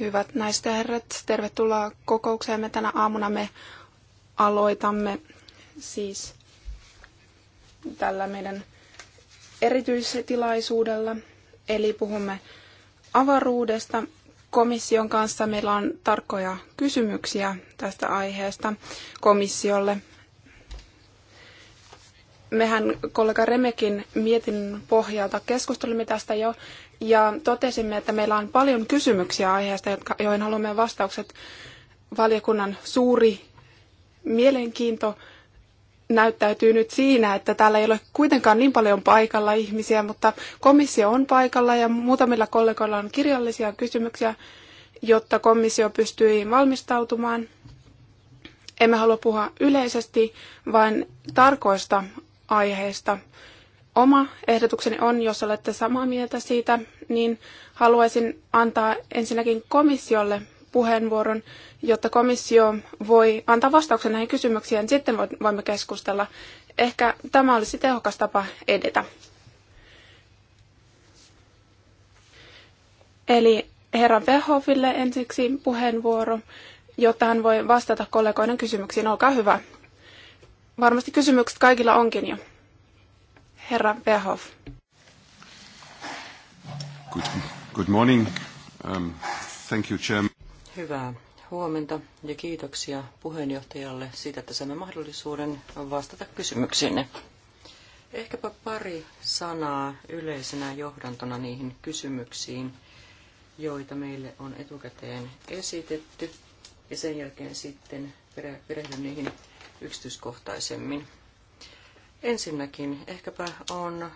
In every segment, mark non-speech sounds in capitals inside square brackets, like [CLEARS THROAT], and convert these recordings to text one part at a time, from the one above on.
Hyvät naiset ja herrat, tervetuloa kokoukseemme. Tänä aamuna me aloitamme siis tällä meidän erityistilaisuudella, eli puhumme avaruudesta. Komission kanssa meillä on tarkkoja kysymyksiä tästä aiheesta komissiolle mehän kollega Remekin mietin pohjalta keskustelimme tästä jo ja totesimme, että meillä on paljon kysymyksiä aiheesta, jotka, joihin haluamme vastaukset. Valiokunnan suuri mielenkiinto näyttäytyy nyt siinä, että täällä ei ole kuitenkaan niin paljon paikalla ihmisiä, mutta komissio on paikalla ja muutamilla kollegoilla on kirjallisia kysymyksiä, jotta komissio pystyy valmistautumaan emme halua puhua yleisesti, vaan tarkoista aiheesta. Oma ehdotukseni on, jos olette samaa mieltä siitä, niin haluaisin antaa ensinnäkin komissiolle puheenvuoron, jotta komissio voi antaa vastauksen näihin kysymyksiin. Sitten voimme keskustella. Ehkä tämä olisi tehokas tapa edetä. Eli herra Verhoffille ensiksi puheenvuoro, jotta hän voi vastata kollegoiden kysymyksiin. Olkaa hyvä varmasti kysymykset kaikilla onkin jo. Herra Behoff. Good, good morning. Um, thank you, Chairman. Hyvää huomenta ja kiitoksia puheenjohtajalle siitä, että saamme mahdollisuuden vastata kysymyksiinne. Ehkäpä pari sanaa yleisenä johdantona niihin kysymyksiin, joita meille on etukäteen esitetty. Ja sen jälkeen sitten perehdyn niihin yksityiskohtaisemmin. Ensinnäkin ehkäpä on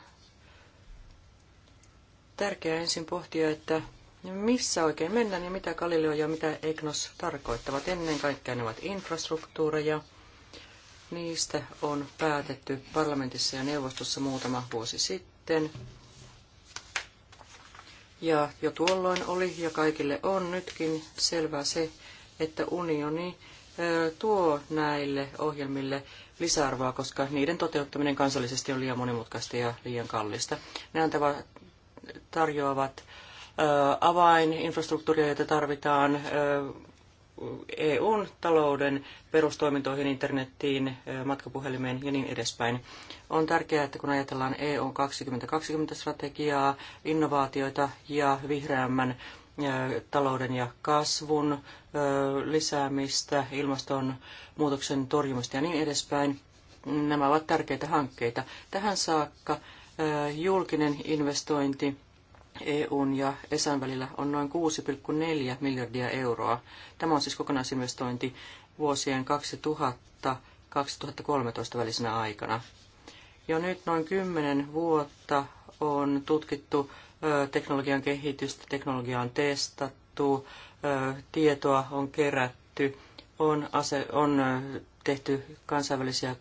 tärkeää ensin pohtia, että missä oikein mennään ja mitä Galileo ja mitä EGNOS tarkoittavat. Ennen kaikkea ne ovat infrastruktuureja. Niistä on päätetty parlamentissa ja neuvostossa muutama vuosi sitten. Ja jo tuolloin oli ja kaikille on nytkin selvää se, että unioni tuo näille ohjelmille lisäarvoa, koska niiden toteuttaminen kansallisesti on liian monimutkaista ja liian kallista. Ne antavat, tarjoavat avaininfrastruktuuria, jota tarvitaan EUn talouden perustoimintoihin, internettiin, matkapuhelimeen ja niin edespäin. On tärkeää, että kun ajatellaan EU 2020-strategiaa, innovaatioita ja vihreämmän talouden ja kasvun lisäämistä, ilmastonmuutoksen torjumista ja niin edespäin. Nämä ovat tärkeitä hankkeita. Tähän saakka julkinen investointi EUn ja ESAn välillä on noin 6,4 miljardia euroa. Tämä on siis kokonaisinvestointi vuosien 2000-2013 välisenä aikana. Jo nyt noin kymmenen vuotta on tutkittu teknologian kehitystä, teknologiaa on testattu, tietoa on kerätty, on, ase- on tehty kansainvälisiä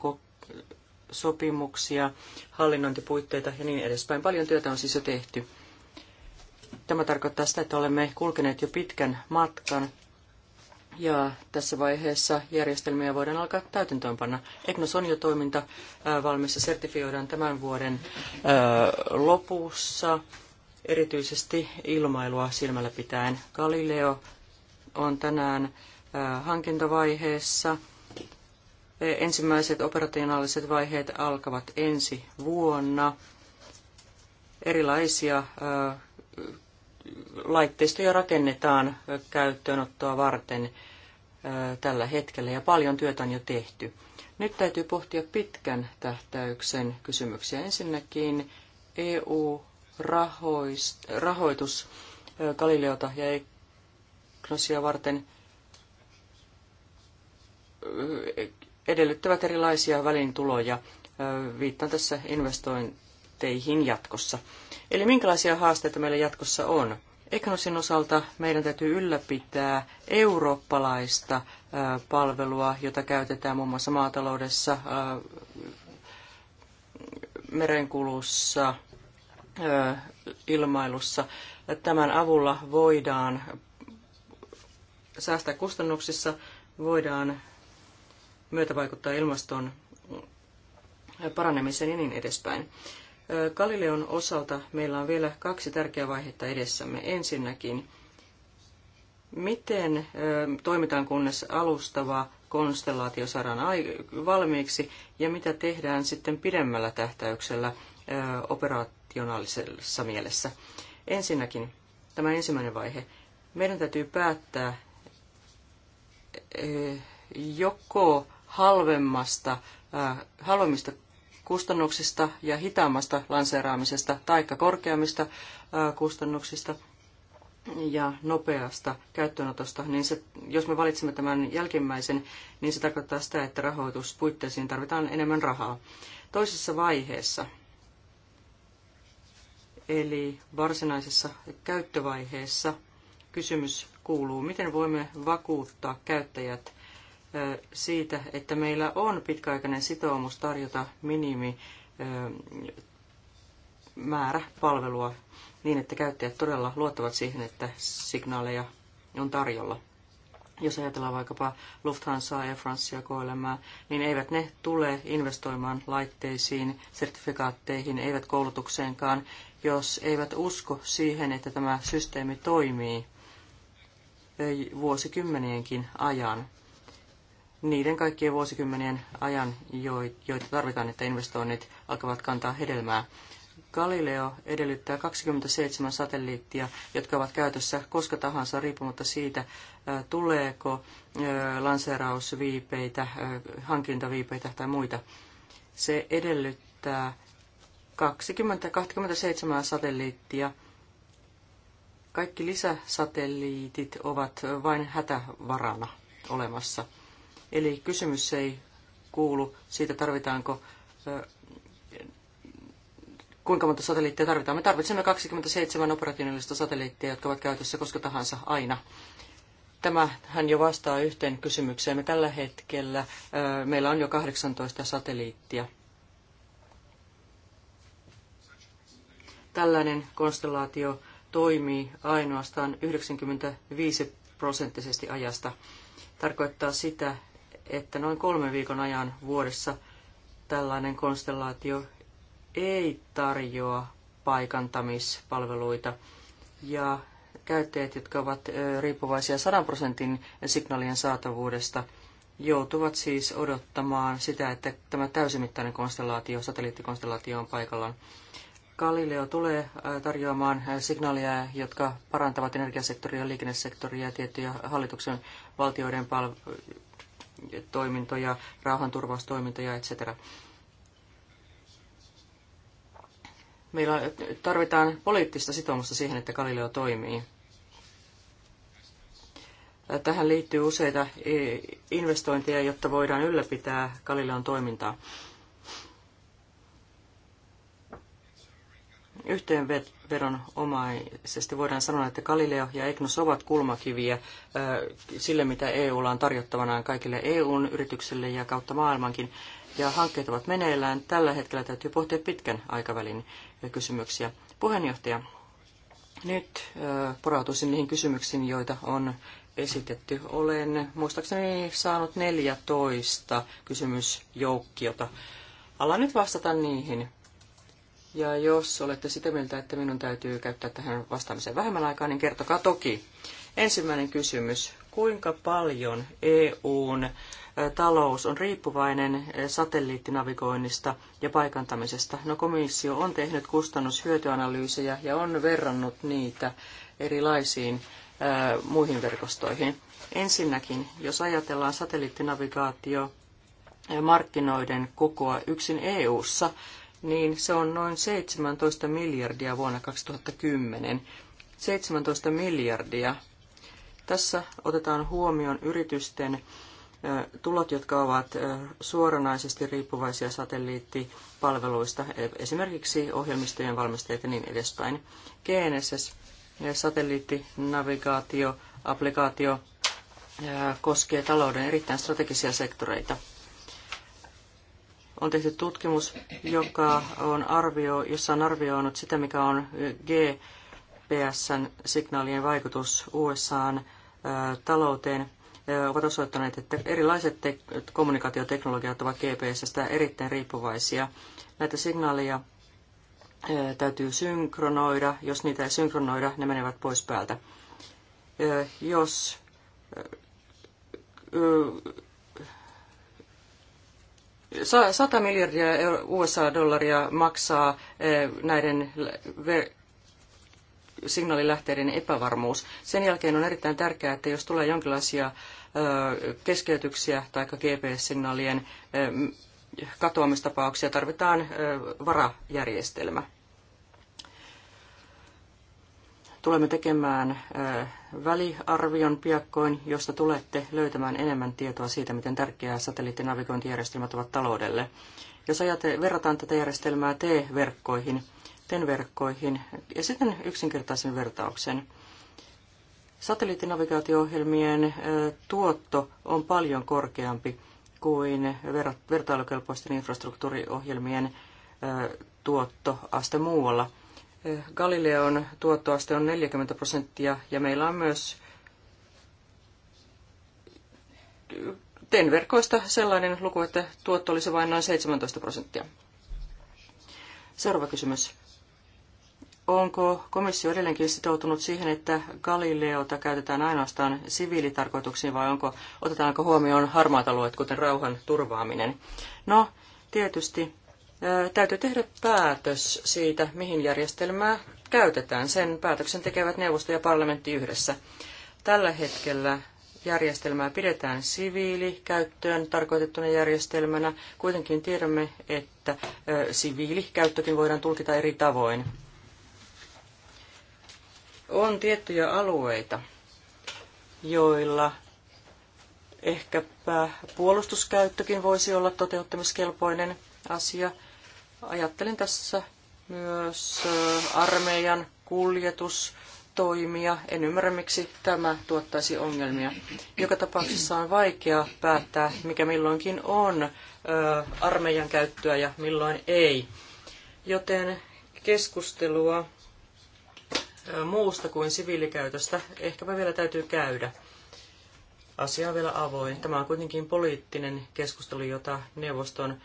sopimuksia, hallinnointipuitteita ja niin edespäin. Paljon työtä on siis jo tehty. Tämä tarkoittaa sitä, että olemme kulkeneet jo pitkän matkan ja tässä vaiheessa järjestelmiä voidaan alkaa täytäntöönpanna. EGNOS on jo toiminta valmis sertifioidaan tämän vuoden lopussa erityisesti ilmailua silmällä pitäen. Galileo on tänään hankintavaiheessa. E, ensimmäiset operationaaliset vaiheet alkavat ensi vuonna. Erilaisia laitteistoja rakennetaan käyttöönottoa varten tällä hetkellä ja paljon työtä on jo tehty. Nyt täytyy pohtia pitkän tähtäyksen kysymyksiä. Ensinnäkin EU rahois, rahoitus Galileota ja Egnosia varten edellyttävät erilaisia välintuloja. Viittaan tässä investointeihin jatkossa. Eli minkälaisia haasteita meillä jatkossa on? Eknosin osalta meidän täytyy ylläpitää eurooppalaista palvelua, jota käytetään muun muassa maataloudessa, merenkulussa, ilmailussa. Tämän avulla voidaan säästää kustannuksissa, voidaan myötävaikuttaa ilmaston paranemiseen ja niin edespäin. Galileon osalta meillä on vielä kaksi tärkeää vaihetta edessämme. Ensinnäkin, miten toimitaan, kunnes alustava konstellaatio saadaan valmiiksi, ja mitä tehdään sitten pidemmällä tähtäyksellä – operationaalisessa mielessä. Ensinnäkin tämä ensimmäinen vaihe. Meidän täytyy päättää joko halvemmasta, halvemmista kustannuksista ja hitaammasta lanseeraamisesta tai korkeammista kustannuksista ja nopeasta käyttöönotosta, niin se, jos me valitsemme tämän jälkimmäisen, niin se tarkoittaa sitä, että rahoituspuitteisiin tarvitaan enemmän rahaa. Toisessa vaiheessa eli varsinaisessa käyttövaiheessa. Kysymys kuuluu, miten voimme vakuuttaa käyttäjät siitä, että meillä on pitkäaikainen sitoumus tarjota minimi määrä palvelua niin, että käyttäjät todella luottavat siihen, että signaaleja on tarjolla. Jos ajatellaan vaikkapa Lufthansa, Air Francea, KLM, niin eivät ne tule investoimaan laitteisiin, sertifikaatteihin, eivät koulutukseenkaan, jos eivät usko siihen, että tämä systeemi toimii vuosikymmenienkin ajan. Niiden kaikkien vuosikymmenien ajan, joita tarvitaan, että investoinnit alkavat kantaa hedelmää. Galileo edellyttää 27 satelliittia, jotka ovat käytössä koska tahansa riippumatta siitä, tuleeko lanseerausviipeitä, hankintaviipeitä tai muita. Se edellyttää 20, 27 satelliittia. Kaikki lisäsatelliitit ovat vain hätävarana olemassa. Eli kysymys ei kuulu siitä, tarvitaanko kuinka monta satelliittia tarvitaan. Me tarvitsemme 27 operatiivista satelliittia, jotka ovat käytössä koska tahansa aina. Tämähän jo vastaa yhteen kysymykseen. Me tällä hetkellä meillä on jo 18 satelliittia Tällainen konstellaatio toimii ainoastaan 95 prosenttisesti ajasta. Tarkoittaa sitä, että noin kolmen viikon ajan vuodessa tällainen konstellaatio ei tarjoa paikantamispalveluita. Ja käyttäjät, jotka ovat riippuvaisia 100 prosentin signaalien saatavuudesta, joutuvat siis odottamaan sitä, että tämä täysimittainen konstellaatio, satelliittikonstellaatio on paikallaan. Galileo tulee äh, tarjoamaan äh, signaaleja, jotka parantavat energiasektoria, liikennesektoria ja tiettyjä hallituksen valtioiden pal- toimintoja, rauhanturvaustoimintoja, etc. Meillä tarvitaan poliittista sitoumusta siihen, että Galileo toimii. Äh, tähän liittyy useita e, investointeja, jotta voidaan ylläpitää Galileon toimintaa. Yhteenvedon omaisesti voidaan sanoa, että Galileo ja EGNOS ovat kulmakiviä sille, mitä EUlla on tarjottavanaan kaikille EUn yrityksille ja kautta maailmankin. Ja hankkeet ovat meneillään. Tällä hetkellä täytyy pohtia pitkän aikavälin kysymyksiä. Puheenjohtaja, nyt porautuisin niihin kysymyksiin, joita on esitetty. Olen muistaakseni saanut 14 kysymysjoukkiota. Alan nyt vastata niihin. Ja jos olette sitä mieltä, että minun täytyy käyttää tähän vastaamiseen vähemmän aikaa, niin kertokaa toki. Ensimmäinen kysymys. Kuinka paljon EUn talous on riippuvainen satelliittinavigoinnista ja paikantamisesta? No komissio on tehnyt kustannushyötyanalyysejä ja on verrannut niitä erilaisiin ää, muihin verkostoihin. Ensinnäkin, jos ajatellaan satelliittinavigaatio markkinoiden kokoa yksin EU:ssa, niin se on noin 17 miljardia vuonna 2010. 17 miljardia. Tässä otetaan huomioon yritysten tulot, jotka ovat suoranaisesti riippuvaisia satelliittipalveluista, e, esimerkiksi ohjelmistojen valmistajat ja niin edespäin. GNSS, satelliittinavigaatio, applikaatio, koskee talouden erittäin strategisia sektoreita – on tehty tutkimus, joka on arvio, jossa on arvioinut sitä, mikä on GPSn signaalien vaikutus USAn talouteen. Ovat osoittaneet, että erilaiset kommunikaatioteknologiat ovat GPSstä erittäin riippuvaisia. Näitä signaaleja täytyy synkronoida. Jos niitä ei synkronoida, ne menevät pois päältä. Jos 100 miljardia USA-dollaria maksaa eh, näiden signaalilähteiden epävarmuus. Sen jälkeen on erittäin tärkeää, että jos tulee jonkinlaisia eh, keskeytyksiä tai GPS-signaalien eh, katoamistapauksia, tarvitaan varajärjestelmä. Tulemme tekemään väliarvion piakkoin, josta tulette löytämään enemmän tietoa siitä, miten tärkeää satelliittinavigointijärjestelmät ovat taloudelle. Jos ajate, verrataan tätä järjestelmää T-verkkoihin, TEN-verkkoihin, ja sitten yksinkertaisen vertauksen. Satelliittinavigaatio-ohjelmien tuotto on paljon korkeampi kuin vertailukelpoisten infrastruktuuriohjelmien tuottoaste muualla – Galileon tuottoaste on 40 prosenttia ja meillä on myös TEN-verkoista sellainen luku, että tuotto olisi vain noin 17 prosenttia. Seuraava kysymys. Onko komissio edelleenkin sitoutunut siihen, että Galileota käytetään ainoastaan siviilitarkoituksiin vai onko, otetaanko huomioon harmaat alueet, kuten rauhan turvaaminen? No, tietysti täytyy tehdä päätös siitä, mihin järjestelmää käytetään. Sen päätöksen tekevät neuvosto ja parlamentti yhdessä. Tällä hetkellä järjestelmää pidetään siviilikäyttöön tarkoitettuna järjestelmänä. Kuitenkin tiedämme, että siviilikäyttökin voidaan tulkita eri tavoin. On tiettyjä alueita, joilla ehkäpä puolustuskäyttökin voisi olla toteuttamiskelpoinen asia – Ajattelen tässä myös armeijan kuljetustoimia. En ymmärrä, miksi tämä tuottaisi ongelmia. Joka tapauksessa on vaikea päättää, mikä milloinkin on armeijan käyttöä ja milloin ei. Joten keskustelua muusta kuin siviilikäytöstä ehkäpä vielä täytyy käydä. Asia on vielä avoin. Tämä on kuitenkin poliittinen keskustelu, jota neuvoston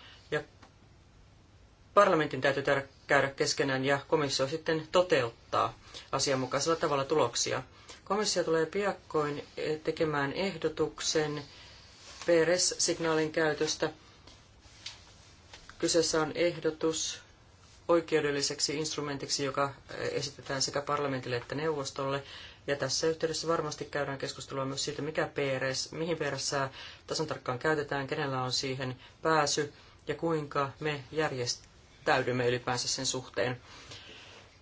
parlamentin täytyy käydä keskenään ja komissio sitten toteuttaa asianmukaisella tavalla tuloksia. Komissio tulee piakkoin eh, tekemään ehdotuksen PRS-signaalin käytöstä. Kyseessä on ehdotus oikeudelliseksi instrumentiksi, joka eh, esitetään sekä parlamentille että neuvostolle. Ja tässä yhteydessä varmasti käydään keskustelua myös siitä, mikä PRS, mihin PRS tasan tarkkaan käytetään, kenellä on siihen pääsy ja kuinka me järjest- käyttäydymme ylipäänsä sen suhteen.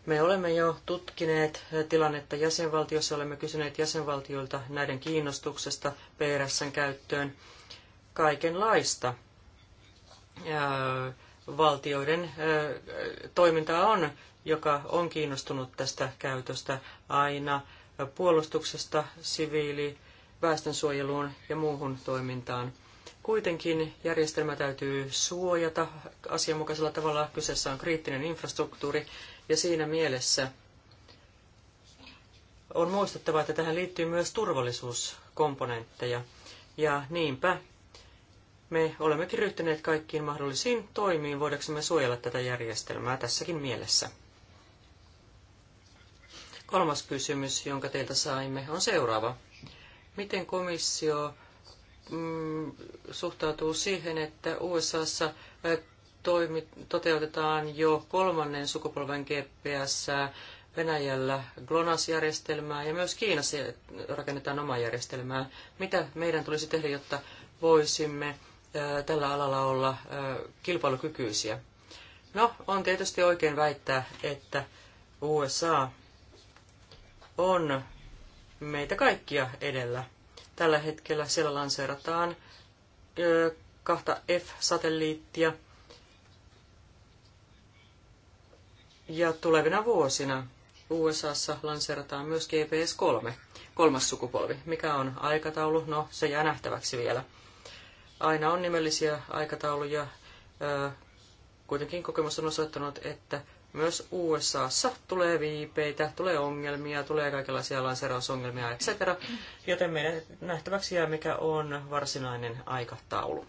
Me olemme jo tutkineet tilannetta jäsenvaltiossa, olemme kysyneet jäsenvaltioilta näiden kiinnostuksesta PRSn käyttöön kaikenlaista. Valtioiden toiminta on, joka on kiinnostunut tästä käytöstä aina puolustuksesta, siviili, väestönsuojeluun ja muuhun toimintaan – Kuitenkin järjestelmä täytyy suojata asianmukaisella tavalla. Kyseessä on kriittinen infrastruktuuri ja siinä mielessä on muistettava, että tähän liittyy myös turvallisuuskomponentteja. Ja niinpä me olemmekin ryhtyneet kaikkiin mahdollisiin toimiin, voidaksemme suojella tätä järjestelmää tässäkin mielessä. Kolmas kysymys, jonka teiltä saimme, on seuraava. Miten komissio Mm, suhtautuu siihen, että USAssa toimi, toteutetaan jo kolmannen sukupolven GPS, Venäjällä GLONASS-järjestelmää ja myös Kiinassa rakennetaan omaa järjestelmää. Mitä meidän tulisi tehdä, jotta voisimme tällä alalla olla kilpailukykyisiä? No, on tietysti oikein väittää, että USA on meitä kaikkia edellä – Tällä hetkellä siellä lanseerataan kahta F-satelliittia. Ja tulevina vuosina USAssa lanseerataan myös GPS-3, kolmas sukupolvi. Mikä on aikataulu? No, se jää nähtäväksi vielä. Aina on nimellisiä aikatauluja. Kuitenkin kokemus on osoittanut, että myös USAssa tulee viipeitä, tulee ongelmia, tulee kaikenlaisia lanseerausongelmia, etc. Joten meidän nähtäväksi jää, mikä on varsinainen aikataulu.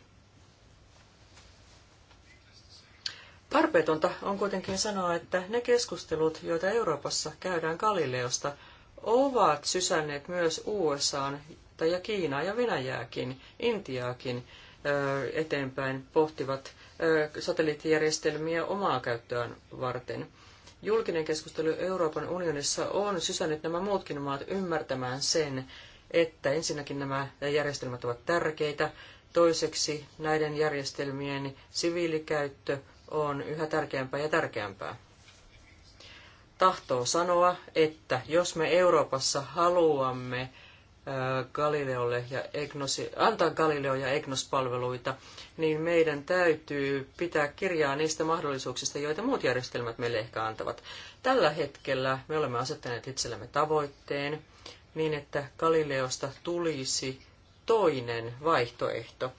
Tarpeetonta on kuitenkin sanoa, että ne keskustelut, joita Euroopassa käydään Galileosta, ovat sysänneet myös USAan ja Kiinaa ja Venäjääkin, Intiaakin eteenpäin pohtivat satelliittijärjestelmiä omaa käyttöään varten. Julkinen keskustelu Euroopan unionissa on sysännyt nämä muutkin maat ymmärtämään sen, että ensinnäkin nämä järjestelmät ovat tärkeitä, toiseksi näiden järjestelmien siviilikäyttö on yhä tärkeämpää ja tärkeämpää. Tahtoo sanoa, että jos me Euroopassa haluamme Galileolle ja Egnosi, antaa Galileo ja Egnos-palveluita, niin meidän täytyy pitää kirjaa niistä mahdollisuuksista, joita muut järjestelmät meille ehkä antavat. Tällä hetkellä me olemme asettaneet itsellemme tavoitteen niin, että Galileosta tulisi toinen vaihtoehto,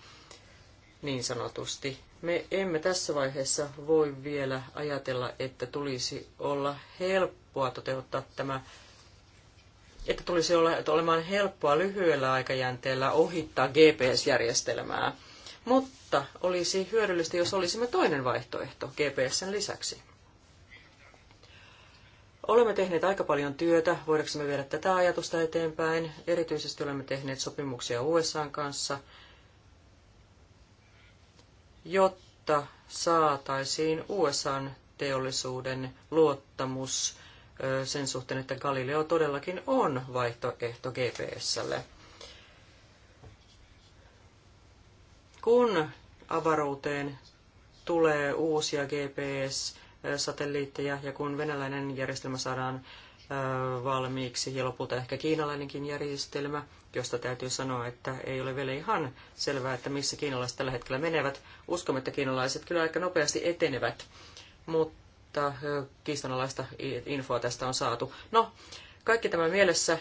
niin sanotusti. Me emme tässä vaiheessa voi vielä ajatella, että tulisi olla helppoa toteuttaa tämä että tulisi olla, että olemaan helppoa lyhyellä aikajänteellä ohittaa GPS-järjestelmää, mutta olisi hyödyllistä, jos olisimme toinen vaihtoehto GPSn lisäksi. Olemme tehneet aika paljon työtä, voidaksemme viedä tätä ajatusta eteenpäin. Erityisesti olemme tehneet sopimuksia USAn kanssa, jotta saataisiin USAn teollisuuden luottamus – sen suhteen, että Galileo todellakin on vaihtoehto GPSlle. Kun avaruuteen tulee uusia GPS-satelliitteja ja kun venäläinen järjestelmä saadaan valmiiksi ja lopulta ehkä kiinalainenkin järjestelmä, josta täytyy sanoa, että ei ole vielä ihan selvää, että missä kiinalaiset tällä hetkellä menevät. Uskomme, että kiinalaiset kyllä aika nopeasti etenevät, mutta mutta kiistanalaista infoa tästä on saatu. No, kaikki tämä mielessä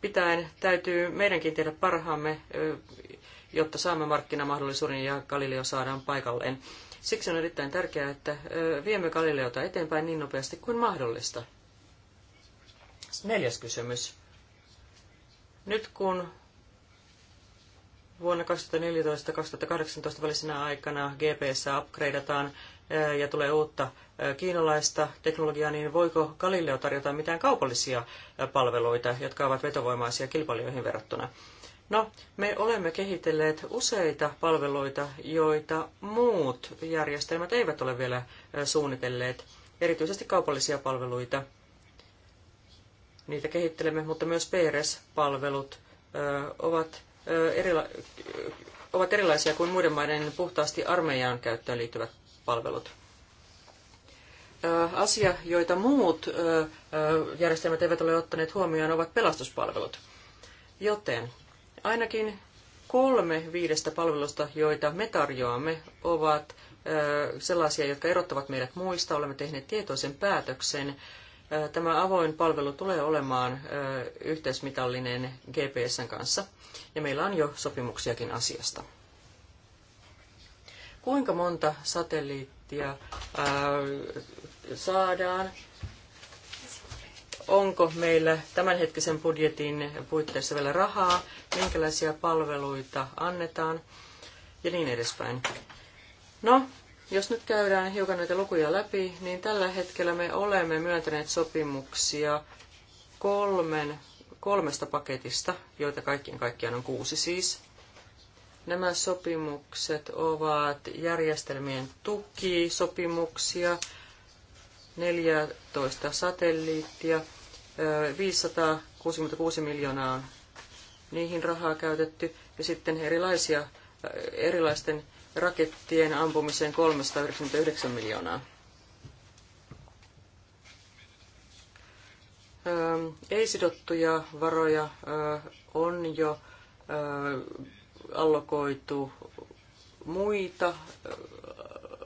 pitäen täytyy meidänkin tehdä parhaamme, jotta saamme markkinamahdollisuuden ja Galileo saadaan paikalleen. Siksi on erittäin tärkeää, että viemme Galileota eteenpäin niin nopeasti kuin mahdollista. Neljäs kysymys. Nyt kun vuonna 2014-2018 välisenä aikana GPS upgradeataan ja tulee uutta kiinalaista teknologiaa, niin voiko Galileo tarjota mitään kaupallisia palveluita, jotka ovat vetovoimaisia kilpailijoihin verrattuna? No, me olemme kehitelleet useita palveluita, joita muut järjestelmät eivät ole vielä suunnitelleet, erityisesti kaupallisia palveluita. Niitä kehittelemme, mutta myös PRS-palvelut ovat, erila- ovat erilaisia kuin muiden maiden puhtaasti armeijaan käyttöön liittyvät palvelut. Asia, joita muut järjestelmät eivät ole ottaneet huomioon, ovat pelastuspalvelut. Joten ainakin kolme viidestä palvelusta, joita me tarjoamme, ovat sellaisia, jotka erottavat meidät muista. Olemme tehneet tietoisen päätöksen. Tämä avoin palvelu tulee olemaan yhteismitallinen GPSn kanssa, ja meillä on jo sopimuksiakin asiasta kuinka monta satelliittia ää, saadaan, onko meillä tämänhetkisen budjetin puitteissa vielä rahaa, minkälaisia palveluita annetaan ja niin edespäin. No, jos nyt käydään hiukan näitä lukuja läpi, niin tällä hetkellä me olemme myöntäneet sopimuksia kolmen, kolmesta paketista, joita kaikkien kaikkiaan on kuusi siis. Nämä sopimukset ovat järjestelmien tukisopimuksia, 14 satelliittia, 566 miljoonaa on niihin rahaa käytetty ja sitten erilaisia, erilaisten rakettien ampumiseen 399 miljoonaa. Ei sidottuja varoja on jo allokoitu muita äh,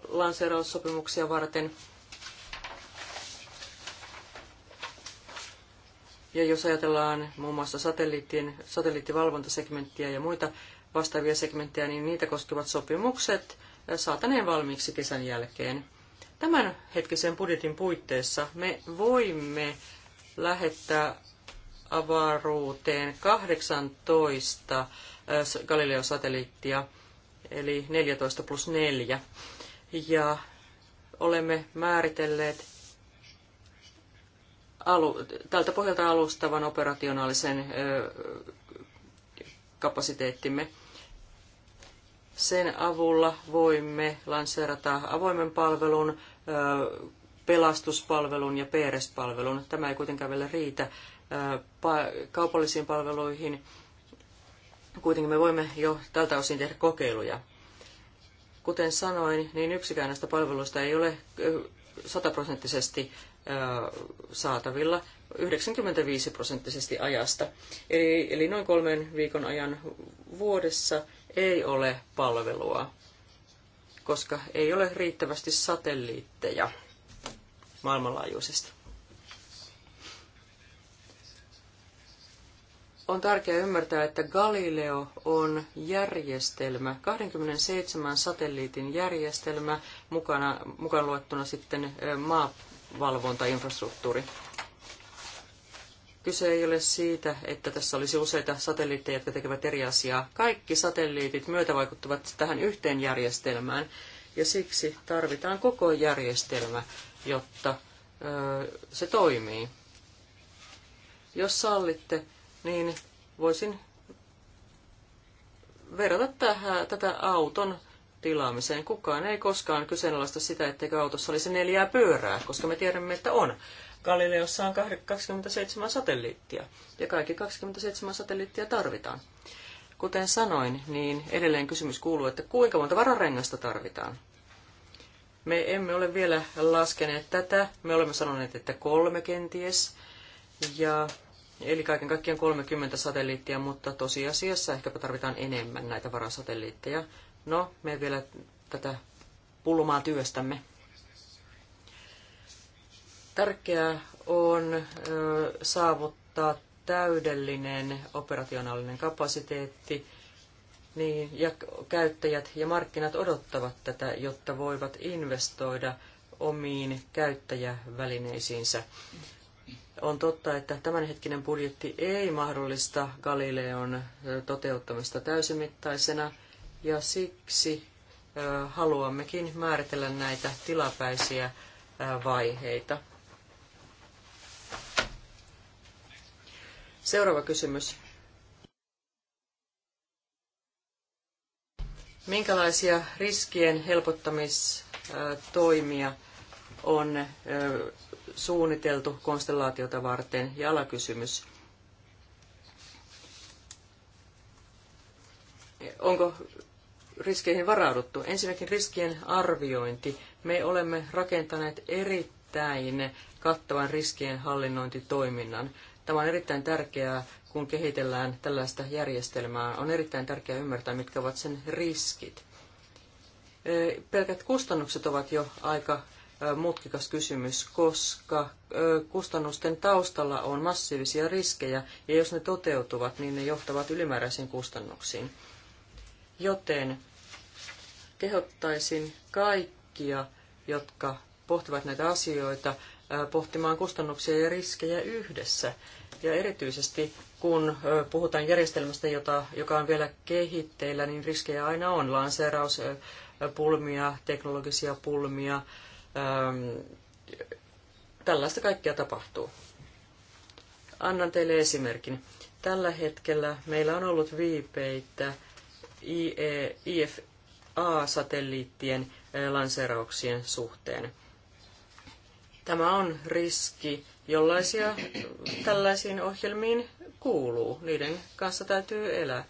lanseeraussopimuksia varten. Ja jos ajatellaan muun muassa satelliittien, satelliittivalvontasegmenttiä ja muita vastaavia segmenttejä, niin niitä koskevat sopimukset äh, saataneen valmiiksi kesän jälkeen. Tämän hetkisen budjetin puitteissa me voimme lähettää avaruuteen 18 Äh, Galileo-satelliittia, eli 14 plus 4. Ja olemme määritelleet alu, tältä pohjalta alustavan operationaalisen ö, äh, kapasiteettimme. Sen avulla voimme lanseerata avoimen palvelun, ö, äh, pelastuspalvelun ja PRS-palvelun. Tämä ei kuitenkaan vielä riitä ö, pa, kaupallisiin palveluihin kuitenkin me voimme jo tältä osin tehdä kokeiluja. Kuten sanoin, niin yksikään näistä palveluista ei ole sataprosenttisesti saatavilla 95 prosenttisesti ajasta. Eli, eli noin kolmen viikon ajan vuodessa ei ole palvelua, koska ei ole riittävästi satelliitteja maailmanlaajuisesti. on tärkeää ymmärtää, että Galileo on järjestelmä, 27 satelliitin järjestelmä, mukana, mukaan luettuna sitten maavalvontainfrastruktuuri. Kyse ei ole siitä, että tässä olisi useita satelliitteja, jotka tekevät eri asiaa. Kaikki satelliitit myötävaikuttavat tähän yhteen järjestelmään, ja siksi tarvitaan koko järjestelmä, jotta ö, se toimii. Jos sallitte, niin voisin verrata tähän, tätä auton tilaamiseen. Kukaan ei koskaan kyseenalaista sitä, etteikö autossa olisi neljää pyörää, koska me tiedämme, että on. Galileossa on 27 satelliittia, ja kaikki 27 satelliittia tarvitaan. Kuten sanoin, niin edelleen kysymys kuuluu, että kuinka monta vararengasta tarvitaan? Me emme ole vielä laskeneet tätä. Me olemme sanoneet, että kolme kenties. Ja Eli kaiken kaikkiaan 30 satelliittia, mutta tosiasiassa ehkäpä tarvitaan enemmän näitä varasatelliitteja. No, me vielä tätä pulmaa työstämme. Tärkeää on ö, saavuttaa täydellinen operationaalinen kapasiteetti, niin, ja käyttäjät ja markkinat odottavat tätä, jotta voivat investoida omiin käyttäjävälineisiinsä. On totta, että tämänhetkinen budjetti ei mahdollista Galileon toteuttamista täysimittaisena, ja siksi haluammekin määritellä näitä tilapäisiä vaiheita. Seuraava kysymys. Minkälaisia riskien helpottamistoimia on suunniteltu konstellaatiota varten. Ja alakysymys. Onko riskeihin varauduttu? Ensinnäkin riskien arviointi. Me olemme rakentaneet erittäin kattavan riskien hallinnointitoiminnan. Tämä on erittäin tärkeää, kun kehitellään tällaista järjestelmää. On erittäin tärkeää ymmärtää, mitkä ovat sen riskit. Pelkät kustannukset ovat jo aika mutkikas kysymys, koska kustannusten taustalla on massiivisia riskejä, ja jos ne toteutuvat, niin ne johtavat ylimääräisiin kustannuksiin. Joten kehottaisin kaikkia, jotka pohtivat näitä asioita, pohtimaan kustannuksia ja riskejä yhdessä. Ja erityisesti kun puhutaan järjestelmästä, jota, joka on vielä kehitteillä, niin riskejä aina on. Lanseerauspulmia, teknologisia pulmia, Ähm, tällaista kaikkea tapahtuu. Annan teille esimerkin. Tällä hetkellä meillä on ollut viipeitä IFA-satelliittien e, lanseerauksien suhteen. Tämä on riski, jollaisia tällaisiin ohjelmiin kuuluu. Niiden kanssa täytyy elää.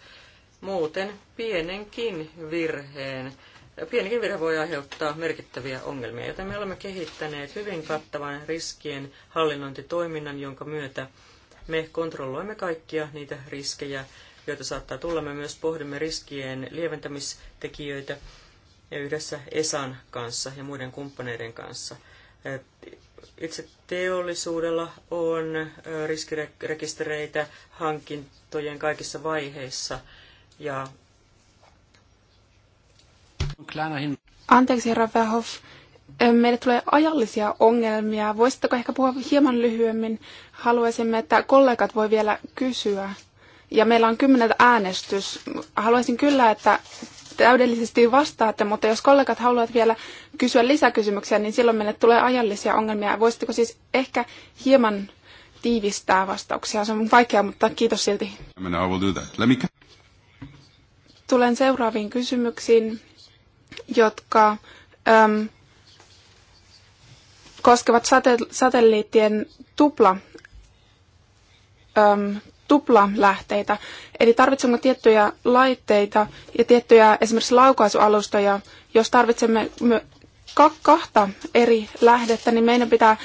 Muuten pienenkin virheen Pienikin virhe voi aiheuttaa merkittäviä ongelmia, joten me olemme kehittäneet hyvin kattavan riskien hallinnointitoiminnan, jonka myötä me kontrolloimme kaikkia niitä riskejä, joita saattaa tulla. Me myös pohdimme riskien lieventämistekijöitä ja yhdessä ESAN kanssa ja muiden kumppaneiden kanssa. Itse teollisuudella on riskirekistereitä hankintojen kaikissa vaiheissa ja Anteeksi, herra Verhoff. Meille tulee ajallisia ongelmia. Voisitteko ehkä puhua hieman lyhyemmin? Haluaisimme, että kollegat voi vielä kysyä. Ja meillä on kymmeneltä äänestys. Haluaisin kyllä, että täydellisesti vastaatte, mutta jos kollegat haluavat vielä kysyä lisäkysymyksiä, niin silloin meille tulee ajallisia ongelmia. Voisitteko siis ehkä hieman tiivistää vastauksia? Se on vaikeaa, mutta kiitos silti. Tulen seuraaviin kysymyksiin jotka äm, koskevat sate- satelliittien tupla, äm, tuplalähteitä. Eli tarvitsemme tiettyjä laitteita ja tiettyjä esimerkiksi laukaisualustoja. Jos tarvitsemme kahta eri lähdettä, niin meidän pitää,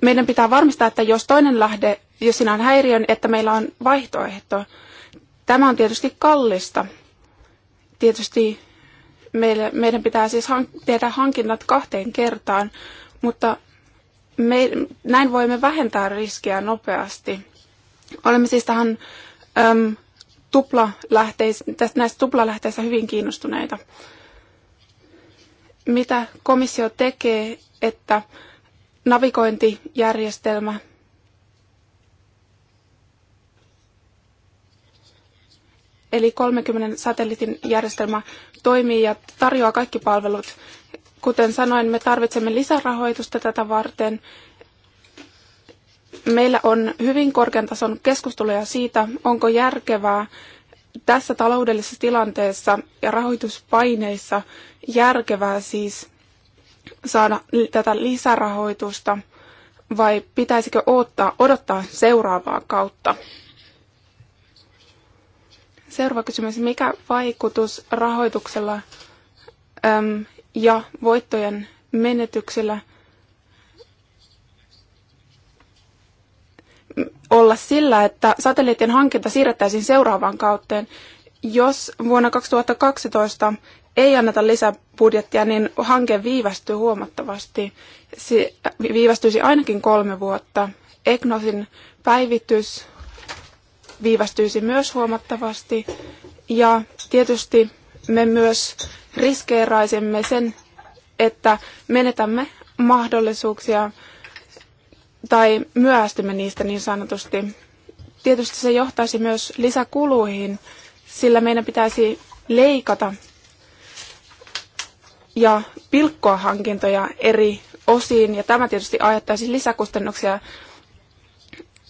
meidän pitää varmistaa, että jos toinen lähde, jos siinä on häiriön, niin että meillä on vaihtoehto. Tämä on tietysti kallista. Tietysti meille, meidän pitää siis hank- tehdä hankinnat kahteen kertaan, mutta me, näin voimme vähentää riskiä nopeasti. Olemme siis tähän äm, tästä, näistä tuplalähteistä hyvin kiinnostuneita. Mitä komissio tekee, että navigointijärjestelmä Eli 30 satelliitin järjestelmä toimii ja tarjoaa kaikki palvelut. Kuten sanoin, me tarvitsemme lisärahoitusta tätä varten. Meillä on hyvin korkean tason keskusteluja siitä, onko järkevää tässä taloudellisessa tilanteessa ja rahoituspaineissa järkevää siis saada tätä lisärahoitusta vai pitäisikö odottaa, odottaa seuraavaa kautta? Seuraava kysymys. Mikä vaikutus rahoituksella äm, ja voittojen menetyksellä olla sillä, että satelliittien hankinta siirrettäisiin seuraavaan kauteen? Jos vuonna 2012 ei anneta lisäbudjettia, niin hanke viivästyy huomattavasti. Se viivästyisi ainakin kolme vuotta. Egnosin päivitys viivästyisi myös huomattavasti. Ja tietysti me myös riskeeraisimme sen, että menetämme mahdollisuuksia tai myöhästymme niistä niin sanotusti. Tietysti se johtaisi myös lisäkuluihin, sillä meidän pitäisi leikata ja pilkkoa hankintoja eri osiin, ja tämä tietysti aiheuttaisi lisäkustannuksia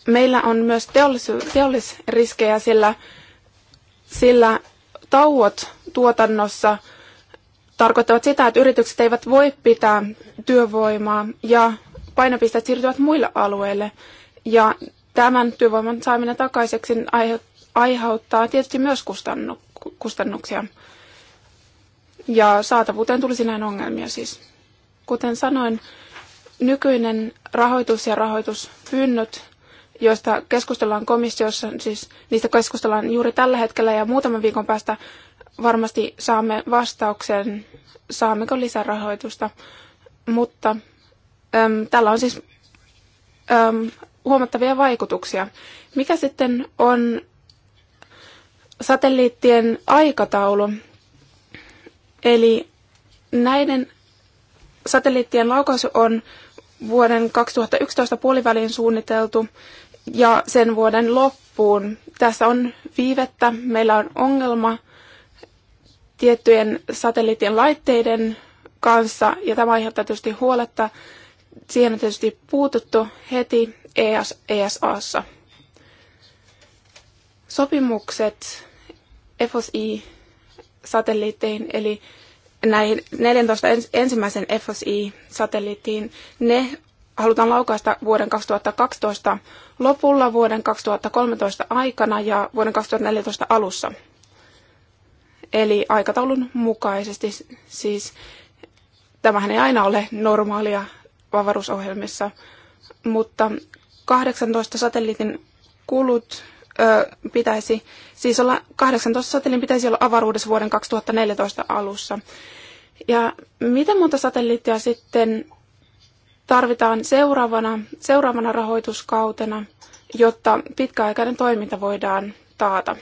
meillä on myös teollisu- teollisriskejä, sillä, sillä tauot tuotannossa tarkoittavat sitä, että yritykset eivät voi pitää työvoimaa ja painopisteet siirtyvät muille alueille. Ja tämän työvoiman saaminen takaiseksi aiheuttaa tietysti myös kustannuksia. Ja saatavuuteen tulisi näin ongelmia siis. Kuten sanoin, nykyinen rahoitus ja rahoituspyynnöt joista keskustellaan komissiossa, siis niistä keskustellaan juuri tällä hetkellä ja muutaman viikon päästä varmasti saamme vastauksen, saammeko lisärahoitusta. Mutta äm, tällä on siis äm, huomattavia vaikutuksia. Mikä sitten on satelliittien aikataulu? Eli näiden satelliittien laukaisu on vuoden 2011 puoliväliin suunniteltu ja sen vuoden loppuun. Tässä on viivettä, meillä on ongelma tiettyjen satelliittien laitteiden kanssa ja tämä aiheuttaa tietysti huoletta. Siihen on tietysti puututtu heti ES, ESAssa. Sopimukset FSI-satelliitteihin eli näihin 14 ensimmäisen FSI-satelliittiin, ne halutaan laukaista vuoden 2012 lopulla, vuoden 2013 aikana ja vuoden 2014 alussa. Eli aikataulun mukaisesti siis tämähän ei aina ole normaalia avaruusohjelmissa, mutta 18 satelliitin kulut ö, pitäisi siis olla, 18 satelliin pitäisi olla avaruudessa vuoden 2014 alussa. Ja miten monta satelliittia sitten tarvitaan seuraavana, seuraavana rahoituskautena, jotta pitkäaikainen toiminta voidaan taata?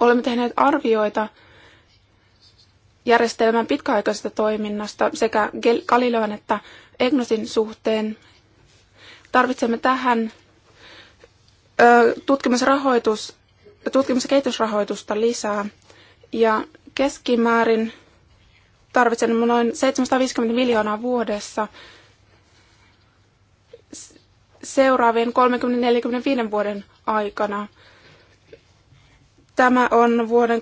Olemme tehneet arvioita järjestelmän pitkäaikaisesta toiminnasta sekä Galileon että Egnosin suhteen Tarvitsemme tähän tutkimusrahoitus, tutkimus- ja kehitysrahoitusta lisää. Ja keskimäärin tarvitsemme noin 750 miljoonaa vuodessa seuraavien 30-45 vuoden aikana. Tämä on vuoden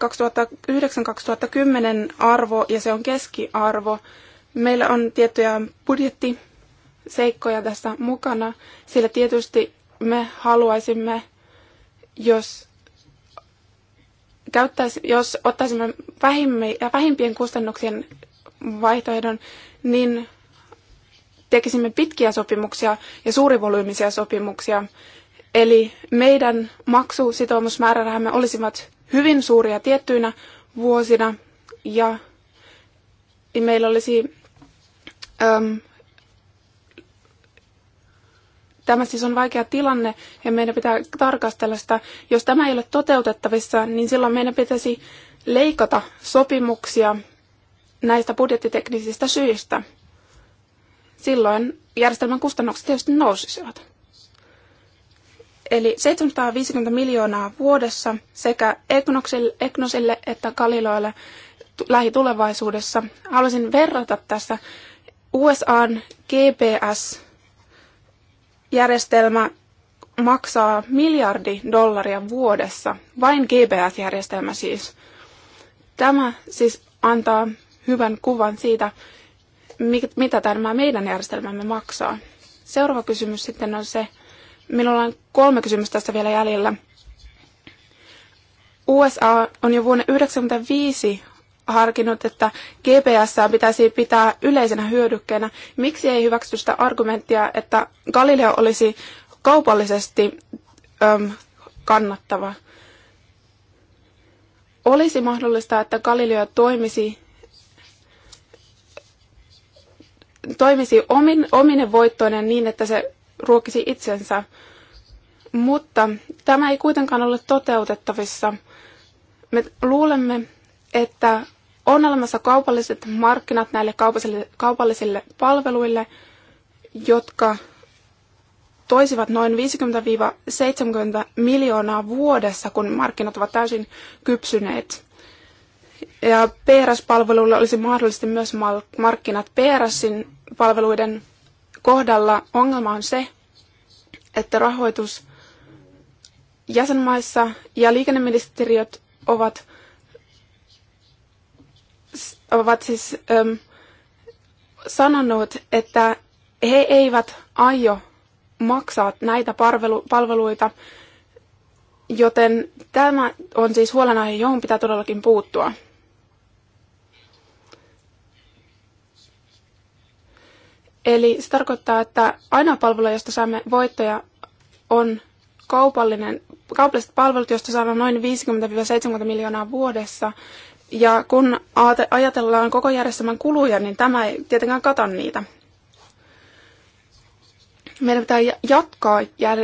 2009-2010 arvo ja se on keskiarvo. Meillä on tiettyjä budjetti seikkoja tässä mukana, sillä tietysti me haluaisimme, jos, käyttäisi, jos ottaisimme vähimpien kustannuksien vaihtoehdon, niin tekisimme pitkiä sopimuksia ja suurivolyymisia sopimuksia. Eli meidän maksusitoumusmäärärahamme olisivat hyvin suuria tiettyinä vuosina ja meillä olisi ähm, Tämä siis on vaikea tilanne ja meidän pitää tarkastella sitä. Jos tämä ei ole toteutettavissa, niin silloin meidän pitäisi leikata sopimuksia näistä budjettiteknisistä syistä. Silloin järjestelmän kustannukset tietysti nousisivat. Eli 750 miljoonaa vuodessa sekä Eknosille että Kaliloille lähitulevaisuudessa. Haluaisin verrata tässä USAn GPS järjestelmä maksaa miljardi dollaria vuodessa, vain GPS-järjestelmä siis. Tämä siis antaa hyvän kuvan siitä, mitä tämä meidän järjestelmämme maksaa. Seuraava kysymys sitten on se, minulla on kolme kysymystä tässä vielä jäljellä. USA on jo vuonna 1995 harkinnut, että GPS pitäisi pitää yleisenä hyödykkeenä. Miksi ei hyväksy sitä argumenttia, että Galileo olisi kaupallisesti öm, kannattava? Olisi mahdollista, että Galileo toimisi toimisi omin, ominen voittoinen niin, että se ruokisi itsensä. Mutta tämä ei kuitenkaan ole toteutettavissa. Me luulemme, että on olemassa kaupalliset markkinat näille kaupallisille, kaupallisille palveluille, jotka toisivat noin 50-70 miljoonaa vuodessa, kun markkinat ovat täysin kypsyneet. Ja PRS-palveluille olisi mahdollisesti myös markkinat. PRSin palveluiden kohdalla ongelma on se, että rahoitus jäsenmaissa ja liikenneministeriöt ovat ovat siis äm, sanonut, että he eivät aio maksaa näitä palvelu- palveluita, joten tämä on siis huolenaihe, johon pitää todellakin puuttua. Eli se tarkoittaa, että aina palvelu, josta saamme voittoja, on kaupallinen, kaupalliset palvelut, joista saadaan noin 50-70 miljoonaa vuodessa, ja kun ajatellaan koko järjestelmän kuluja, niin tämä ei tietenkään kata niitä. Meidän pitää jatkaa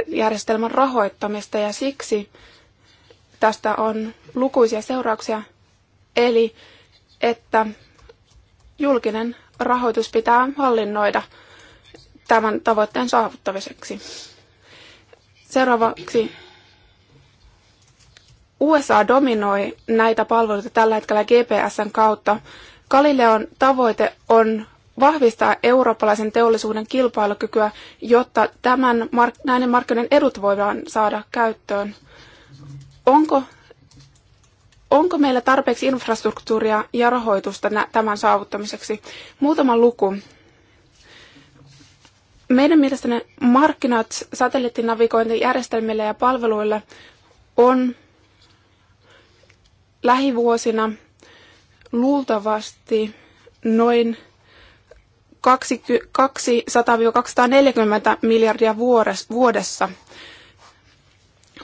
järjestelmän rahoittamista ja siksi tästä on lukuisia seurauksia. Eli että julkinen rahoitus pitää hallinnoida tämän tavoitteen saavuttamiseksi. Seuraavaksi USA dominoi näitä palveluita tällä hetkellä GPSn kautta. Galileon tavoite on vahvistaa eurooppalaisen teollisuuden kilpailukykyä, jotta tämän, näiden markkinoiden edut voidaan saada käyttöön. Onko, onko meillä tarpeeksi infrastruktuuria ja rahoitusta tämän saavuttamiseksi? Muutama luku. Meidän mielestämme markkinat satelliittinavigointijärjestelmille ja palveluille on lähivuosina luultavasti noin 200-240 miljardia vuodessa.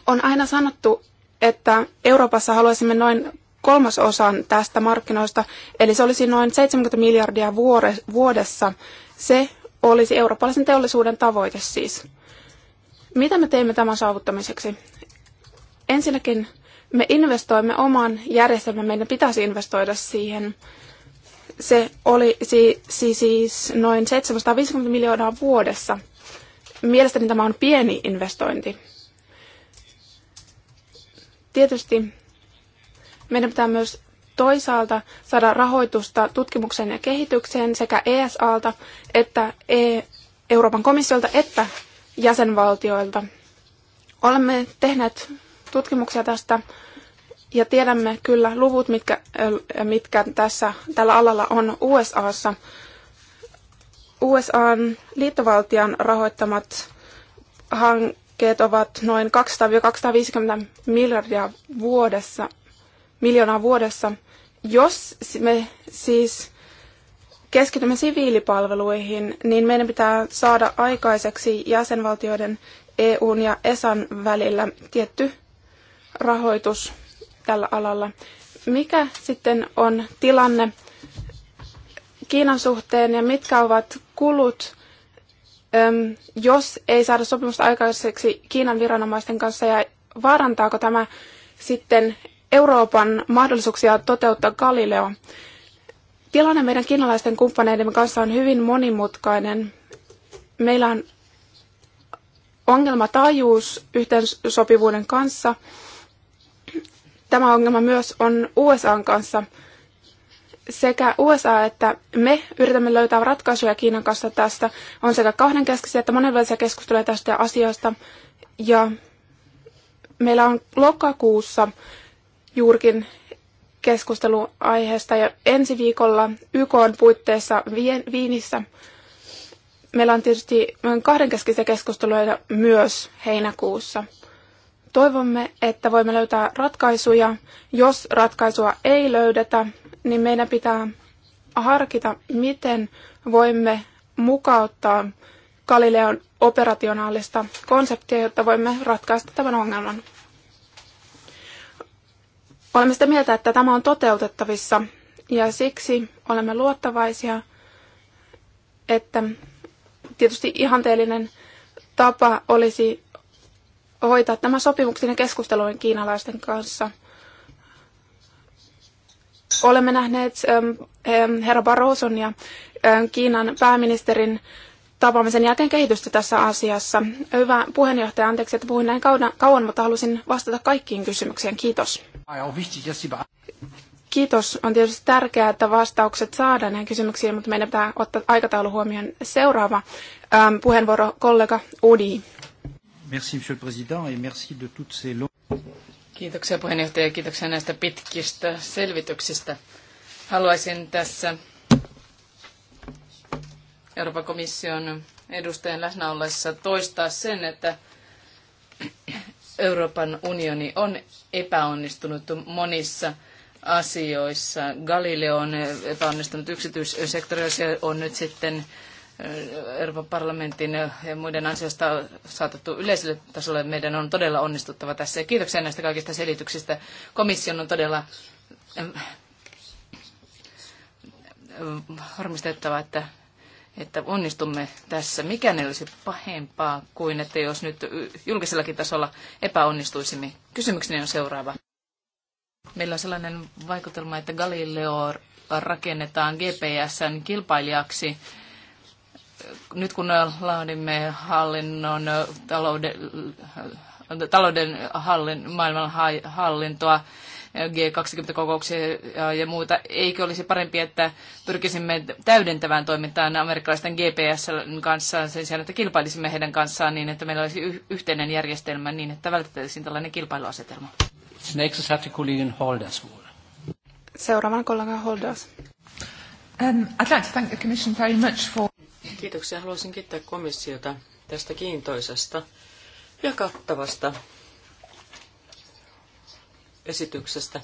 On aina sanottu, että Euroopassa haluaisimme noin kolmasosan tästä markkinoista, eli se olisi noin 70 miljardia vuodessa. Se olisi eurooppalaisen teollisuuden tavoite siis. Mitä me teemme tämän saavuttamiseksi? Ensinnäkin me investoimme oman järjestelmän, meidän pitäisi investoida siihen. Se oli siis noin 750 miljoonaa vuodessa. Mielestäni tämä on pieni investointi. Tietysti meidän pitää myös toisaalta saada rahoitusta tutkimukseen ja kehitykseen sekä ESAlta että e, Euroopan komissiolta että jäsenvaltioilta. Olemme tehneet tutkimuksia tästä. Ja tiedämme kyllä luvut, mitkä, äh, mitkä tässä, tällä alalla on USAssa. USAn liittovaltion rahoittamat hankkeet ovat noin 200-250 miljardia vuodessa, miljoonaa vuodessa. Jos me siis keskitymme siviilipalveluihin, niin meidän pitää saada aikaiseksi jäsenvaltioiden EUn ja ESAn välillä tietty rahoitus tällä alalla. Mikä sitten on tilanne Kiinan suhteen ja mitkä ovat kulut, jos ei saada sopimusta aikaiseksi Kiinan viranomaisten kanssa ja vaarantaako tämä sitten Euroopan mahdollisuuksia toteuttaa Galileo? Tilanne meidän kiinalaisten kumppaneidemme kanssa on hyvin monimutkainen. Meillä on ongelmataajuus yhteensopivuuden kanssa – Tämä ongelma myös on USAn kanssa. Sekä USA että me yritämme löytää ratkaisuja Kiinan kanssa tästä. On sekä kahdenkeskisiä että monenlaisia keskusteluja tästä asiasta. Ja meillä on lokakuussa juurikin keskustelu aiheesta ja ensi viikolla YK on puitteissa Viinissä. Meillä on tietysti kahdenkeskisiä keskusteluja myös heinäkuussa. Toivomme, että voimme löytää ratkaisuja. Jos ratkaisua ei löydetä, niin meidän pitää harkita, miten voimme mukauttaa Galileon operationaalista konseptia, jotta voimme ratkaista tämän ongelman. Olemme sitä mieltä, että tämä on toteutettavissa ja siksi olemme luottavaisia, että tietysti ihanteellinen tapa olisi hoitaa tämä ja keskustelujen kiinalaisten kanssa. Olemme nähneet ähm, ähm, herra Barroson ja ähm, Kiinan pääministerin tapaamisen jälkeen kehitystä tässä asiassa. Hyvä puheenjohtaja, anteeksi, että puhuin näin kauan, mutta halusin vastata kaikkiin kysymyksiin. Kiitos. Kiitos. On tietysti tärkeää, että vastaukset saadaan näihin kysymyksiin, mutta meidän pitää ottaa aikataulu huomioon. Seuraava ähm, puheenvuoro kollega Udi. Merci, Monsieur le Président, et merci de toutes ces Kiitoksia puheenjohtaja ja kiitoksia näistä pitkistä selvityksistä. Haluaisin tässä Euroopan komission edustajan läsnä ollessa toistaa sen, että Euroopan unioni on epäonnistunut monissa asioissa. Galileo on epäonnistunut yksityissektorissa ja on nyt sitten Euroopan parlamentin ja muiden ansiosta saatettu yleiselle tasolle. Meidän on todella onnistuttava tässä. Ja kiitoksia näistä kaikista selityksistä. Komission on todella varmistettava, että, että onnistumme tässä. Mikään ei olisi pahempaa kuin, että jos nyt julkisellakin tasolla epäonnistuisimme. Kysymykseni on seuraava. Meillä on sellainen vaikutelma, että Galileo rakennetaan GPSn kilpailijaksi nyt kun laadimme hallinnon talouden, talouden hallin, maailman hallintoa, G20-kokouksia ja muuta. Eikö olisi parempi, että pyrkisimme täydentävään toimintaan amerikkalaisten GPS kanssa sen sijaan, että kilpailisimme heidän kanssaan niin, että meillä olisi yhteinen järjestelmä niin, että vältettäisiin tällainen kilpailuasetelma? Seuraavan kollega Holders. Um, I'd like to thank the Commission very much for... Kiitoksia. Haluaisin kiittää komissiota tästä kiintoisesta ja kattavasta esityksestä.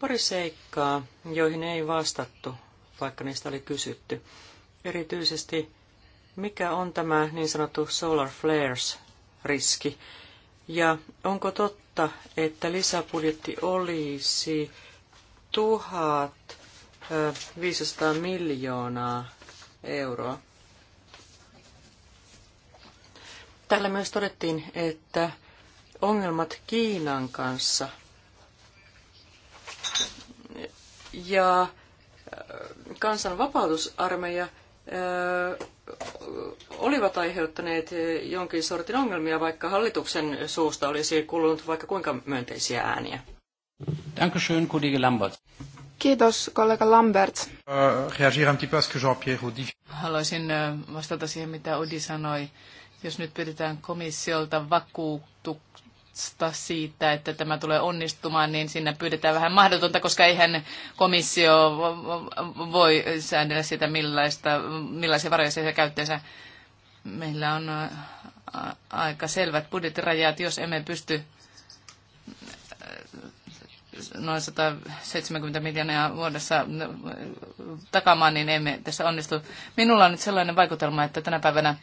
Pari seikkaa, joihin ei vastattu, vaikka niistä oli kysytty. Erityisesti, mikä on tämä niin sanottu solar flares-riski? Ja onko totta, että lisäbudjetti olisi 1500 miljoonaa euroa? Täällä myös todettiin, että ongelmat Kiinan kanssa ja äh, kansanvapautusarmeija äh, olivat aiheuttaneet äh, jonkin sortin ongelmia, vaikka hallituksen suusta olisi kuulunut vaikka kuinka myönteisiä ääniä. Dankeschön, kollega Lambert. Kiitos, kollega Lambert. Haluaisin vastata siihen, mitä Udi sanoi jos nyt pyydetään komissiolta vakuutusta siitä, että tämä tulee onnistumaan, niin siinä pyydetään vähän mahdotonta, koska eihän komissio voi säännellä sitä, millaista, millaisia varoja se käytteensä. Meillä on aika selvät budjettirajat, jos emme pysty noin 170 miljoonaa vuodessa takamaan, niin emme tässä onnistu. Minulla on nyt sellainen vaikutelma, että tänä päivänä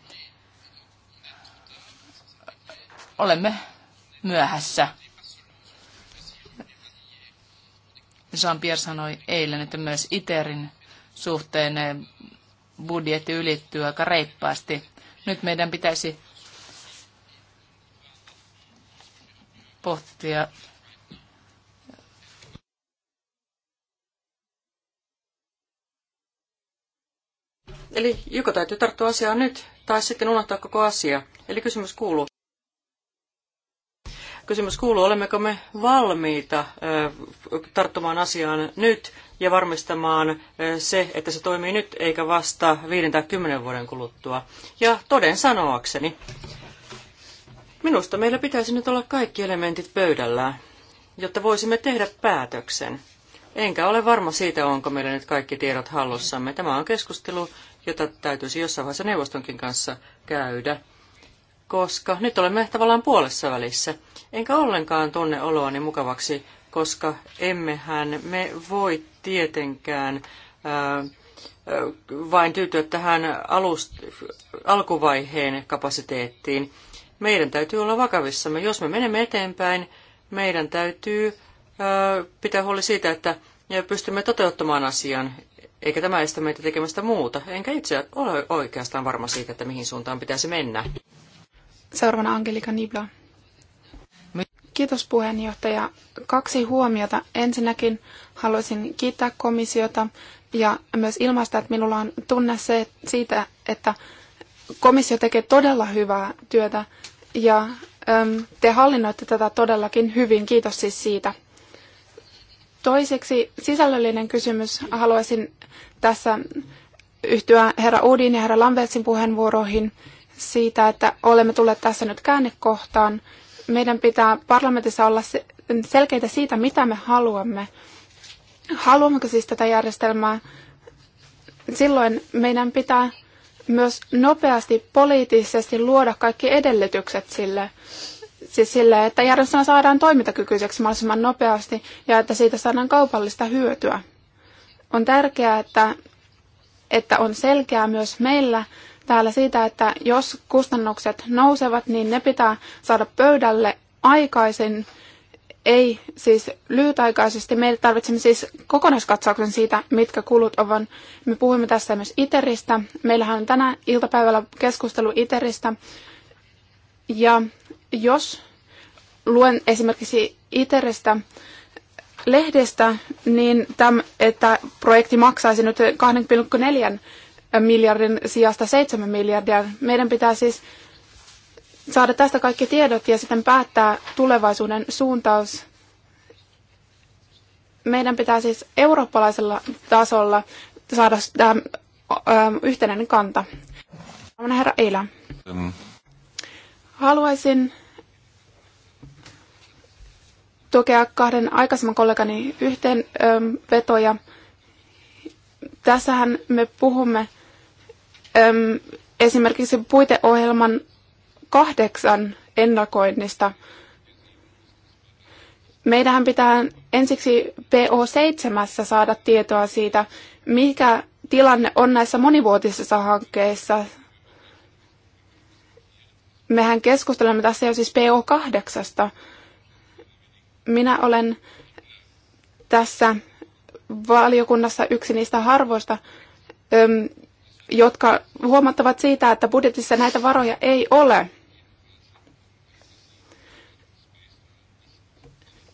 olemme myöhässä. Jean-Pierre sanoi eilen, että myös ITERin suhteen budjetti ylittyy aika reippaasti. Nyt meidän pitäisi pohtia Eli joko täytyy tarttua asiaan nyt, tai sitten unohtaa koko asia. Eli kysymys kuuluu, Kysymys kuuluu, olemmeko me valmiita tarttumaan asiaan nyt ja varmistamaan se, että se toimii nyt eikä vasta viiden tai kymmenen vuoden kuluttua. Ja toden sanoakseni, minusta meillä pitäisi nyt olla kaikki elementit pöydällään, jotta voisimme tehdä päätöksen. Enkä ole varma siitä, onko meillä nyt kaikki tiedot hallussamme. Tämä on keskustelu, jota täytyisi jossain vaiheessa neuvostonkin kanssa käydä koska nyt olemme tavallaan puolessa välissä. Enkä ollenkaan tunne oloani mukavaksi, koska emmehän me voi tietenkään ää, äh, äh, vain tyytyä tähän alust, alkuvaiheen kapasiteettiin. Meidän täytyy olla vakavissamme. Jos me menemme eteenpäin, meidän täytyy ää, äh, pitää huoli siitä, että pystymme toteuttamaan asian, eikä tämä estä meitä tekemästä muuta. Enkä itse ole oikeastaan varma siitä, että mihin suuntaan pitäisi mennä. Seuraavana Angelika Nibla. Kiitos puheenjohtaja. Kaksi huomiota. Ensinnäkin haluaisin kiittää komissiota ja myös ilmaista, että minulla on tunne se, siitä, että komissio tekee todella hyvää työtä ja äm, te hallinnoitte tätä todellakin hyvin. Kiitos siis siitä. Toiseksi sisällöllinen kysymys. Haluaisin tässä yhtyä herra Udin ja herra Lambertsin puheenvuoroihin siitä, että olemme tulleet tässä nyt käännekohtaan. Meidän pitää parlamentissa olla selkeitä siitä, mitä me haluamme. Haluammeko siis tätä järjestelmää? Silloin meidän pitää myös nopeasti poliittisesti luoda kaikki edellytykset sille, siis sille, että järjestelmä saadaan toimintakykyiseksi mahdollisimman nopeasti ja että siitä saadaan kaupallista hyötyä. On tärkeää, että, että on selkeää myös meillä, täällä siitä, että jos kustannukset nousevat, niin ne pitää saada pöydälle aikaisin, ei siis lyhytaikaisesti. Me tarvitsemme siis kokonaiskatsauksen siitä, mitkä kulut ovat. Me puhumme tässä myös ITERistä. Meillähän on tänä iltapäivällä keskustelu ITERistä. Ja jos luen esimerkiksi ITERistä lehdestä, niin täm, että projekti maksaisi nyt 2,4 miljardin sijasta 7 miljardia. Meidän pitää siis saada tästä kaikki tiedot ja sitten päättää tulevaisuuden suuntaus. Meidän pitää siis eurooppalaisella tasolla saada tämä ähm, yhtenäinen kanta. herra Eila. Mm. Haluaisin tukea kahden aikaisemman kollegani yhteenvetoja. Tässähän me puhumme esimerkiksi puiteohjelman kahdeksan ennakoinnista. Meidän pitää ensiksi PO7 saada tietoa siitä, mikä tilanne on näissä monivuotisissa hankkeissa. Mehän keskustelemme tässä jo siis PO8. Minä olen tässä valiokunnassa yksi niistä harvoista, jotka huomattavat siitä, että budjetissa näitä varoja ei ole.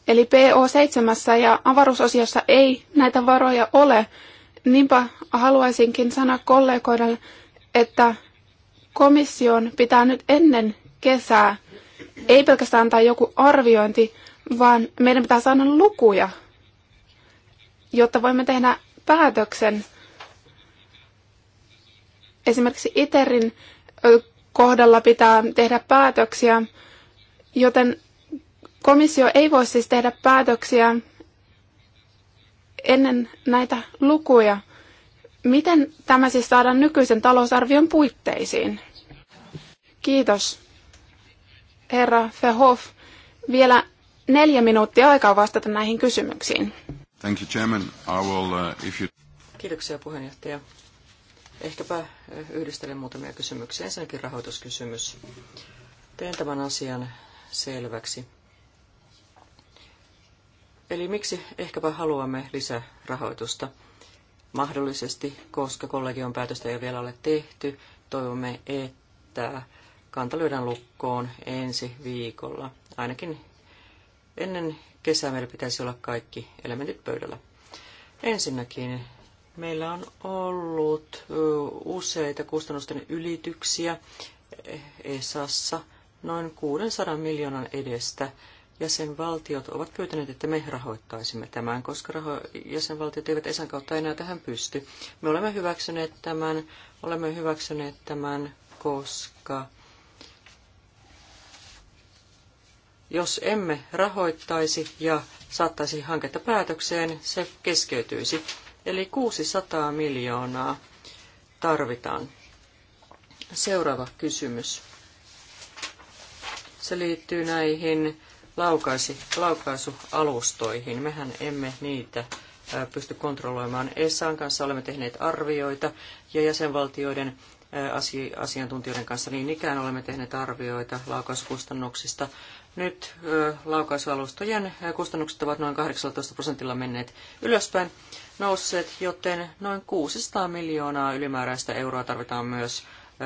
Eli PO7 ja avaruusosiossa ei näitä varoja ole. Niinpä haluaisinkin sanoa kollegoille, että komission pitää nyt ennen kesää ei pelkästään antaa joku arviointi, vaan meidän pitää saada lukuja, jotta voimme tehdä päätöksen – Esimerkiksi ITERin kohdalla pitää tehdä päätöksiä, joten komissio ei voi siis tehdä päätöksiä ennen näitä lukuja. Miten tämä siis saadaan nykyisen talousarvion puitteisiin? Kiitos. Herra Verhoff, vielä neljä minuuttia aikaa vastata näihin kysymyksiin. Thank you, Chairman. I will, uh, if you... Kiitoksia puheenjohtaja. Ehkäpä eh, yhdistelen muutamia kysymyksiä. Ensinnäkin rahoituskysymys. Teen tämän asian selväksi. Eli miksi ehkäpä haluamme lisärahoitusta? Mahdollisesti, koska kollegion päätöstä ei vielä ole tehty, toivomme, että kanta lyödään lukkoon ensi viikolla. Ainakin ennen kesää meillä pitäisi olla kaikki elementit pöydällä. Ensinnäkin Meillä on ollut useita kustannusten ylityksiä eh, ESassa noin 600 miljoonan edestä. Jäsenvaltiot ovat pyytäneet, että me rahoittaisimme tämän, koska raho- jäsenvaltiot eivät ESAn kautta enää tähän pysty. Me olemme hyväksyneet tämän, olemme hyväksyneet tämän, koska jos emme rahoittaisi ja saattaisi hanketta päätökseen, se keskeytyisi. Eli 600 miljoonaa tarvitaan. Seuraava kysymys. Se liittyy näihin laukaisi, laukaisualustoihin. Mehän emme niitä pysty kontrolloimaan. Essaan kanssa olemme tehneet arvioita ja jäsenvaltioiden asiantuntijoiden kanssa niin ikään olemme tehneet arvioita laukaisukustannuksista. Nyt laukaisualustojen kustannukset ovat noin 18 prosentilla menneet ylöspäin nousseet, joten noin 600 miljoonaa ylimääräistä euroa tarvitaan myös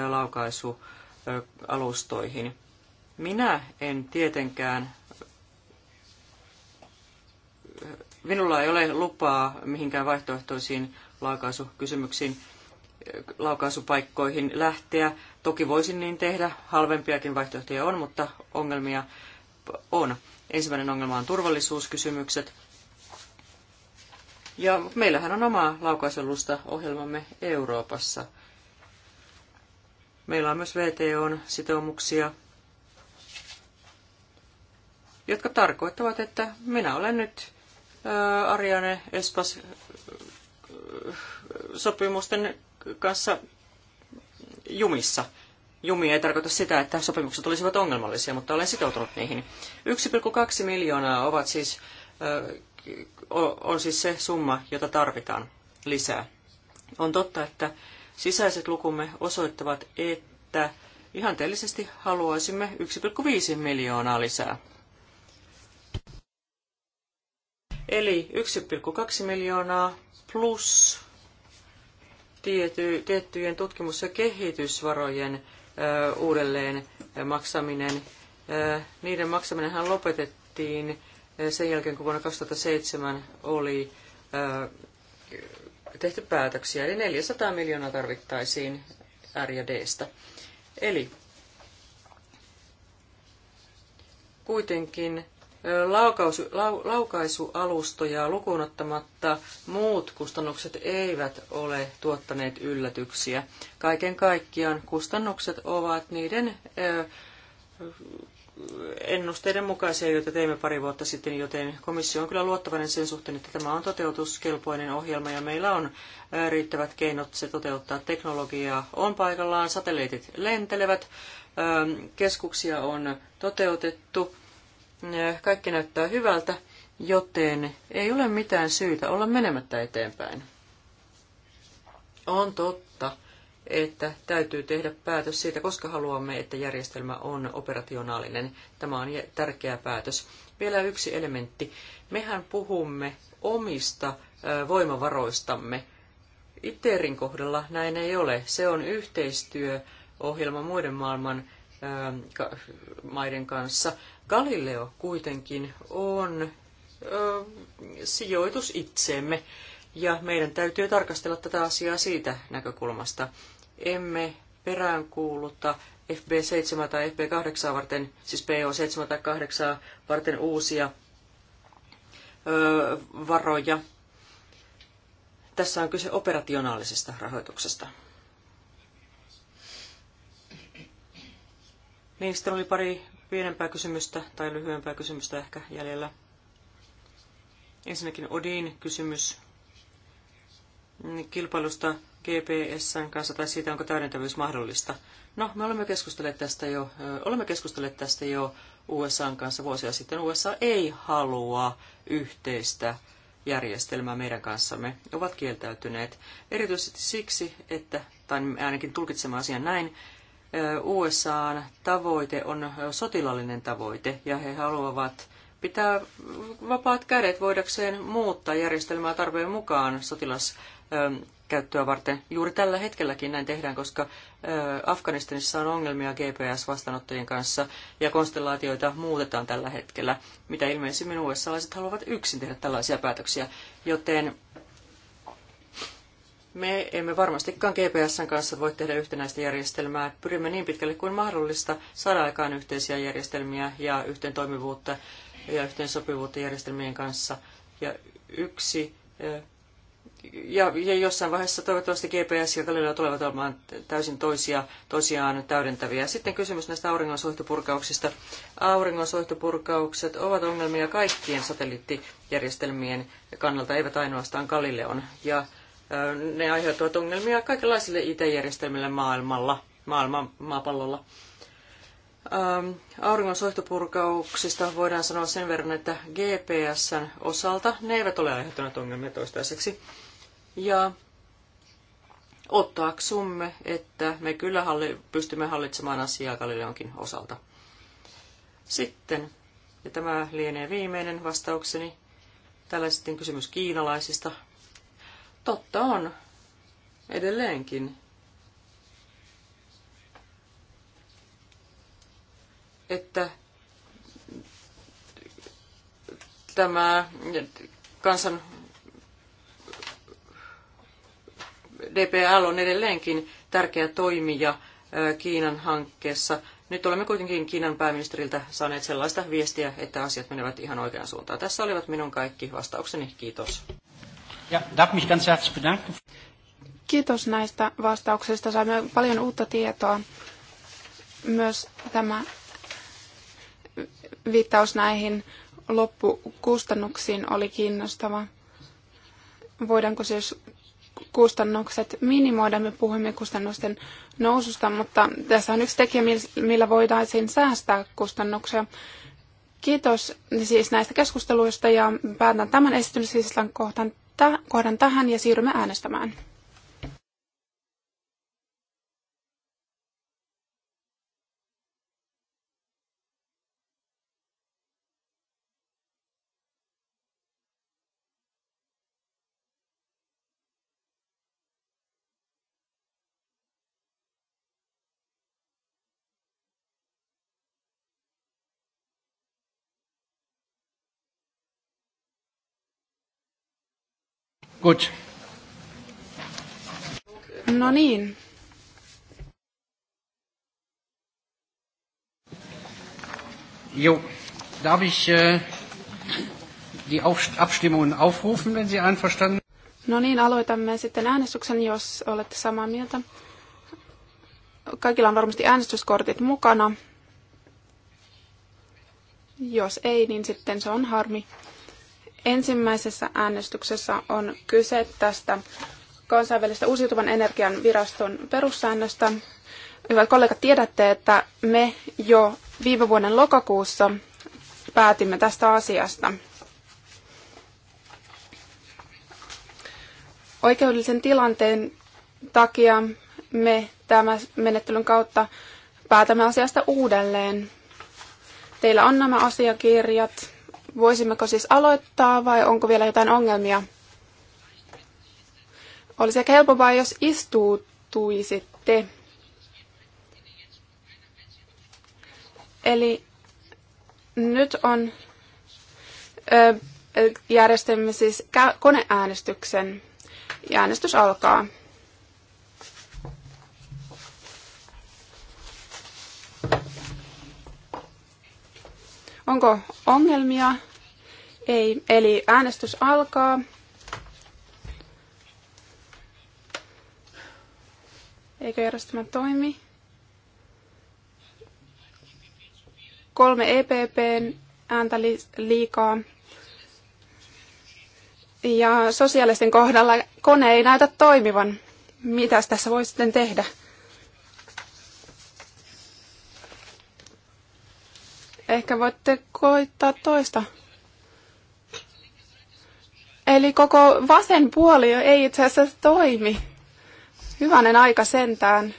laukaisualustoihin. Minä en tietenkään, minulla ei ole lupaa mihinkään vaihtoehtoisiin laukaisukysymyksiin, laukaisupaikkoihin lähteä. Toki voisin niin tehdä, halvempiakin vaihtoehtoja on, mutta ongelmia on. Ensimmäinen ongelma on turvallisuuskysymykset. Ja meillähän on oma laukaisulusta ohjelmamme Euroopassa. Meillä on myös VTOn sitoumuksia, jotka tarkoittavat, että minä olen nyt ää, Ariane Espas sopimusten kanssa jumissa. Jumi ei tarkoita sitä, että sopimukset olisivat ongelmallisia, mutta olen sitoutunut niihin. 1,2 miljoonaa ovat siis on siis se summa, jota tarvitaan lisää. On totta, että sisäiset lukumme osoittavat, että ihanteellisesti haluaisimme 1,5 miljoonaa lisää. Eli 1,2 miljoonaa plus tiety, tiettyjen tutkimus- ja kehitysvarojen ö, uudelleen maksaminen. Ö, niiden maksaminenhan lopetettiin sen jälkeen, kun vuonna 2007 oli tehty päätöksiä, eli 400 miljoonaa tarvittaisiin R ja Dstä. Eli kuitenkin laukaisu, lau, laukaisualustoja lukuun ottamatta muut kustannukset eivät ole tuottaneet yllätyksiä. Kaiken kaikkiaan kustannukset ovat niiden ö, ennusteiden mukaisia, joita teimme pari vuotta sitten, joten komissio on kyllä luottavainen sen suhteen, että tämä on toteutuskelpoinen ohjelma ja meillä on riittävät keinot se toteuttaa. Teknologiaa on paikallaan, satelliitit lentelevät, keskuksia on toteutettu, kaikki näyttää hyvältä, joten ei ole mitään syytä olla menemättä eteenpäin. On totta, että täytyy tehdä päätös siitä, koska haluamme, että järjestelmä on operationaalinen. Tämä on tärkeä päätös. Vielä yksi elementti. Mehän puhumme omista voimavaroistamme. ITERin kohdalla näin ei ole. Se on yhteistyöohjelma muiden maailman maiden kanssa. Galileo kuitenkin on sijoitus itseemme ja meidän täytyy tarkastella tätä asiaa siitä näkökulmasta emme peräänkuuluta FB7 tai FB8 varten, siis PO7 tai 8 varten uusia ö, varoja. Tässä on kyse operationaalisesta rahoituksesta. Niin, sitten oli pari pienempää kysymystä tai lyhyempää kysymystä ehkä jäljellä. Ensinnäkin Odin kysymys kilpailusta GPSn kanssa tai siitä, onko täydentävyys mahdollista. No, me olemme keskustelleet tästä jo, olemme keskustelleet tästä jo USAn kanssa vuosia sitten. USA ei halua yhteistä järjestelmää meidän kanssamme, ovat kieltäytyneet. Erityisesti siksi, että, tai ainakin tulkitsemaan asian näin, USAn tavoite on sotilallinen tavoite ja he haluavat pitää vapaat kädet voidakseen muuttaa järjestelmää tarpeen mukaan sotilas käyttöä varten. Juuri tällä hetkelläkin näin tehdään, koska Afganistanissa on ongelmia GPS-vastaanottajien kanssa ja konstellaatioita muutetaan tällä hetkellä. Mitä ilmeisimmin USA-laiset haluavat yksin tehdä tällaisia päätöksiä, joten me emme varmastikaan GPSn kanssa voi tehdä yhtenäistä järjestelmää. Pyrimme niin pitkälle kuin mahdollista saada aikaan yhteisiä järjestelmiä ja yhteen toimivuutta ja yhteen sopivuutta järjestelmien kanssa. Ja yksi ja, ja jossain vaiheessa toivottavasti GPS ja Galileo tulevat olemaan täysin toisia, toisiaan täydentäviä. Sitten kysymys näistä auringon soihtupurkauksista. Auringon ovat ongelmia kaikkien satelliittijärjestelmien kannalta, eivät ainoastaan Galileon. Ja ne aiheuttavat ongelmia kaikenlaisille IT-järjestelmille maailmalla, maailman, maapallolla. Ähm, auringon voidaan sanoa sen verran, että GPSn osalta ne eivät ole aiheuttaneet ongelmia toistaiseksi ja ottaaksumme, että me kyllä halli, pystymme hallitsemaan asiaa Galileonkin osalta. Sitten, ja tämä lienee viimeinen vastaukseni, tällä sitten kysymys kiinalaisista. Totta on, edelleenkin. Että tämä kansan DPL on edelleenkin tärkeä toimija Kiinan hankkeessa. Nyt olemme kuitenkin Kiinan pääministeriltä saaneet sellaista viestiä, että asiat menevät ihan oikeaan suuntaan. Tässä olivat minun kaikki vastaukseni. Kiitos. Ja, darf mich ganz herzlich bedanken. Kiitos näistä vastauksista. Saimme paljon uutta tietoa. Myös tämä viittaus näihin loppukustannuksiin oli kiinnostava. Voidaanko siis kustannukset minimoida. Me puhuimme kustannusten noususta, mutta tässä on yksi tekijä, millä voitaisiin säästää kustannuksia. Kiitos siis näistä keskusteluista ja päätän tämän esityslistan kohdan, kohdan tähän ja siirrymme äänestämään. Gut. No niin. Jo, darf ich äh, die Auf Abstimmungen aufrufen, wenn Sie einverstanden sind? No niin, aloitamme sitten äänestyksen, jos olette samaa mieltä. Kaikilla on varmasti äänestyskortit mukana. Jos ei, niin sitten se on harmi. Ensimmäisessä äänestyksessä on kyse tästä kansainvälistä uusiutuvan energian viraston perussäännöstä. Hyvät kollegat, tiedätte, että me jo viime vuoden lokakuussa päätimme tästä asiasta. Oikeudellisen tilanteen takia me tämän menettelyn kautta päätämme asiasta uudelleen. Teillä on nämä asiakirjat Voisimmeko siis aloittaa vai onko vielä jotain ongelmia? Olisi ehkä helpompaa, jos istuutuisitte. Eli nyt on ö, järjestämme siis koneäänestyksen ja äänestys alkaa. Onko ongelmia? Ei. Eli äänestys alkaa. Eikö järjestelmä toimi? Kolme EPP ääntä liikaa. Ja sosiaalisten kohdalla kone ei näytä toimivan. Mitäs tässä voi sitten tehdä? Ehkä voitte koittaa toista. Eli koko vasen puoli ei itse asiassa toimi. Hyvänen aika sentään.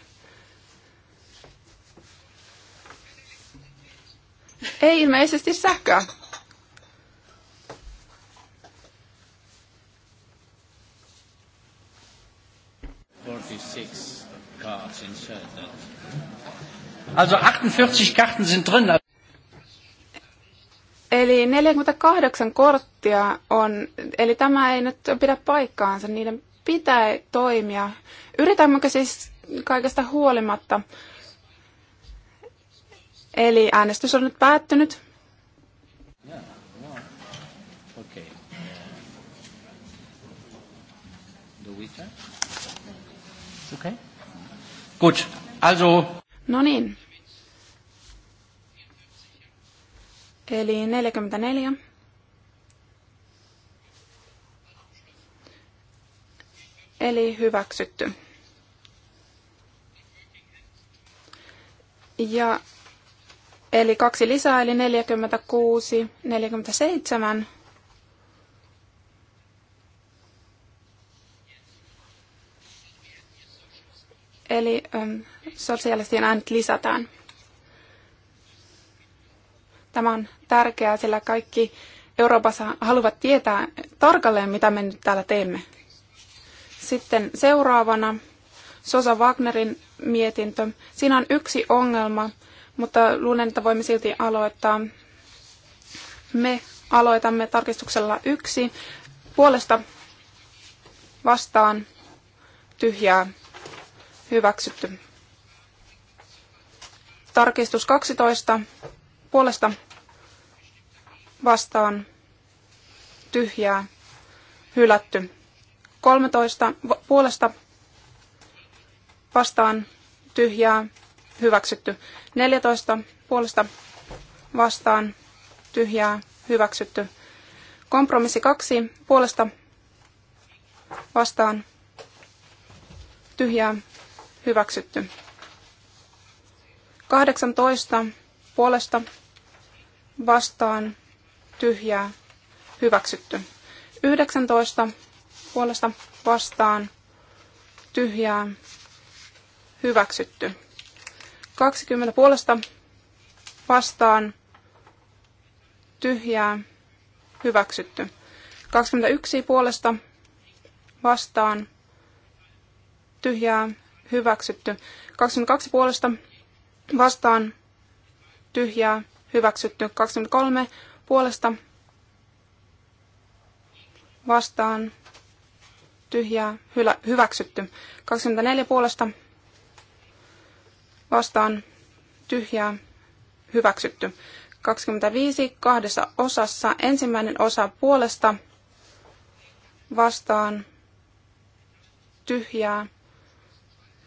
Ei ilmeisesti sähköä. Also 48 Karten sind drin. Eli 48 korttia on, eli tämä ei nyt pidä paikkaansa, niiden pitää toimia. Yritämmekö siis kaikesta huolimatta? Eli äänestys on nyt päättynyt. Okay. Good. also. No niin. Eli 44. Eli hyväksytty. Ja eli kaksi lisää, eli 46, 47. Eli äm, sosiaalisten äänet lisätään. Tämä on tärkeää, sillä kaikki Euroopassa haluavat tietää tarkalleen, mitä me nyt täällä teemme. Sitten seuraavana Sosa Wagnerin mietintö. Siinä on yksi ongelma, mutta luulen, että voimme silti aloittaa. Me aloitamme tarkistuksella yksi. Puolesta vastaan tyhjää hyväksytty. Tarkistus 12 puolesta vastaan tyhjää hylätty. 13 puolesta vastaan tyhjää hyväksytty. 14 puolesta vastaan tyhjää hyväksytty. Kompromissi 2 puolesta vastaan tyhjää hyväksytty. 18 puolesta vastaan tyhjää hyväksytty. 19 puolesta vastaan tyhjää hyväksytty. 20 puolesta vastaan tyhjää hyväksytty. 21 puolesta vastaan tyhjää hyväksytty. 22 puolesta vastaan tyhjää hyväksytty 23 puolesta vastaan tyhjää hylä, hyväksytty 24 puolesta vastaan tyhjää hyväksytty 25 kahdessa osassa ensimmäinen osa puolesta vastaan tyhjää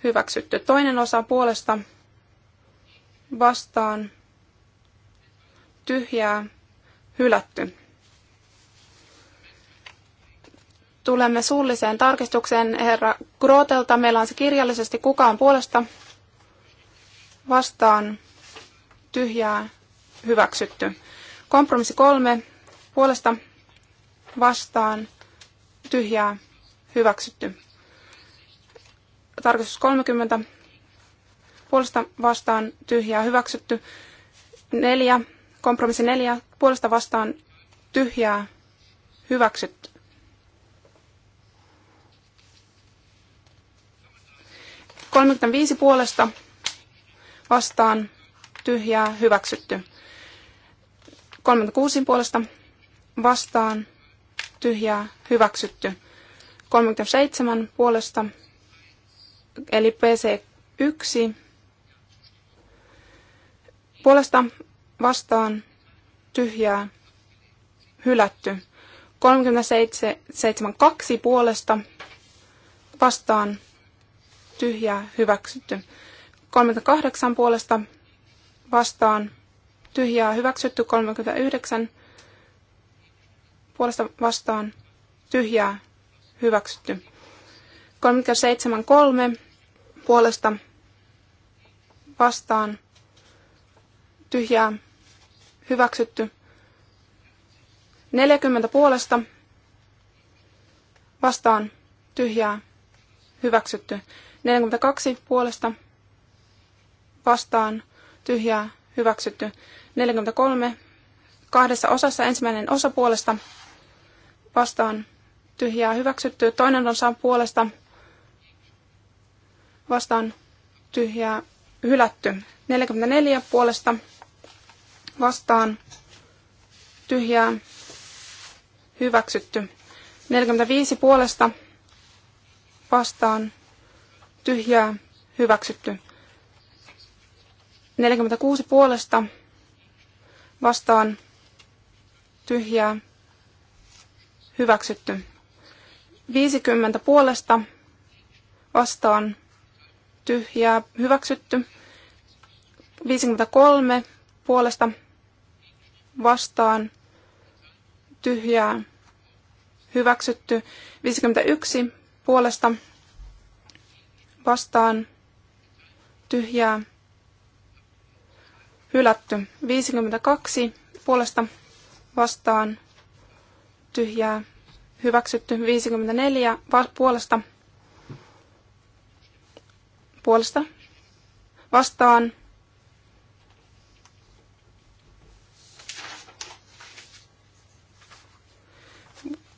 hyväksytty toinen osa puolesta vastaan tyhjää, hylätty. Tulemme suulliseen tarkistukseen herra Grotelta. Meillä on se kirjallisesti kukaan puolesta vastaan tyhjää hyväksytty. Kompromissi kolme puolesta vastaan tyhjää hyväksytty. Tarkistus 30 puolesta vastaan tyhjää hyväksytty. Neljä Kompromissi neljä. Puolesta vastaan tyhjää. Hyväksytty. viisi puolesta vastaan tyhjää. Hyväksytty. 36 puolesta vastaan tyhjää. Hyväksytty. 37 puolesta eli PC1 puolesta vastaan tyhjää hylätty. 37 puolesta vastaan tyhjää hyväksytty. 38 puolesta vastaan tyhjää hyväksytty. 39 puolesta vastaan tyhjää hyväksytty. 37 puolesta vastaan tyhjää hyväksytty. 40 puolesta vastaan tyhjää hyväksytty. 42 puolesta vastaan tyhjää hyväksytty. 43 kahdessa osassa ensimmäinen osa puolesta vastaan tyhjää hyväksytty. Toinen osa puolesta vastaan tyhjää hylätty. 44 puolesta vastaan tyhjää hyväksytty. 45 puolesta vastaan tyhjää hyväksytty. 46 puolesta vastaan tyhjää hyväksytty. 50 puolesta vastaan tyhjää hyväksytty. 53 puolesta vastaan tyhjää hyväksytty. 51 puolesta vastaan tyhjää hylätty. 52 puolesta vastaan tyhjää hyväksytty. 54 va- puolesta puolesta vastaan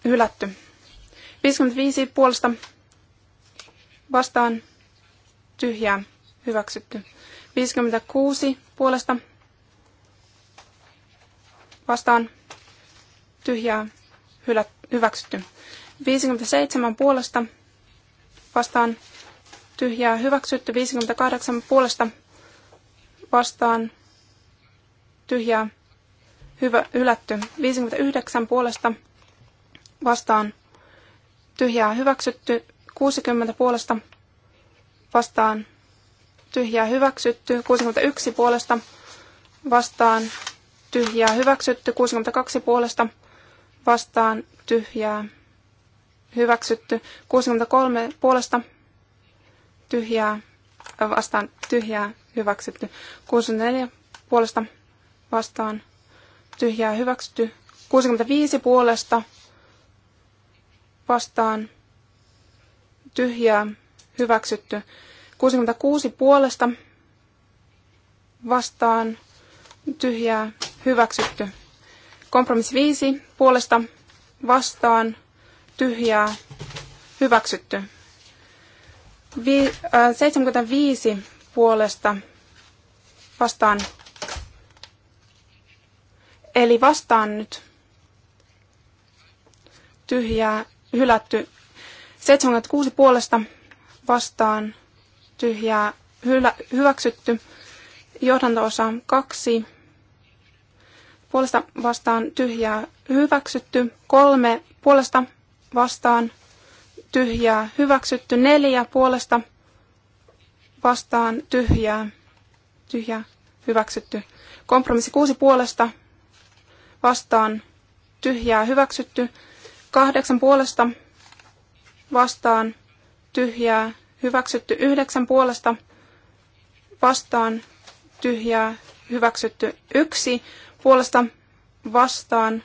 hylätty. 55 puolesta vastaan tyhjää hyväksytty. 56 puolesta vastaan tyhjää hylä, hyväksytty. 57 puolesta vastaan tyhjää hyväksytty. 58 puolesta vastaan tyhjää hyvä, hylätty. 59 puolesta vastaan tyhjää hyväksytty. 60 puolesta vastaan tyhjää hyväksytty. 61 puolesta vastaan tyhjää hyväksytty. 62 puolesta vastaan tyhjää hyväksytty. 63 puolesta tyhjää äh, vastaan tyhjää hyväksytty. 64 puolesta vastaan tyhjää hyväksytty. 65 puolesta vastaan tyhjää hyväksytty. 66 puolesta vastaan tyhjää hyväksytty. Kompromissi 5 puolesta vastaan tyhjää hyväksytty. Vi, äh, 75 puolesta vastaan. Eli vastaan nyt tyhjää hylätty 76 puolesta vastaan tyhjää hylä, hyväksytty. Johdantoosa 2 puolesta vastaan tyhjää hyväksytty. 3 puolesta vastaan tyhjää hyväksytty. 4 puolesta vastaan tyhjää tyhjää hyväksytty. Kompromissi 6 puolesta vastaan tyhjää hyväksytty. Kahdeksan puolesta vastaan tyhjää hyväksytty. Yhdeksän puolesta vastaan tyhjää hyväksytty. Yksi puolesta vastaan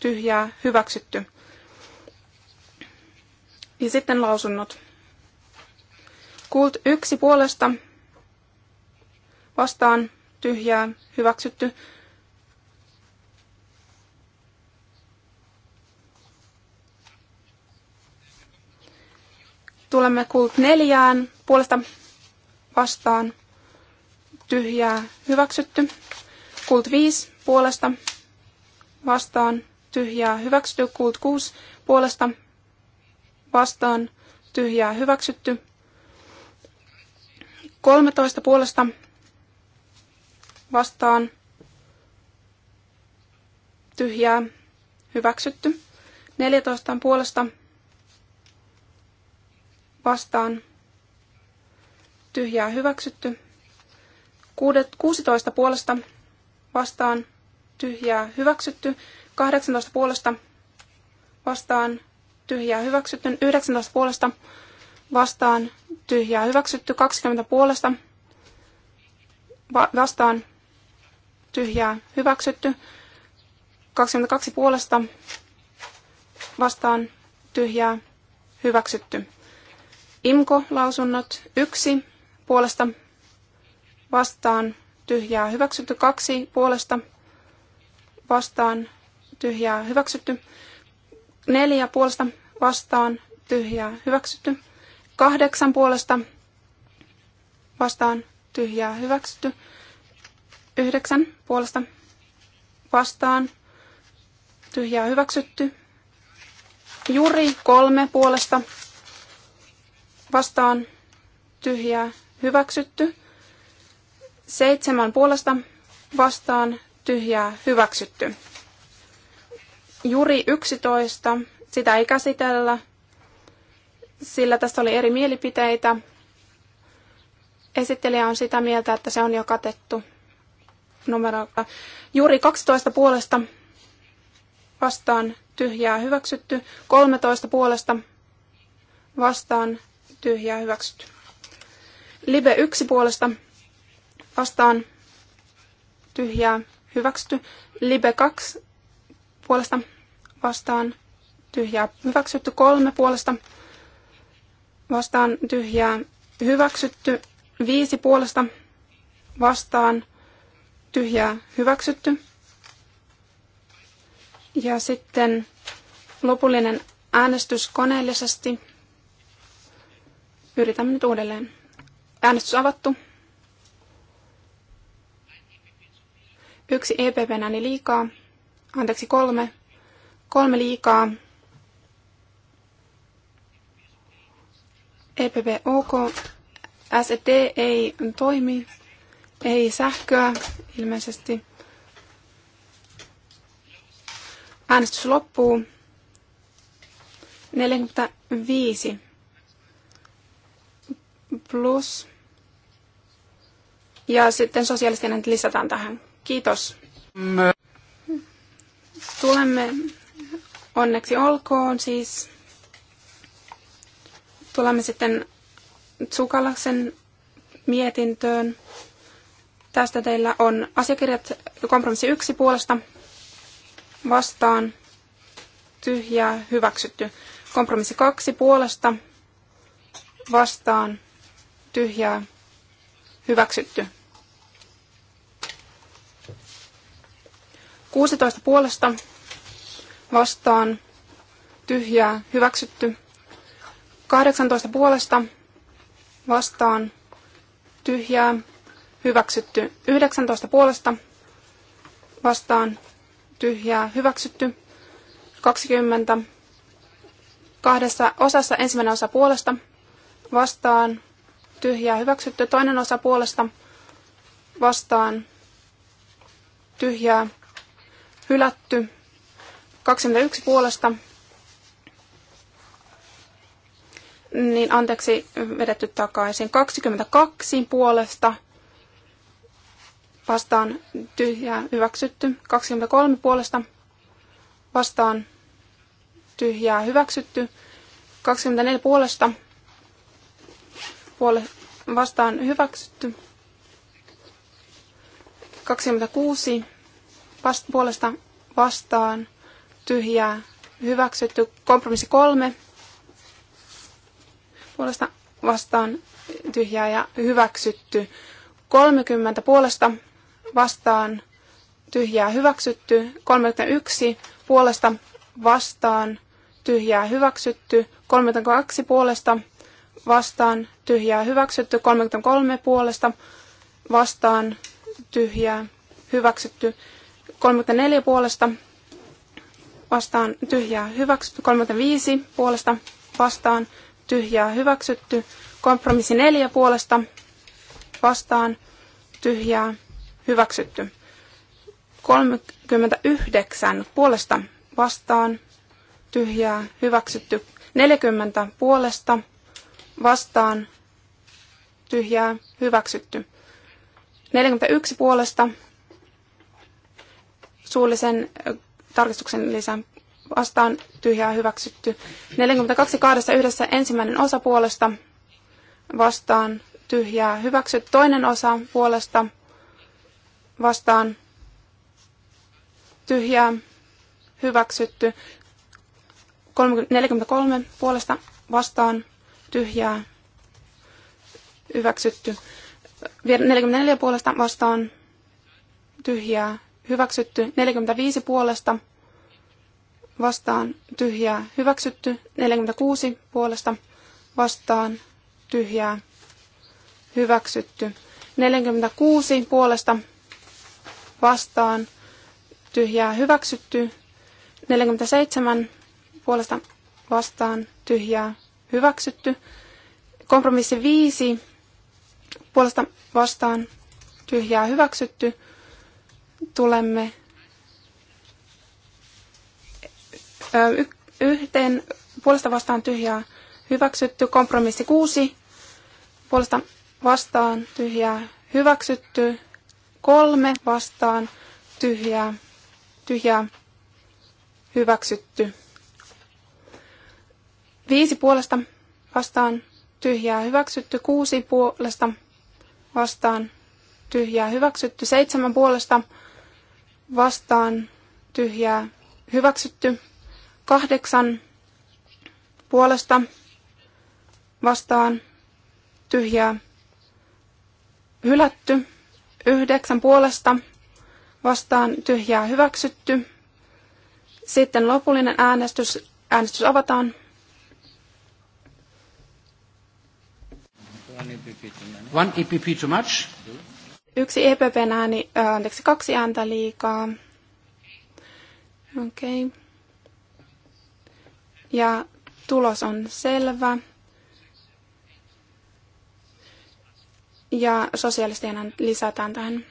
tyhjää hyväksytty. Ja sitten lausunnot. Kult yksi puolesta vastaan tyhjää hyväksytty. Tulemme kult neljään puolesta vastaan tyhjää hyväksytty. Kult viis puolesta vastaan tyhjää hyväksytty. Kult kuus puolesta vastaan tyhjää hyväksytty. 13 puolesta vastaan tyhjää hyväksytty. 14 puolesta vastaan, vastaan tyhjää hyväksytty. 16 puolesta vastaan tyhjää hyväksytty. 18 puolesta vastaan tyhjää hyväksytty. 19 puolesta vastaan tyhjää hyväksytty. 20 puolesta va- vastaan tyhjää hyväksytty. 22 puolesta vastaan tyhjää hyväksytty. IMKO-lausunnot yksi puolesta vastaan tyhjää hyväksytty, kaksi puolesta vastaan tyhjää hyväksytty, neljä puolesta vastaan tyhjää hyväksytty, kahdeksan puolesta vastaan tyhjää hyväksytty, yhdeksän puolesta vastaan tyhjää hyväksytty, juri kolme puolesta vastaan tyhjää hyväksytty. Seitsemän puolesta vastaan tyhjää hyväksytty. Juri 11, sitä ei käsitellä, sillä tästä oli eri mielipiteitä. Esittelijä on sitä mieltä, että se on jo katettu numero. Äh, Juri 12 puolesta vastaan tyhjää hyväksytty, 13 puolesta vastaan tyhjää hyväksytty. Live 1 puolesta vastaan tyhjää hyväksytty. Live 2 puolesta vastaan tyhjää hyväksytty. 3 puolesta vastaan tyhjää hyväksytty. 5 puolesta vastaan tyhjää hyväksytty. Ja sitten lopullinen äänestys koneellisesti. Yritämme nyt uudelleen. Äänestys avattu. Yksi EPPn ääni liikaa. Anteeksi, kolme. Kolme liikaa. EPP OK. SED ei toimi. Ei sähköä ilmeisesti. Äänestys loppuu. 45 Plus. Ja sitten sosiaalistinen lisätään tähän. Kiitos. Tulemme onneksi olkoon siis. Tulemme sitten Tsukalaksen mietintöön. Tästä teillä on asiakirjat kompromissi yksi puolesta vastaan tyhjää hyväksytty. Kompromissi kaksi puolesta vastaan tyhjää, hyväksytty. 16 puolesta vastaan tyhjää hyväksytty. 18 puolesta vastaan tyhjää hyväksytty. 19 puolesta vastaan tyhjää hyväksytty. 20 kahdessa osassa ensimmäinen osa puolesta vastaan tyhjää hyväksytty. Toinen osa puolesta vastaan tyhjää hylätty. 21 puolesta niin anteeksi, vedetty takaisin. 22 puolesta vastaan tyhjää hyväksytty. 23 puolesta vastaan tyhjää hyväksytty. 24 puolesta puole vastaan hyväksytty. 26 vast, puolesta vastaan tyhjää hyväksytty. Kompromissi 3 puolesta vastaan tyhjää ja hyväksytty. 30 puolesta vastaan tyhjää hyväksytty. 31 puolesta vastaan tyhjää hyväksytty. 32 puolesta vastaan, vastaan tyhjää hyväksytty, 33 puolesta vastaan tyhjää hyväksytty, 34 puolesta vastaan tyhjää hyväksytty, 35 puolesta vastaan tyhjää hyväksytty, kompromissi 4 puolesta vastaan tyhjää hyväksytty, 39 puolesta vastaan tyhjää hyväksytty, 40 puolesta vastaan, vastaan tyhjää hyväksytty. 41 puolesta suullisen tarkistuksen lisän vastaan tyhjää hyväksytty. 42 kahdessa yhdessä ensimmäinen osa puolesta vastaan tyhjää hyväksytty. Toinen osa puolesta vastaan tyhjää hyväksytty. 43 puolesta vastaan tyhjää hyväksytty. 44 puolesta vastaan tyhjää hyväksytty. 45 puolesta vastaan tyhjää hyväksytty. 46 puolesta vastaan tyhjää hyväksytty. 46 puolesta vastaan tyhjää hyväksytty. 47 puolesta vastaan tyhjää hyväksytty. Kompromissi 5 puolesta vastaan tyhjää hyväksytty. Tulemme yhteen puolesta vastaan tyhjää hyväksytty. Kompromissi 6 puolesta vastaan tyhjää hyväksytty. Kolme vastaan tyhjää, tyhjää hyväksytty. Viisi puolesta vastaan tyhjää hyväksytty. Kuusi puolesta vastaan tyhjää hyväksytty. Seitsemän puolesta vastaan tyhjää hyväksytty. Kahdeksan puolesta vastaan tyhjää hylätty. Yhdeksän puolesta vastaan tyhjää hyväksytty. Sitten lopullinen äänestys. Äänestys avataan. One EPP e too much. Yksi EPPn ääni, äh, anteeksi, kaksi ääntä liikaa. Okei. Okay. Ja tulos on selvä. Ja ääntä lisätään tähän.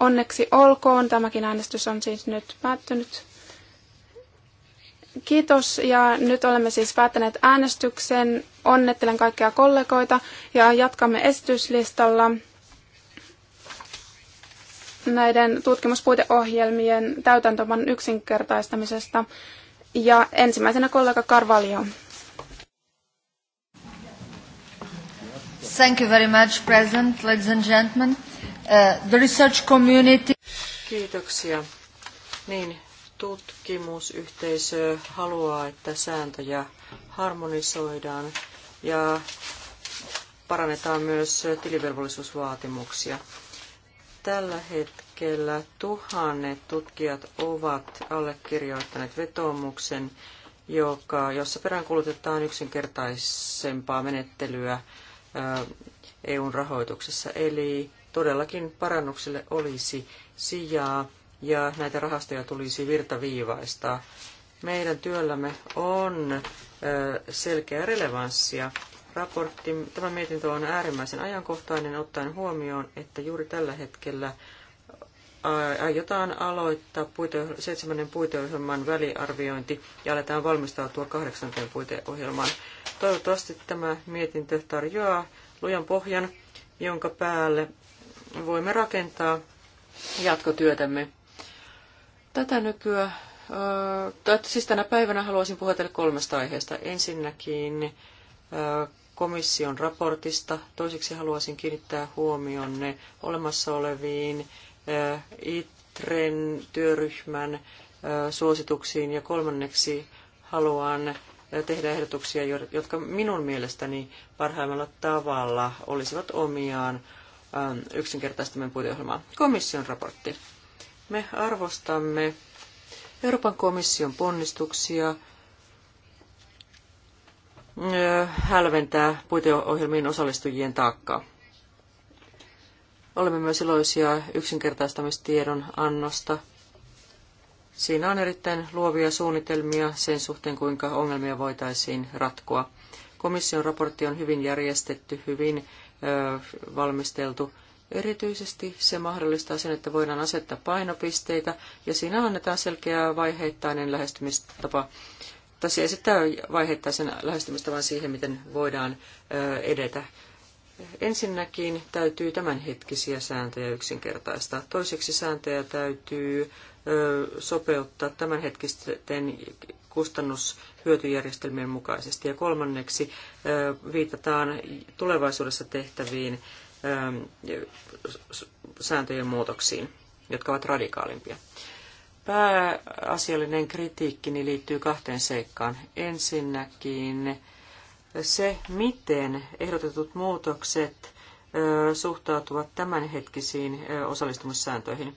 Onneksi olkoon, tämäkin äänestys on siis nyt päättynyt. Kiitos ja nyt olemme siis päättäneet äänestyksen. Onnettelen kaikkia kollegoita ja jatkamme esityslistalla näiden tutkimuspuiteohjelmien täytäntöman yksinkertaistamisesta. Ja ensimmäisenä kollega Carvalho. Thank you very much, President, ladies and gentlemen. Uh, the research community... Kiitoksia. Niin, tutkimusyhteisö haluaa, että sääntöjä harmonisoidaan ja parannetaan myös tilivelvollisuusvaatimuksia. Tällä hetkellä tuhannet tutkijat ovat allekirjoittaneet vetoomuksen, joka, jossa peräänkulutetaan yksinkertaisempaa menettelyä EUn rahoituksessa. Eli todellakin parannuksille olisi sijaa ja näitä rahastoja tulisi virtaviivaistaa. Meidän työllämme on selkeä relevanssia. Raportti, tämä mietintö on äärimmäisen ajankohtainen ottaen huomioon, että juuri tällä hetkellä aiotaan aloittaa puite, seitsemännen puiteohjelman väliarviointi ja aletaan valmistautua kahdeksanteen puiteohjelmaan. Toivottavasti tämä mietintö tarjoaa lujan pohjan, jonka päälle voimme rakentaa jatkotyötämme Tätä nykyä, tai siis tänä päivänä haluaisin puhua teille kolmesta aiheesta. Ensinnäkin komission raportista. Toiseksi haluaisin kiinnittää huomionne olemassa oleviin ITREN työryhmän suosituksiin ja kolmanneksi haluan tehdä ehdotuksia, jotka minun mielestäni parhaimmalla tavalla olisivat omiaan yksinkertaistamaan puiteohjelmaa. Komission raportti. Me arvostamme Euroopan komission ponnistuksia äh, hälventää puiteohjelmiin osallistujien taakkaa. Olemme myös iloisia yksinkertaistamistiedon annosta. Siinä on erittäin luovia suunnitelmia sen suhteen, kuinka ongelmia voitaisiin ratkoa. Komission raportti on hyvin järjestetty, hyvin äh, valmisteltu Erityisesti se mahdollistaa sen, että voidaan asettaa painopisteitä ja siinä annetaan selkeä vaiheittainen lähestymistapa. Tai se esittää vaiheittaisen lähestymistavan siihen, miten voidaan edetä. Ensinnäkin täytyy tämänhetkisiä sääntöjä yksinkertaistaa. Toiseksi sääntöjä täytyy sopeuttaa tämänhetkisten kustannushyötyjärjestelmien mukaisesti. Ja kolmanneksi viitataan tulevaisuudessa tehtäviin Ähm, sääntöjen muutoksiin, jotka ovat radikaalimpia. Pääasiallinen kritiikki liittyy kahteen seikkaan. Ensinnäkin se, miten ehdotetut muutokset suhtautuvat tämänhetkisiin osallistumissääntöihin.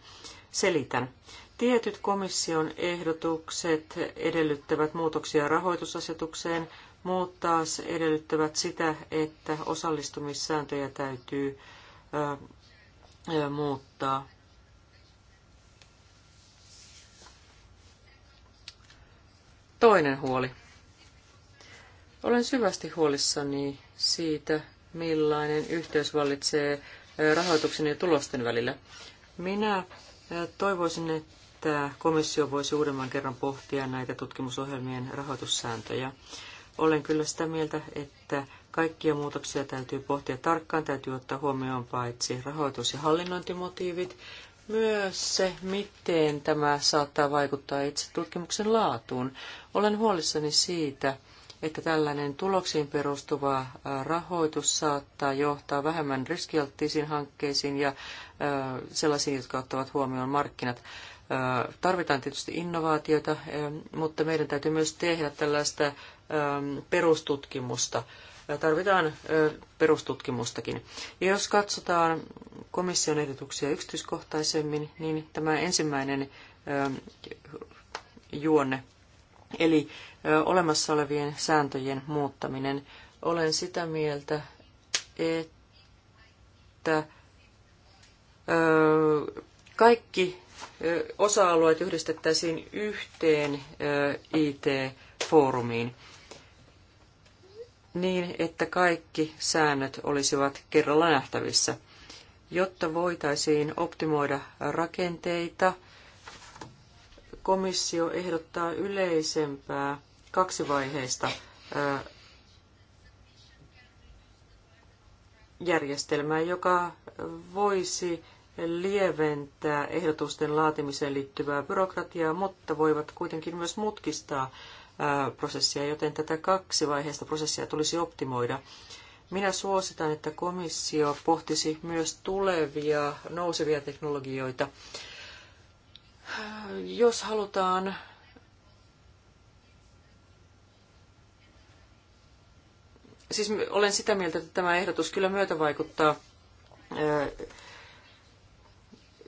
Selitän. Tietyt komission ehdotukset edellyttävät muutoksia rahoitusasetukseen, Muut taas edellyttävät sitä, että osallistumissääntöjä täytyy muuttaa. Toinen huoli. Olen syvästi huolissani siitä, millainen yhteys vallitsee rahoituksen ja tulosten välillä. Minä toivoisin, että komissio voisi uudemman kerran pohtia näitä tutkimusohjelmien rahoitussääntöjä. Olen kyllä sitä mieltä, että kaikkia muutoksia täytyy pohtia tarkkaan, täytyy ottaa huomioon paitsi rahoitus- ja hallinnointimotiivit, myös se, miten tämä saattaa vaikuttaa itse tutkimuksen laatuun. Olen huolissani siitä, että tällainen tuloksiin perustuva rahoitus saattaa johtaa vähemmän riskialttiisiin hankkeisiin ja sellaisiin, jotka ottavat huomioon markkinat. Tarvitaan tietysti innovaatioita, mutta meidän täytyy myös tehdä tällaista Ähm, perustutkimusta. Tarvitaan perustutkimustakin. Ja jos katsotaan komission ehdotuksia yksityiskohtaisemmin, niin tämä ensimmäinen ähm, juonne, eli olemassa olevien sääntöjen muuttaminen, olen sitä mieltä, että kaikki osa-alueet yhdistettäisiin yhteen IT-foorumiin niin, että kaikki säännöt olisivat kerralla nähtävissä, jotta voitaisiin optimoida rakenteita. Komissio ehdottaa yleisempää kaksivaiheista järjestelmää, joka voisi lieventää ehdotusten laatimiseen liittyvää byrokratiaa, mutta voivat kuitenkin myös mutkistaa prosessia, joten tätä kaksivaiheista prosessia tulisi optimoida. Minä suositan, että komissio pohtisi myös tulevia nousevia teknologioita. Jos halutaan Siis olen sitä mieltä, että tämä ehdotus kyllä vaikuttaa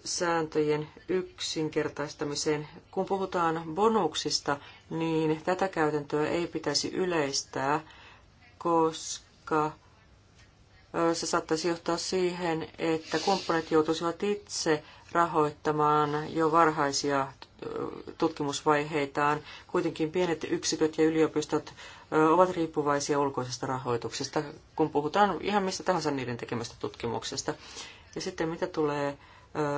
sääntöjen yksinkertaistamiseen. Kun puhutaan bonuksista, niin tätä käytäntöä ei pitäisi yleistää, koska se saattaisi johtaa siihen, että kumppanit joutuisivat itse rahoittamaan jo varhaisia tutkimusvaiheitaan. Kuitenkin pienet yksiköt ja yliopistot ovat riippuvaisia ulkoisesta rahoituksesta, kun puhutaan ihan mistä tahansa niiden tekemästä tutkimuksesta. Ja sitten mitä tulee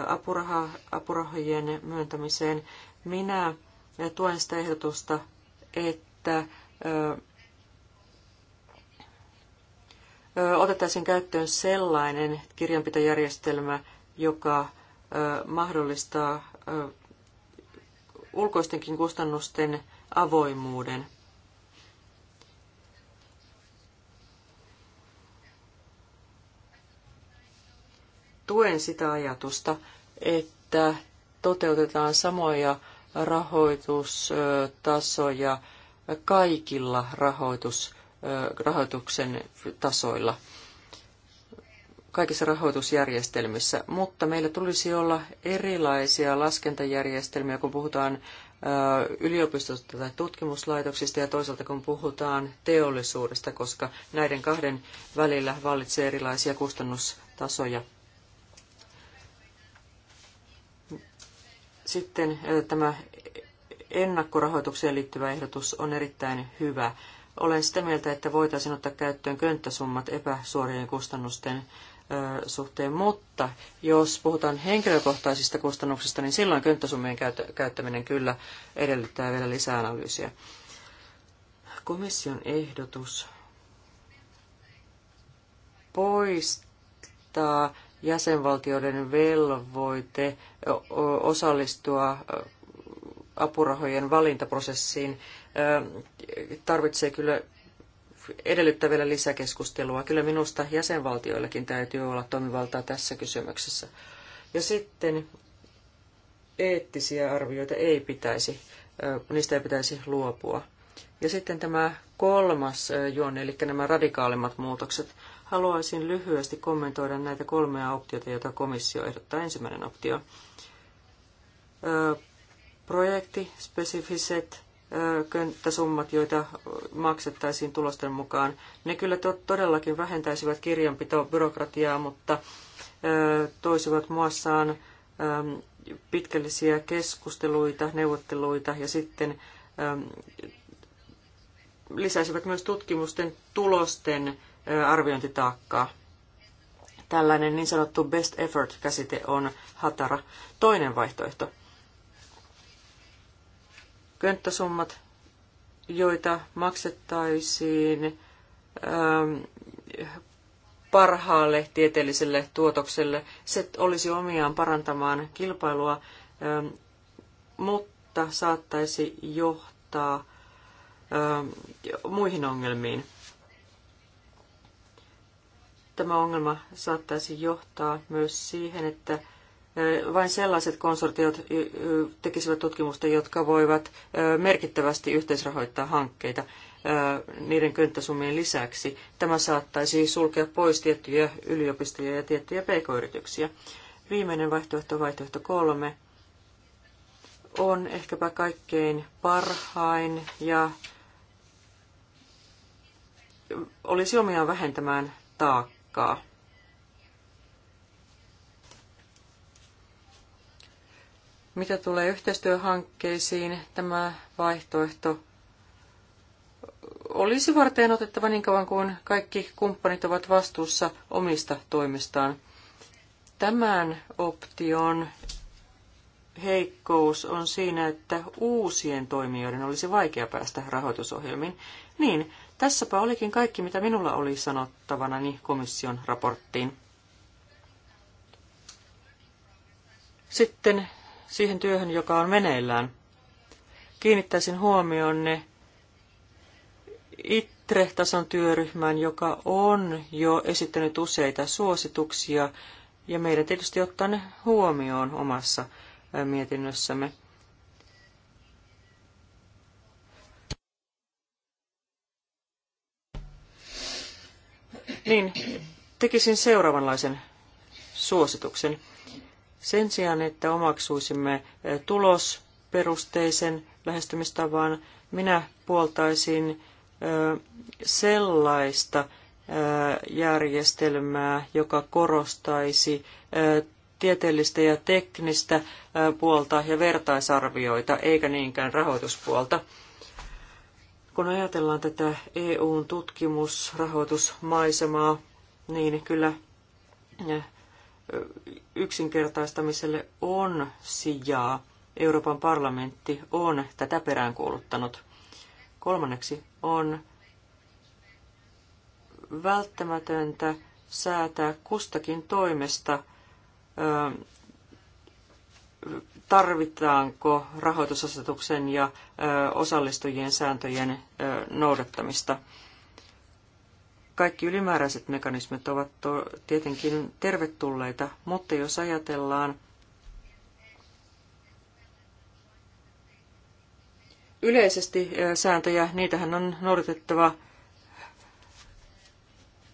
apuraha, apurahojen myöntämiseen. Minä tuen sitä ehdotusta, että otettaisiin käyttöön sellainen kirjanpitojärjestelmä, joka mahdollistaa ulkoistenkin kustannusten avoimuuden. tuen sitä ajatusta, että toteutetaan samoja rahoitustasoja kaikilla rahoitus, rahoituksen tasoilla, kaikissa rahoitusjärjestelmissä, mutta meillä tulisi olla erilaisia laskentajärjestelmiä, kun puhutaan yliopistosta tai tutkimuslaitoksista ja toisaalta kun puhutaan teollisuudesta, koska näiden kahden välillä vallitsee erilaisia kustannustasoja. Sitten tämä ennakkorahoitukseen liittyvä ehdotus on erittäin hyvä. Olen sitä mieltä, että voitaisiin ottaa käyttöön könttäsummat epäsuorien kustannusten suhteen, mutta jos puhutaan henkilökohtaisista kustannuksista, niin silloin könttäsummien käyttäminen kyllä edellyttää vielä lisää analyysiä. Komission ehdotus poistaa jäsenvaltioiden velvoite osallistua apurahojen valintaprosessiin tarvitsee kyllä edellyttää vielä lisäkeskustelua. Kyllä minusta jäsenvaltioillakin täytyy olla toimivaltaa tässä kysymyksessä. Ja sitten eettisiä arvioita ei pitäisi, niistä ei pitäisi luopua. Ja sitten tämä kolmas juonne, eli nämä radikaalimmat muutokset. Haluaisin lyhyesti kommentoida näitä kolmea optiota, joita komissio ehdottaa. Ensimmäinen optio. projekti-spesifiset könttäsummat, joita maksettaisiin tulosten mukaan, ne kyllä todellakin vähentäisivät kirjanpitobyrokratiaa, mutta toisivat muassaan pitkällisiä keskusteluita, neuvotteluita ja sitten lisäisivät myös tutkimusten tulosten arviointitaakkaa. Tällainen niin sanottu best effort-käsite on hatara. Toinen vaihtoehto. Könttäsummat, joita maksettaisiin ähm, parhaalle tieteelliselle tuotokselle. Se olisi omiaan parantamaan kilpailua, ähm, mutta saattaisi johtaa ähm, muihin ongelmiin. Tämä ongelma saattaisi johtaa myös siihen, että vain sellaiset konsortiot tekisivät tutkimusta, jotka voivat merkittävästi yhteisrahoittaa hankkeita niiden könttäsummien lisäksi. Tämä saattaisi sulkea pois tiettyjä yliopistoja ja tiettyjä pk-yrityksiä. Viimeinen vaihtoehto, vaihtoehto kolme, on ehkäpä kaikkein parhain ja olisi omiaan vähentämään taakkaa paikkaa. Mitä tulee yhteistyöhankkeisiin, tämä vaihtoehto olisi varten otettava niin kauan kuin kaikki kumppanit ovat vastuussa omista toimistaan. Tämän option heikkous on siinä, että uusien toimijoiden olisi vaikea päästä rahoitusohjelmiin. Niin, Tässäpä olikin kaikki, mitä minulla oli sanottavanani komission raporttiin. Sitten siihen työhön, joka on meneillään. Kiinnittäisin huomionne ITRE-tason työryhmään, joka on jo esittänyt useita suosituksia, ja meidän tietysti ottaa ne huomioon omassa mietinnössämme. niin tekisin seuraavanlaisen suosituksen. Sen sijaan, että omaksuisimme eh, tulosperusteisen lähestymistavan, minä puoltaisin eh, sellaista eh, järjestelmää, joka korostaisi tieteellistä ja teknistä puolta ja vertaisarvioita, eikä niinkään rahoituspuolta kun ajatellaan tätä EUn tutkimusrahoitusmaisemaa, niin kyllä eh, yksinkertaistamiselle on sijaa. Euroopan parlamentti on tätä peräänkuuluttanut. Kolmanneksi on välttämätöntä säätää kustakin toimesta eh, tarvitaanko rahoitusasetuksen ja osallistujien sääntöjen noudattamista. Kaikki ylimääräiset mekanismit ovat tietenkin tervetulleita, mutta jos ajatellaan yleisesti sääntöjä, niitähän on noudatettava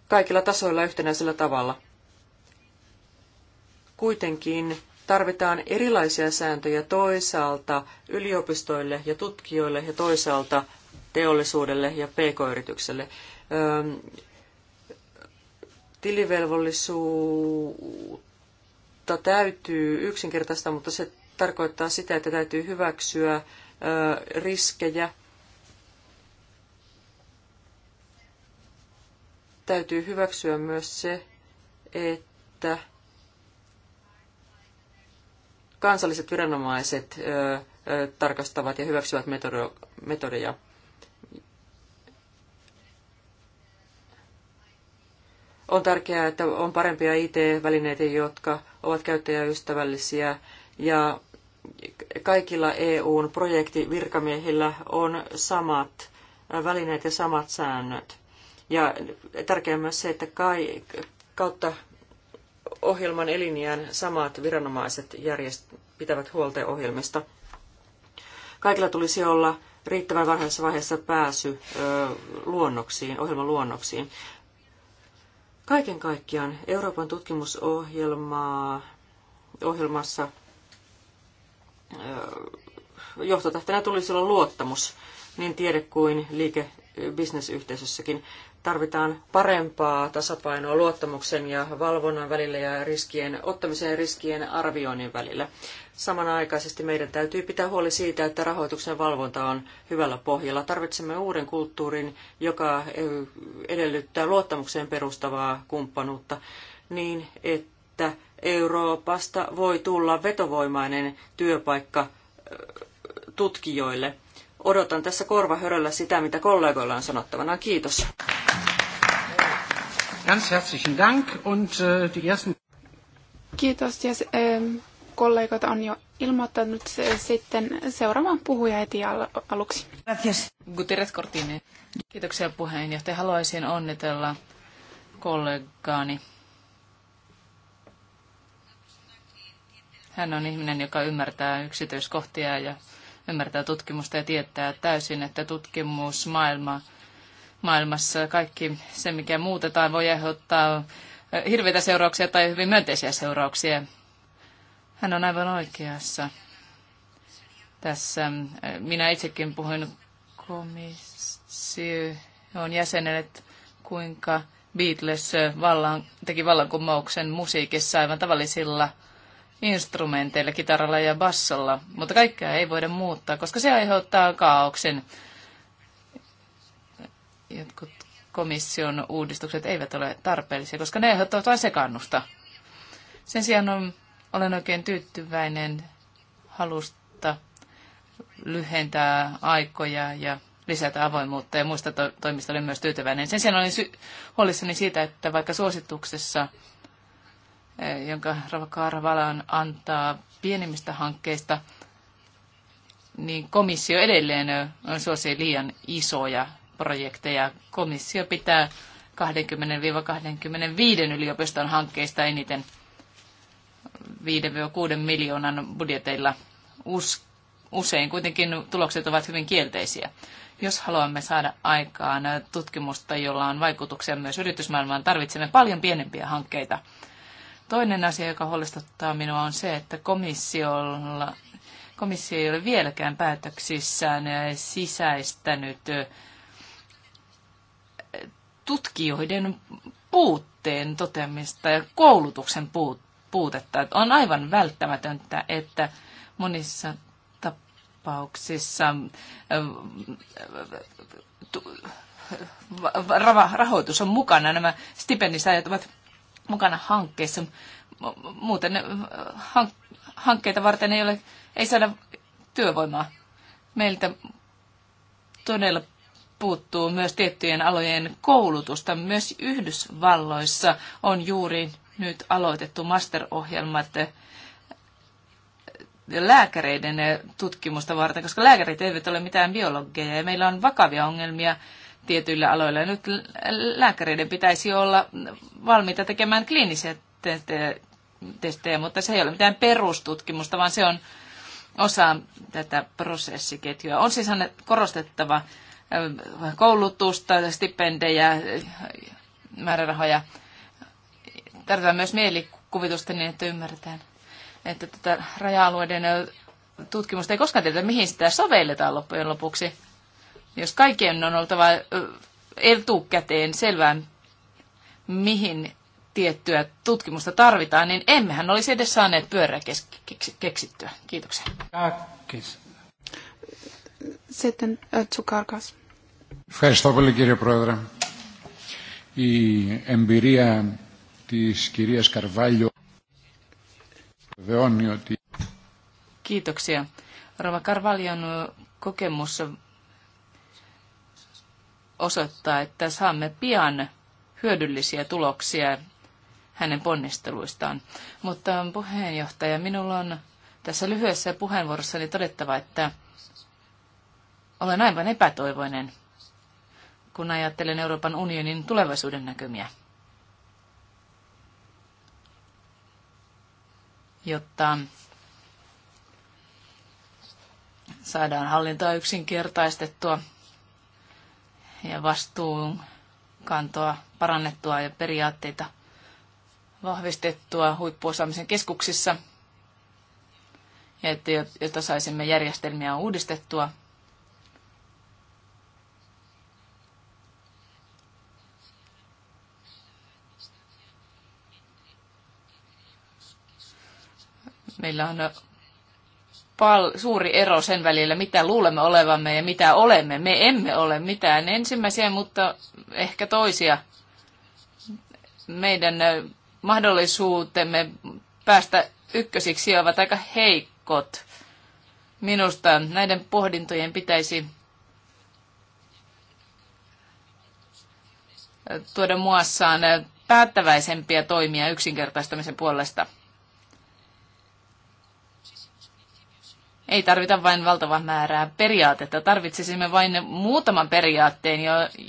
kaikilla tasoilla yhtenäisellä tavalla. Kuitenkin tarvitaan erilaisia sääntöjä toisaalta yliopistoille ja tutkijoille ja toisaalta teollisuudelle ja pk-yritykselle. Tilivelvollisuutta täytyy yksinkertaistaa, mutta se tarkoittaa sitä, että täytyy hyväksyä riskejä, täytyy hyväksyä myös se, että kansalliset viranomaiset tarkastavat ja hyväksyvät metodeja. On tärkeää, että on parempia IT-välineitä, jotka ovat käyttäjäystävällisiä ja kaikilla EUn projektivirkamiehillä on samat välineet ja samat säännöt. Ja tärkeää myös se, että kai, kautta ohjelman eliniän samat viranomaiset järjest- pitävät huolta ohjelmista. Kaikilla tulisi olla riittävän varhaisessa vaiheessa pääsy luonnoksiin, ohjelman luonnoksiin. Kaiken kaikkiaan Euroopan tutkimusohjelmaa ohjelmassa johtotähtenä tulisi olla luottamus niin tiede kuin liike- bisnesyhteisössäkin. Tarvitaan parempaa tasapainoa luottamuksen ja valvonnan välillä ja riskien ottamisen ja riskien arvioinnin välillä. Samanaikaisesti meidän täytyy pitää huoli siitä, että rahoituksen valvonta on hyvällä pohjalla. Tarvitsemme uuden kulttuurin, joka edellyttää luottamukseen perustavaa kumppanuutta niin, että Euroopasta voi tulla vetovoimainen työpaikka tutkijoille – odotan tässä korvahöröllä sitä, mitä kollegoilla on sanottavana. Kiitos. Ganz herzlichen Dank und äh, die ersten... Kiitos. Ja ähm, kollegat on jo ilmoittanut sitten seuraavan puhuja heti al- aluksi. Gracias. Gutierrez Cortine. Kiitoksia puheenjohtaja. Haluaisin onnitella kollegaani. Hän on ihminen, joka ymmärtää yksityiskohtia ja ymmärtää tutkimusta ja tietää täysin, että tutkimusmaailma maailmassa kaikki se, mikä muutetaan, voi aiheuttaa eh, hirveitä seurauksia tai hyvin myönteisiä seurauksia. Hän on aivan oikeassa. Tässä eh, minä itsekin puhuin komission jäsenelle, että kuinka Beatles eh, vallan, teki vallankumouksen musiikissa aivan tavallisilla instrumenteilla, kitaralla ja bassolla, mutta kaikkea ei voida muuttaa, koska se aiheuttaa kaauksen. Jotkut komission uudistukset eivät ole tarpeellisia, koska ne aiheuttavat vain sekannusta. Sen sijaan on, olen oikein tyytyväinen halusta lyhentää aikoja ja lisätä avoimuutta ja muista to- toimista olen myös tyytyväinen. Sen sijaan olin sy- huolissani siitä, että vaikka suosituksessa Eh, jonka Carvalhan antaa pienimmistä hankkeista, niin komissio edelleen eh, suosii liian isoja projekteja. Komissio pitää 20-25 yliopiston hankkeista eniten 5-6 miljoonan budjeteilla. Usein kuitenkin tulokset ovat hyvin kielteisiä. Jos haluamme saada aikaan eh, tutkimusta, jolla on vaikutuksia myös yritysmaailmaan, tarvitsemme paljon pienempiä hankkeita. Toinen asia, joka huolestuttaa minua, on se, että komissiolla, komissio ei ole vieläkään päätöksissään sisäistänyt tutkijoiden puutteen toteamista ja koulutuksen puutetta. On aivan välttämätöntä, että monissa tapauksissa rahoitus on mukana. Nämä stipendisäjät ovat mukana hankkeessa. Muuten hank- hankkeita varten ei, ole, ei saada työvoimaa. Meiltä todella puuttuu myös tiettyjen alojen koulutusta. Myös Yhdysvalloissa on juuri nyt aloitettu masterohjelmat lääkäreiden tutkimusta varten, koska lääkärit eivät ole mitään biologeja ja meillä on vakavia ongelmia tietyillä aloilla. Nyt lääkäreiden pitäisi olla valmiita tekemään kliinisiä testejä, mutta se ei ole mitään perustutkimusta, vaan se on osa tätä prosessiketjua. On siis korostettava koulutusta, stipendejä, määrärahoja. Tarvitaan myös mielikuvitusta niin, että ymmärretään, että tätä raja-alueiden tutkimusta ei koskaan tiedetä, mihin sitä sovelletaan loppujen lopuksi jos kaikkien on oltava etukäteen selvään, mihin tiettyä tutkimusta tarvitaan, niin emmehän olisi edes saaneet pyörää keksittyä. Kiitoksia. Sitten Tsukarkas. Ευχαριστώ πολύ κύριε Πρόεδρε. Η εμπειρία της κυρίας Καρβάλιο βεβαιώνει ότι... Kiitoksia. Rova Karvalion kokemus osoittaa, että saamme pian hyödyllisiä tuloksia hänen ponnisteluistaan. Mutta puheenjohtaja, minulla on tässä lyhyessä puheenvuorossani todettava, että olen aivan epätoivoinen, kun ajattelen Euroopan unionin tulevaisuuden näkymiä. Jotta saadaan hallintoa yksinkertaistettua, ja vastuunkantoa parannettua ja periaatteita vahvistettua huippuosaamisen keskuksissa, ja että, jotta saisimme järjestelmiä uudistettua. Meillä on pal- suuri ero sen välillä, mitä luulemme olevamme ja mitä olemme. Me emme ole mitään ensimmäisiä, mutta ehkä toisia. Meidän mahdollisuutemme päästä ykkösiksi ovat aika heikot. Minusta näiden pohdintojen pitäisi tuoda muassaan päättäväisempiä toimia yksinkertaistamisen puolesta. Ei tarvita vain valtavaa määrää periaatetta. Tarvitsisimme vain muutaman periaatteen,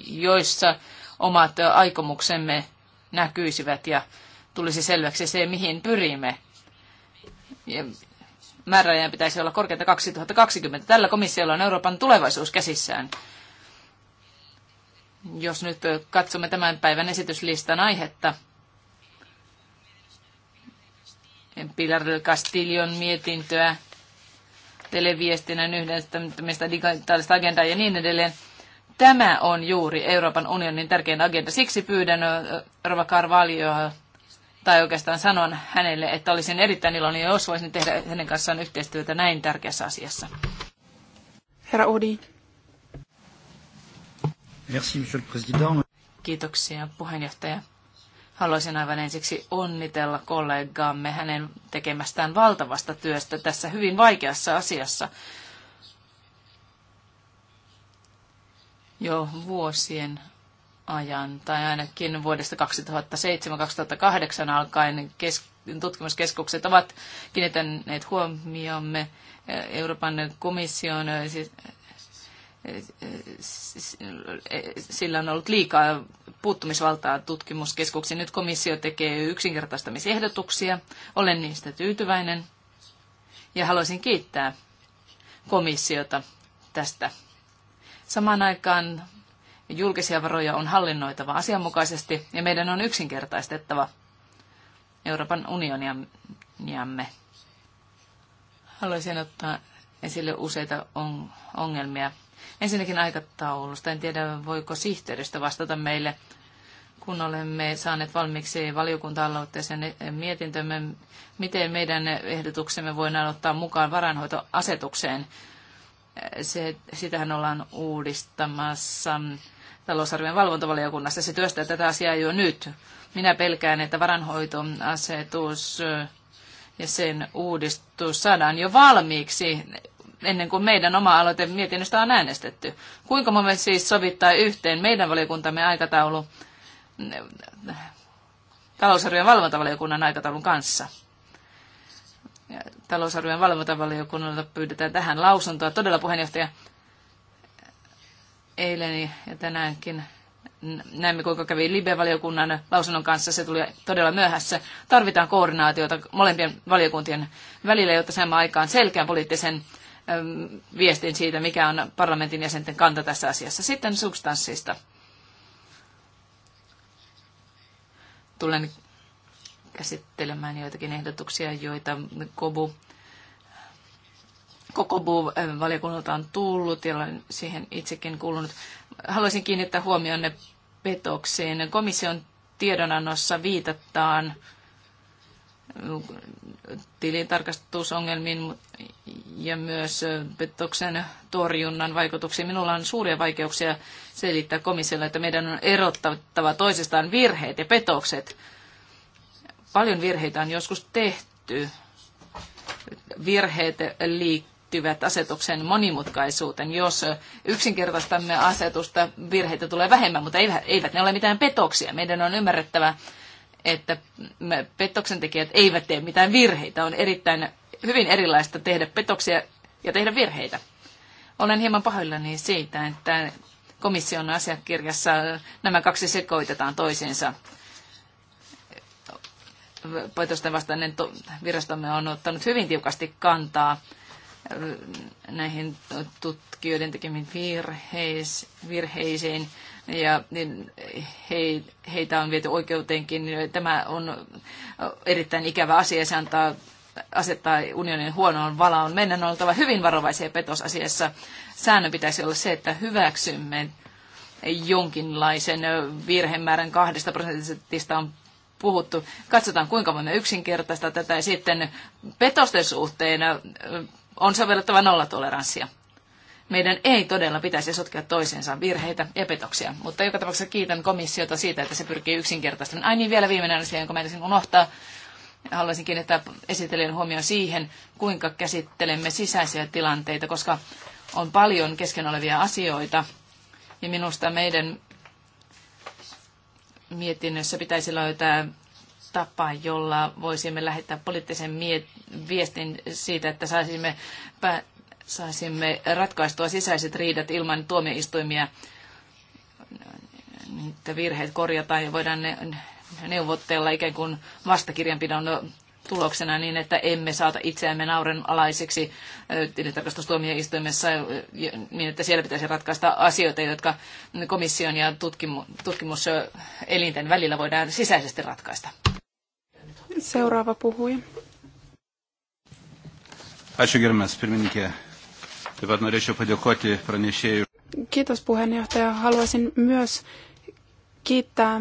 joissa omat aikomuksemme näkyisivät ja tulisi selväksi se, mihin pyrimme. Ja määräajan pitäisi olla korkeinta 2020. Tällä komissiolla on Euroopan tulevaisuus käsissään. Jos nyt katsomme tämän päivän esityslistan aihetta, Pilar del Castillon mietintöä, televiestinnän yhdistämistä, digitaalista agendaa ja niin edelleen. Tämä on juuri Euroopan unionin tärkein agenda. Siksi pyydän Rova Carvalhoa, tai oikeastaan sanon hänelle, että olisin erittäin iloinen, jos voisin tehdä hänen kanssaan yhteistyötä näin tärkeässä asiassa. Herra Udi. Merci, monsieur le président. Kiitoksia, puheenjohtaja. Haluaisin aivan ensiksi onnitella kollegaamme hänen tekemästään valtavasta työstä tässä hyvin vaikeassa asiassa. Jo vuosien ajan, tai ainakin vuodesta 2007-2008 alkaen tutkimuskeskukset ovat kiinnittäneet huomiomme eh, Euroopan komission eh, siis sillä on ollut liikaa puuttumisvaltaa tutkimuskeskuksiin. Nyt komissio tekee yksinkertaistamisehdotuksia. Olen niistä tyytyväinen ja haluaisin kiittää komissiota tästä. Samaan aikaan julkisia varoja on hallinnoitava asianmukaisesti ja meidän on yksinkertaistettava Euroopan unioniamme. Haluaisin ottaa esille useita ongelmia Ensinnäkin aikataulusta. En tiedä, voiko sihteeristö vastata meille, kun olemme saaneet valmiiksi valiokunta-aloitteeseen mietintömme, miten meidän ehdotuksemme voidaan ottaa mukaan varainhoitoasetukseen. Se, sitähän ollaan uudistamassa talousarvion valvontavaliokunnassa. Se työstää tätä asiaa jo nyt. Minä pelkään, että varanhoitoasetus ja sen uudistus saadaan jo valmiiksi ennen kuin meidän oma aloite mietinnöstä on äänestetty. Kuinka me siis sovittaa yhteen meidän valiokuntamme aikataulu talousarvion valvontavaliokunnan aikataulun kanssa? Talousarvion valvontavaliokunnalta pyydetään tähän lausuntoa. Todella puheenjohtaja, eilen ja tänäänkin näemme, kuinka kävi Libe-valiokunnan lausunnon kanssa. Se tuli todella myöhässä. Tarvitaan koordinaatiota molempien valiokuntien välillä, jotta saamme aikaan selkeän poliittisen viestin siitä, mikä on parlamentin jäsenten kanta tässä asiassa. Sitten substanssista. Tulen käsittelemään joitakin ehdotuksia, joita Kobu, Kokobu valiokunnalta on tullut ja olen siihen itsekin kuulunut. Haluaisin kiinnittää huomionne petokseen. Komission tiedonannossa viitataan tilintarkastusongelmiin ja myös petoksen torjunnan vaikutuksiin. Minulla on suuria vaikeuksia selittää komissiolle, että meidän on erottava toisistaan virheet ja petokset. Paljon virheitä on joskus tehty. Virheet liittyvät asetuksen monimutkaisuuteen. Jos yksinkertaistamme asetusta, virheitä tulee vähemmän, mutta eivät ne ole mitään petoksia. Meidän on ymmärrettävä, että petoksen tekijät eivät tee mitään virheitä. On erittäin hyvin erilaista tehdä petoksia ja tehdä virheitä. Olen hieman pahoillani siitä, että komission asiakirjassa nämä kaksi sekoitetaan toisiinsa. Petosten vastainen virastomme on ottanut hyvin tiukasti kantaa näihin tutkijoiden tekemiin virheis, virheisiin ja niin he, heitä on viety oikeuteenkin. Tämä on erittäin ikävä asia. Se antaa asettaa unionin huonoon valaan. Meidän on oltava hyvin varovaisia petosasiassa. Säännön pitäisi olla se, että hyväksymme jonkinlaisen virhemäärän kahdesta prosentista on puhuttu. Katsotaan, kuinka voimme yksinkertaista tätä ja sitten petosten suhteen on sovellettava nollatoleranssia. Meidän ei todella pitäisi sotkea toisensa virheitä ja petoksia, mutta joka tapauksessa kiitän komissiota siitä, että se pyrkii yksinkertaistamaan. Ai niin, vielä viimeinen asia, jonka meidän unohtaa. Haluaisin kiinnittää esittelijän huomioon siihen, kuinka käsittelemme sisäisiä tilanteita, koska on paljon kesken olevia asioita. Ja minusta meidän mietinnössä pitäisi löytää tapa, jolla voisimme lähettää poliittisen viestin siitä, että saisimme, pä- saisimme ratkaistua sisäiset riidat ilman tuomioistuimia. Niitä virheet korjataan ja voidaan ne, neuvotella ikään kuin vastakirjanpidon tuloksena niin, että emme saata itseämme naurenalaiseksi tilintarkastustuomioistuimessa niin, että siellä pitäisi ratkaista asioita, jotka komission ja tutkimu- tutkimuselinten välillä voidaan sisäisesti ratkaista. Seuraava puhuja. Ačiū gerbiamas pirmininkė. Taip pat norėčiau padėkoti pranešėjui. Kiitos puheenjohtaja. Haluaisin myös kiittää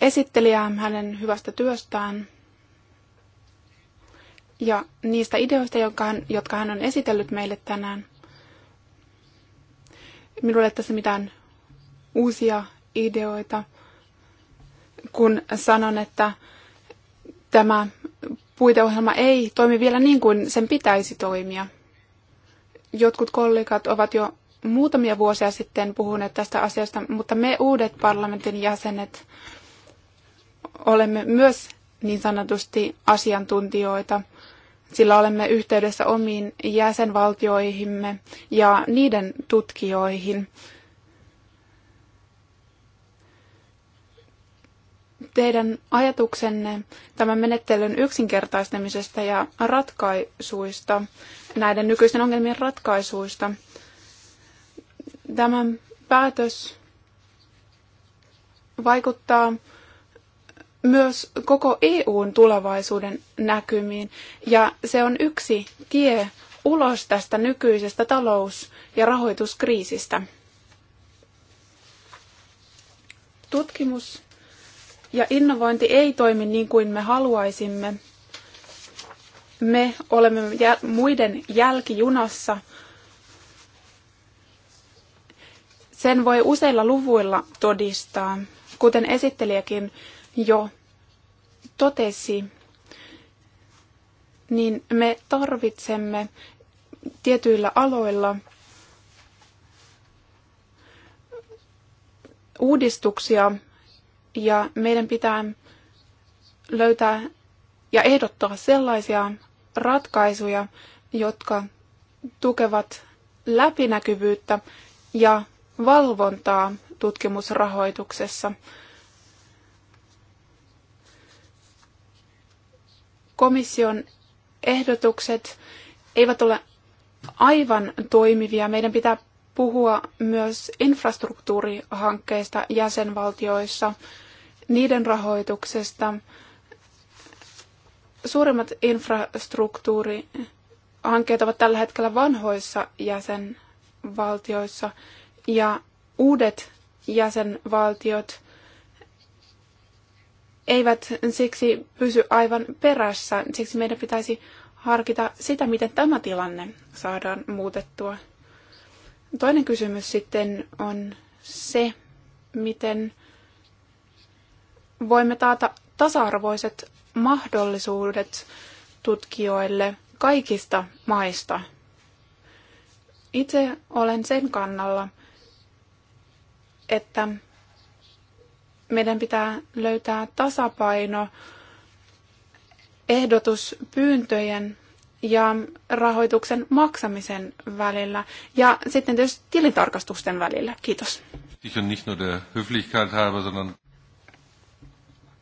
esittelijää hänen hyvästä työstään ja niistä ideoista, jotka hän on esitellyt meille tänään. Minulle tässä mitään uusia ideoita kun sanon, että tämä puiteohjelma ei toimi vielä niin kuin sen pitäisi toimia. Jotkut kollegat ovat jo muutamia vuosia sitten puhuneet tästä asiasta, mutta me uudet parlamentin jäsenet olemme myös niin sanotusti asiantuntijoita, sillä olemme yhteydessä omiin jäsenvaltioihimme ja niiden tutkijoihin. teidän ajatuksenne tämän menettelyn yksinkertaistamisesta ja ratkaisuista, näiden nykyisten ongelmien ratkaisuista. Tämä päätös vaikuttaa myös koko EUn tulevaisuuden näkymiin, ja se on yksi tie ulos tästä nykyisestä talous- ja rahoituskriisistä. Tutkimus ja innovointi ei toimi niin kuin me haluaisimme, me olemme muiden jälkijunassa. Sen voi useilla luvuilla todistaa, kuten esittelijäkin jo totesi, niin me tarvitsemme tietyillä aloilla uudistuksia ja meidän pitää löytää ja ehdottaa sellaisia ratkaisuja, jotka tukevat läpinäkyvyyttä ja valvontaa tutkimusrahoituksessa. Komission ehdotukset eivät ole aivan toimivia. Meidän pitää puhua myös infrastruktuurihankkeista jäsenvaltioissa niiden rahoituksesta. Suurimmat infrastruktuurihankkeet ovat tällä hetkellä vanhoissa jäsenvaltioissa ja uudet jäsenvaltiot eivät siksi pysy aivan perässä. Siksi meidän pitäisi harkita sitä, miten tämä tilanne saadaan muutettua. Toinen kysymys sitten on se, miten voimme taata tasa-arvoiset mahdollisuudet tutkijoille kaikista maista. Itse olen sen kannalla, että meidän pitää löytää tasapaino ehdotuspyyntöjen ja rahoituksen maksamisen välillä ja sitten tietysti tilintarkastusten välillä. Kiitos.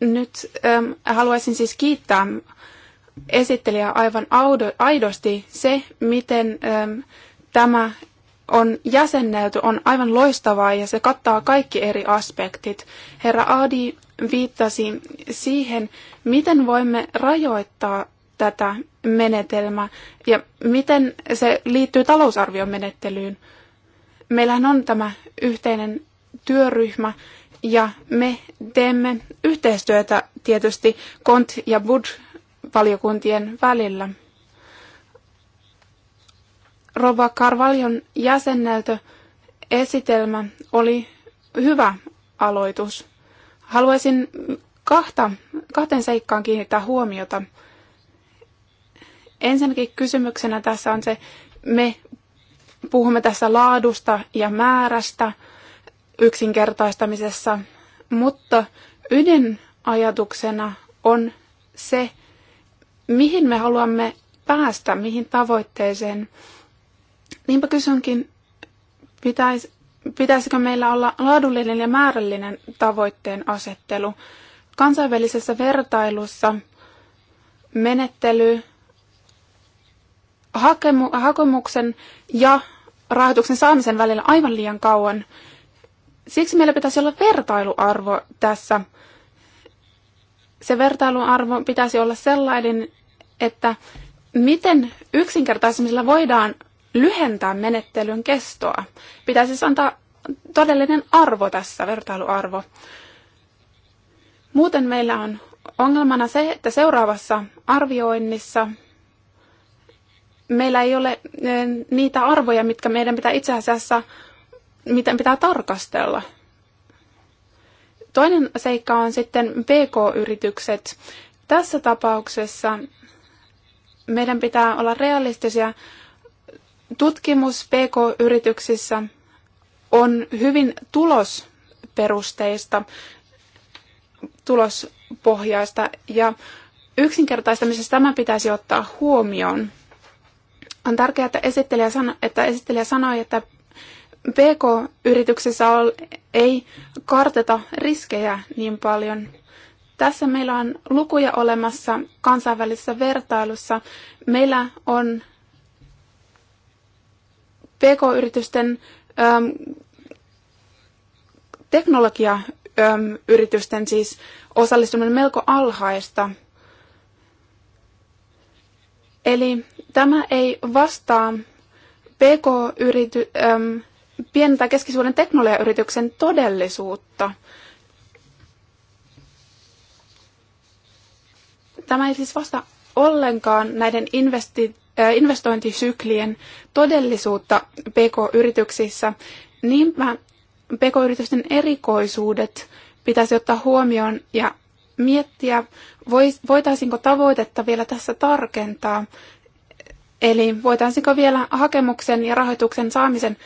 Nyt ähm, haluaisin siis kiittää esittelijää aivan aidosti. Se, miten ähm, tämä on jäsennelty, on aivan loistavaa ja se kattaa kaikki eri aspektit. Herra Adi viittasi siihen, miten voimme rajoittaa tätä menetelmää ja miten se liittyy talousarviomenettelyyn. Meillähän on tämä yhteinen työryhmä, ja me teemme yhteistyötä tietysti KONT- ja BUD-valiokuntien välillä. Rova Karvaljon jäsenneltö esitelmä oli hyvä aloitus. Haluaisin kahta, kahteen seikkaan kiinnittää huomiota. Ensinnäkin kysymyksenä tässä on se, me puhumme tässä laadusta ja määrästä – yksinkertaistamisessa, mutta ydinajatuksena on se, mihin me haluamme päästä, mihin tavoitteeseen. Niinpä kysynkin, pitäis, pitäisikö meillä olla laadullinen ja määrällinen tavoitteen asettelu. Kansainvälisessä vertailussa menettely hakemu, hakemuksen ja rahoituksen saamisen välillä aivan liian kauan. Siksi meillä pitäisi olla vertailuarvo tässä. Se vertailuarvo pitäisi olla sellainen, että miten yksinkertaisemmilla voidaan lyhentää menettelyn kestoa. Pitäisi siis antaa todellinen arvo tässä, vertailuarvo. Muuten meillä on ongelmana se, että seuraavassa arvioinnissa meillä ei ole eh, niitä arvoja, mitkä meidän pitää itse asiassa miten pitää tarkastella. Toinen seikka on sitten PK-yritykset. Tässä tapauksessa meidän pitää olla realistisia. Tutkimus PK-yrityksissä on hyvin tulosperusteista, tulospohjaista ja yksinkertaistamisessa tämä pitäisi ottaa huomioon. On tärkeää, että esittelijä, sano, että esittelijä sanoi, että PK-yrityksissä ei karteta riskejä niin paljon. Tässä meillä on lukuja olemassa kansainvälisessä vertailussa. Meillä on PK-yritysten ähm, teknologiayritysten siis osallistuminen melko alhaista. Eli tämä ei vastaa PK-yritysten ähm, pienen tai teknologiayrityksen todellisuutta. Tämä ei siis vasta ollenkaan näiden investi- äh, investointisyklien todellisuutta PK-yrityksissä. Niinpä PK-yritysten erikoisuudet pitäisi ottaa huomioon ja miettiä, voitaisiinko tavoitetta vielä tässä tarkentaa. Eli voitaisiinko vielä hakemuksen ja rahoituksen saamisen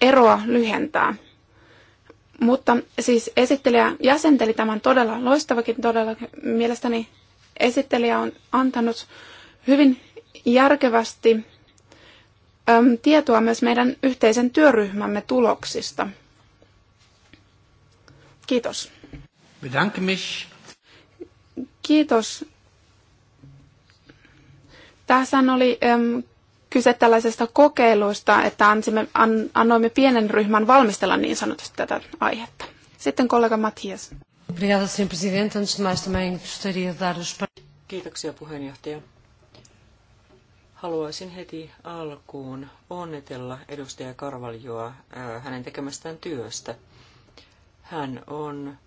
eroa lyhentää. Mutta siis esittelijä jäsenteli tämän todella loistavakin todella. Mielestäni esittelijä on antanut hyvin järkevästi äm, tietoa myös meidän yhteisen työryhmämme tuloksista. Kiitos. Bedanke mich. Kiitos. Tässä oli äm, kyse tällaisesta kokeilusta, että ansimme, an, annoimme pienen ryhmän valmistella niin sanotusti tätä aihetta. Sitten kollega Matias. Kiitoksia puheenjohtaja. Haluaisin heti alkuun onnitella edustaja Karvaljoa äh, hänen tekemästään työstä. Hän on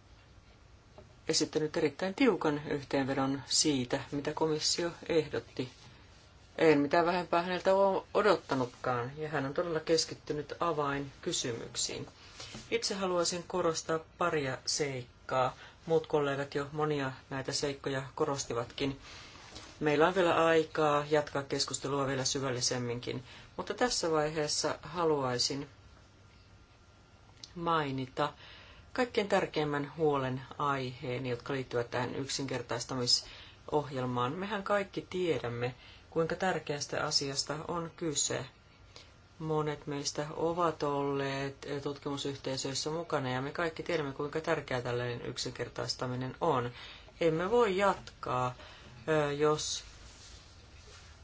esittänyt erittäin tiukan yhteenvedon siitä, mitä komissio ehdotti en mitään vähempää häneltä ole odottanutkaan, ja hän on todella keskittynyt avainkysymyksiin. Itse haluaisin korostaa paria seikkaa. Muut kollegat jo monia näitä seikkoja korostivatkin. Meillä on vielä aikaa jatkaa keskustelua vielä syvällisemminkin, mutta tässä vaiheessa haluaisin mainita kaikkein tärkeimmän huolen aiheen, jotka liittyvät tähän yksinkertaistamisohjelmaan. Mehän kaikki tiedämme, kuinka tärkeästä asiasta on kyse. Monet meistä ovat olleet tutkimusyhteisöissä mukana ja me kaikki tiedämme, kuinka tärkeää tällainen yksinkertaistaminen on. Emme voi jatkaa, jos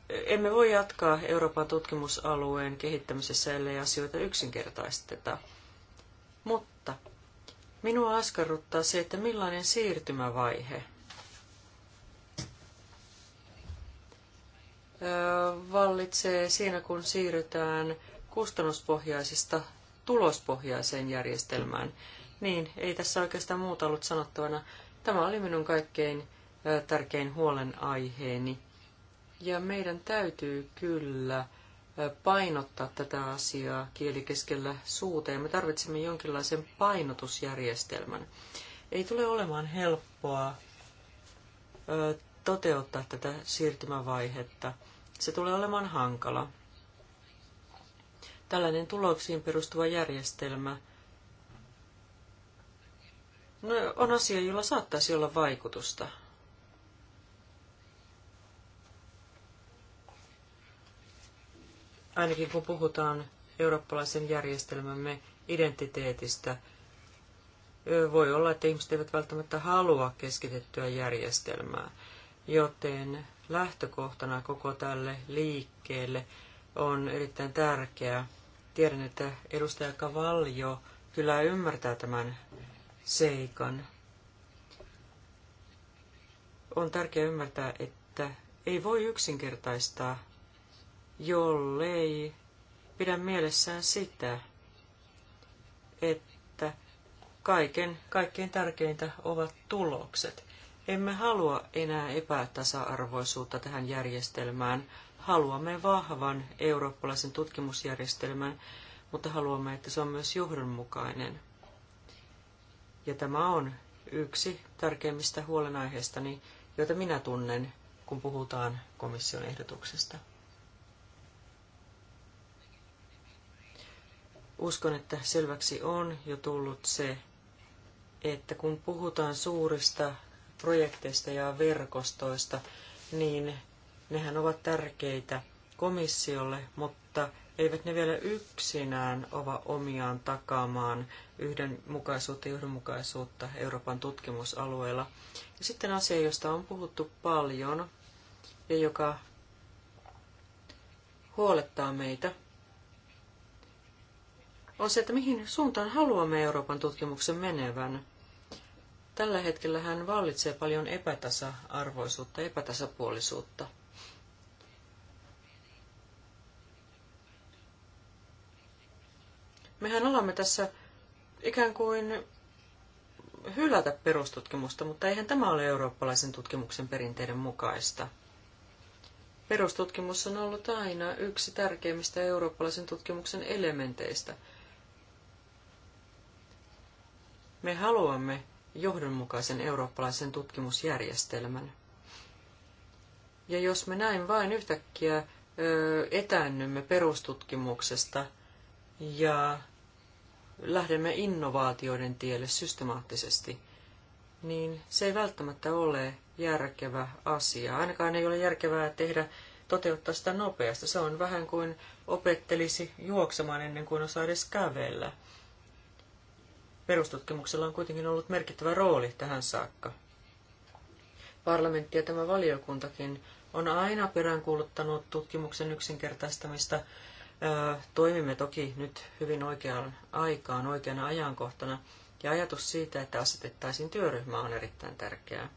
emme voi jatkaa Euroopan tutkimusalueen kehittämisessä, ellei asioita yksinkertaisteta. Mutta minua askarruttaa se, että millainen siirtymävaihe – vallitsee siinä, kun siirrytään kustannuspohjaisesta tulospohjaiseen järjestelmään. Niin, ei tässä oikeastaan muuta ollut sanottavana. Tämä oli minun kaikkein tärkein huolenaiheeni. Ja meidän täytyy kyllä painottaa tätä asiaa kieli keskellä me tarvitsemme jonkinlaisen painotusjärjestelmän. Ei tule olemaan helppoa toteuttaa tätä siirtymävaihetta. Se tulee olemaan hankala. Tällainen tuloksiin perustuva järjestelmä no, on asia, jolla saattaisi olla vaikutusta. Ainakin kun puhutaan eurooppalaisen järjestelmämme identiteetistä, voi olla, että ihmiset eivät välttämättä halua keskitettyä järjestelmää joten lähtökohtana koko tälle liikkeelle on erittäin tärkeää. Tiedän, että edustaja Kavaljo kyllä ymmärtää tämän seikan. On tärkeää ymmärtää, että ei voi yksinkertaistaa, jollei pidä mielessään sitä, että kaiken, kaikkein tärkeintä ovat tulokset. Emme halua enää epätasa-arvoisuutta tähän järjestelmään. Haluamme vahvan eurooppalaisen tutkimusjärjestelmän, mutta haluamme, että se on myös johdonmukainen. Ja tämä on yksi tärkeimmistä huolenaiheistani, joita minä tunnen, kun puhutaan komission ehdotuksesta. Uskon, että selväksi on jo tullut se, että kun puhutaan suurista projekteista ja verkostoista, niin nehän ovat tärkeitä komissiolle, mutta eivät ne vielä yksinään ova omiaan takaamaan yhdenmukaisuutta ja yhdenmukaisuutta Euroopan tutkimusalueella. Ja sitten asia, josta on puhuttu paljon ja joka huolettaa meitä, on se, että mihin suuntaan haluamme Euroopan tutkimuksen menevän. Tällä hetkellä hän vallitsee paljon epätasa-arvoisuutta, epätasapuolisuutta. Mehän olemme tässä ikään kuin hylätä perustutkimusta, mutta eihän tämä ole eurooppalaisen tutkimuksen perinteiden mukaista. Perustutkimus on ollut aina yksi tärkeimmistä eurooppalaisen tutkimuksen elementeistä. Me haluamme johdonmukaisen eurooppalaisen tutkimusjärjestelmän. Ja jos me näin vain yhtäkkiä etäännymme perustutkimuksesta ja lähdemme innovaatioiden tielle systemaattisesti, niin se ei välttämättä ole järkevä asia. Ainakaan ei ole järkevää tehdä toteuttaa sitä nopeasti. Se on vähän kuin opettelisi juoksemaan ennen kuin osaa edes kävellä. Perustutkimuksella on kuitenkin ollut merkittävä rooli tähän saakka. Parlamentti ja tämä valiokuntakin on aina peräänkuuluttanut tutkimuksen yksinkertaistamista. Toimimme toki nyt hyvin oikeaan aikaan, oikeana ajankohtana, ja ajatus siitä, että asetettaisiin työryhmä on erittäin tärkeää.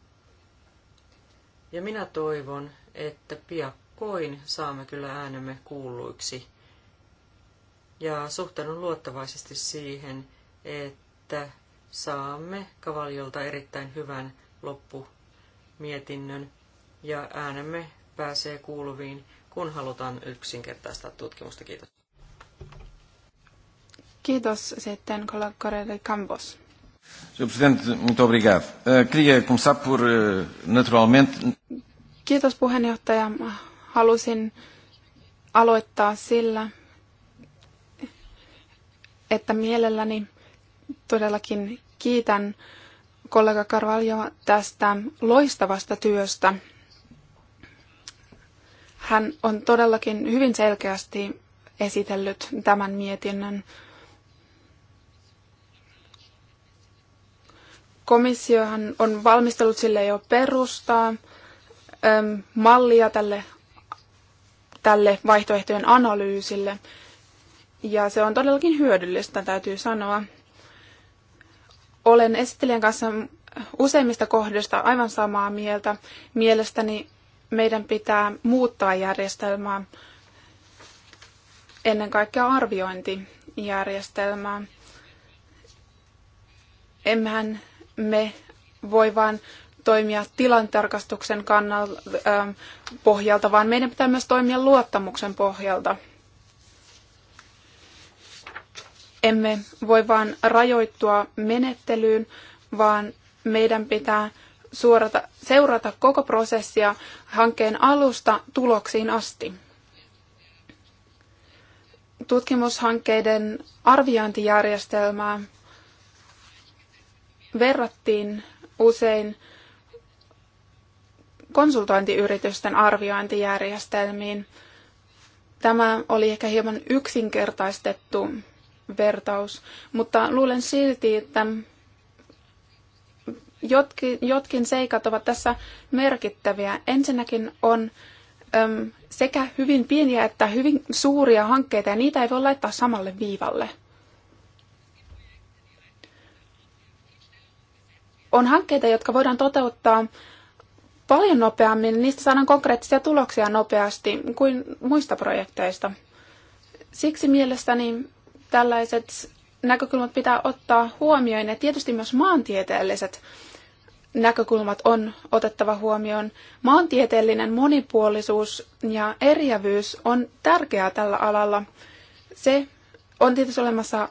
Ja minä toivon, että piakkoin saamme kyllä äänemme kuulluiksi. Ja suhtaudun luottavaisesti siihen, että että saamme Kavaliolta erittäin hyvän loppumietinnön ja äänemme pääsee kuuluviin, kun halutaan yksinkertaistaa tutkimusta. Kiitos. Kiitos sitten kollegoille Kambos. Presidente, muito obrigado. Eh, queria começar por, eh, naturalmente... Kiitos puheenjohtaja. Halusin aloittaa sillä, että mielelläni todellakin kiitän kollega Carvalhoa tästä loistavasta työstä. Hän on todellakin hyvin selkeästi esitellyt tämän mietinnön. Komissiohan on valmistellut sille jo perustaa äm, mallia tälle, tälle vaihtoehtojen analyysille. Ja se on todellakin hyödyllistä, täytyy sanoa. Olen esittelijän kanssa useimmista kohdista aivan samaa mieltä. Mielestäni meidän pitää muuttaa järjestelmää, ennen kaikkea arviointijärjestelmää. Emmehän me voi vain toimia tilantarkastuksen kannalta, pohjalta, vaan meidän pitää myös toimia luottamuksen pohjalta. emme voi vain rajoittua menettelyyn, vaan meidän pitää suorata, seurata koko prosessia hankkeen alusta tuloksiin asti. Tutkimushankkeiden arviointijärjestelmää verrattiin usein konsultointiyritysten arviointijärjestelmiin. Tämä oli ehkä hieman yksinkertaistettu vertaus, mutta luulen silti, että jotkin, jotkin seikat ovat tässä merkittäviä. Ensinnäkin on äm, sekä hyvin pieniä että hyvin suuria hankkeita, ja niitä ei voi laittaa samalle viivalle. On hankkeita, jotka voidaan toteuttaa paljon nopeammin, niistä saadaan konkreettisia tuloksia nopeasti kuin muista projekteista. Siksi mielestäni Tällaiset näkökulmat pitää ottaa huomioon ja tietysti myös maantieteelliset näkökulmat on otettava huomioon. Maantieteellinen monipuolisuus ja eriävyys on tärkeää tällä alalla. Se on tietysti olemassa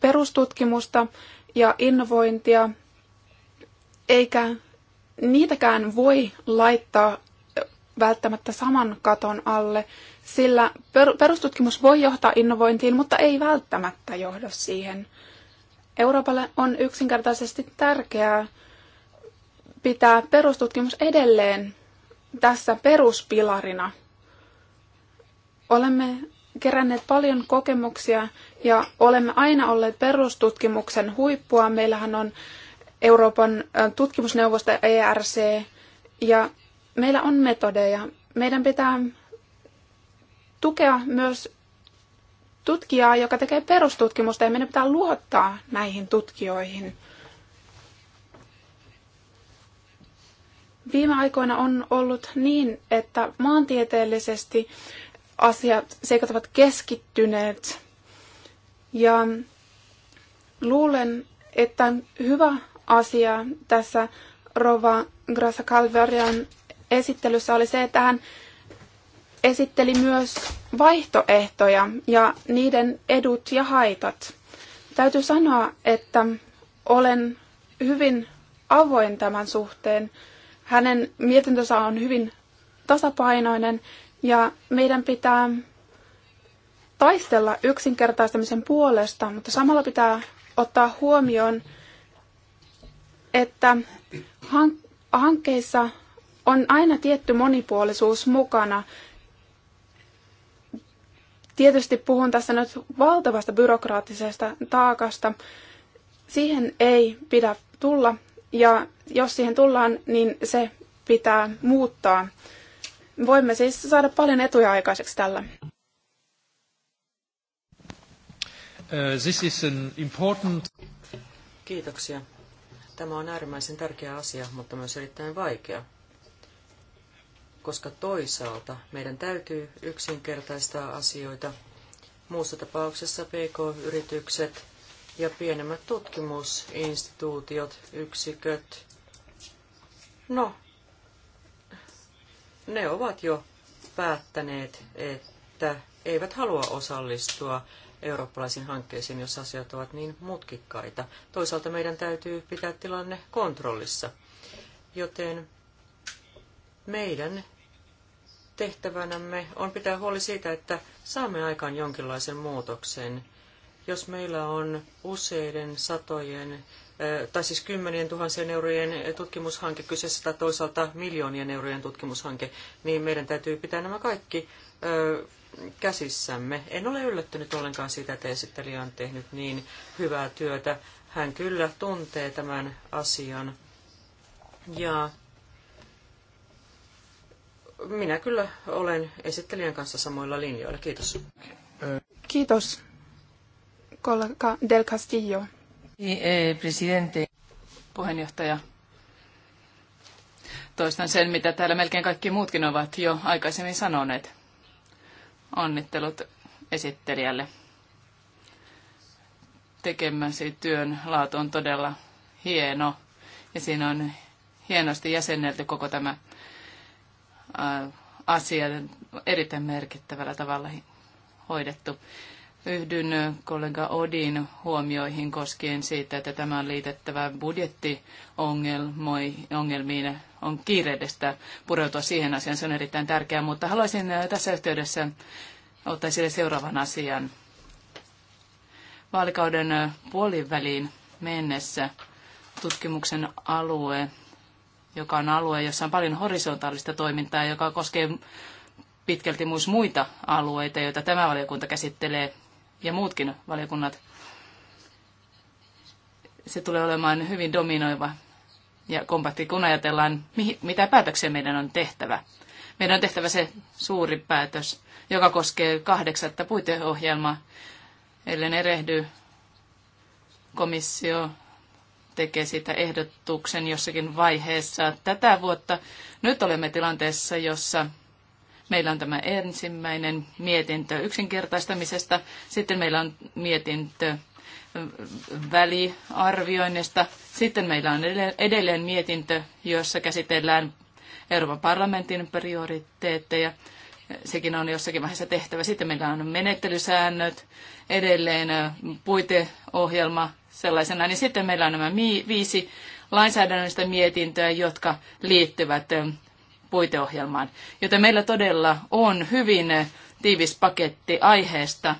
perustutkimusta ja innovointia, eikä niitäkään voi laittaa välttämättä saman katon alle sillä perustutkimus voi johtaa innovointiin, mutta ei välttämättä johda siihen. Euroopalle on yksinkertaisesti tärkeää pitää perustutkimus edelleen tässä peruspilarina. Olemme keränneet paljon kokemuksia ja olemme aina olleet perustutkimuksen huippua. Meillähän on Euroopan tutkimusneuvosto ERC ja meillä on metodeja. Meidän pitää tukea myös tutkijaa, joka tekee perustutkimusta, ja meidän pitää luottaa näihin tutkijoihin. Viime aikoina on ollut niin, että maantieteellisesti asiat, seikat ovat keskittyneet, ja luulen, että hyvä asia tässä Rova Grasa Calvarian esittelyssä oli se, että hän esitteli myös vaihtoehtoja ja niiden edut ja haitat. Täytyy sanoa, että olen hyvin avoin tämän suhteen. Hänen mietintönsä on hyvin tasapainoinen ja meidän pitää taistella yksinkertaistamisen puolesta, mutta samalla pitää ottaa huomioon, että hankkeissa on aina tietty monipuolisuus mukana Tietysti puhun tässä nyt valtavasta byrokraattisesta taakasta. Siihen ei pidä tulla, ja jos siihen tullaan, niin se pitää muuttaa. Voimme siis saada paljon etuja aikaiseksi tällä. Uh, this is an important... Kiitoksia. Tämä on äärimmäisen tärkeä asia, mutta myös erittäin vaikea koska toisaalta meidän täytyy yksinkertaistaa asioita. Muussa tapauksessa PK-yritykset ja pienemmät tutkimusinstituutiot, yksiköt, no, ne ovat jo päättäneet, että eivät halua osallistua eurooppalaisiin hankkeisiin, jos asiat ovat niin mutkikkaita. Toisaalta meidän täytyy pitää tilanne kontrollissa, joten meidän tehtävänämme on pitää huoli siitä, että saamme aikaan jonkinlaisen muutoksen. Jos meillä on useiden satojen, tai siis kymmenien tuhansien eurojen tutkimushanke kyseessä tai toisaalta miljoonien eurojen tutkimushanke, niin meidän täytyy pitää nämä kaikki käsissämme. En ole yllättynyt ollenkaan siitä, että esittelijä on tehnyt niin hyvää työtä. Hän kyllä tuntee tämän asian. Ja minä kyllä olen esittelijän kanssa samoilla linjoilla. Kiitos. Kiitos, kollega Del Castillo. Eh, presidente. Puheenjohtaja. Toistan sen, mitä täällä melkein kaikki muutkin ovat jo aikaisemmin sanoneet. Onnittelut esittelijälle. Tekemäsi työn laatu on todella hieno ja siinä on hienosti jäsennelty koko tämä Äh, asia erittäin merkittävällä tavalla hoidettu. Yhdyn kollega Odin huomioihin koskien siitä, että tämä on liitettävä budjettiongelmiin. On kiireellistä pureutua siihen asiaan, se on erittäin tärkeää, mutta haluaisin äh, tässä yhteydessä ottaa sille seuraavan asian. Vaalikauden puoliväliin mennessä tutkimuksen alue joka on alue, jossa on paljon horisontaalista toimintaa, joka koskee pitkälti myös muita alueita, joita tämä valiokunta käsittelee ja muutkin valiokunnat. Se tulee olemaan hyvin dominoiva ja kompakti, kun ajatellaan, mitä päätöksiä meidän on tehtävä. Meidän on tehtävä se suuri päätös, joka koskee kahdeksatta puiteohjelmaa, ellen erehdy komissio tekee siitä ehdotuksen jossakin vaiheessa tätä vuotta. Nyt olemme tilanteessa, jossa meillä on tämä ensimmäinen mietintö yksinkertaistamisesta, sitten meillä on mietintö väliarvioinnista, sitten meillä on edelleen mietintö, jossa käsitellään Euroopan parlamentin prioriteetteja, sekin on jossakin vaiheessa tehtävä. Sitten meillä on menettelysäännöt, edelleen puiteohjelma sellaisena, niin sitten meillä on nämä viisi lainsäädännöllistä mietintöä, jotka liittyvät puiteohjelmaan. Joten meillä todella on hyvin tiivis paketti aiheesta,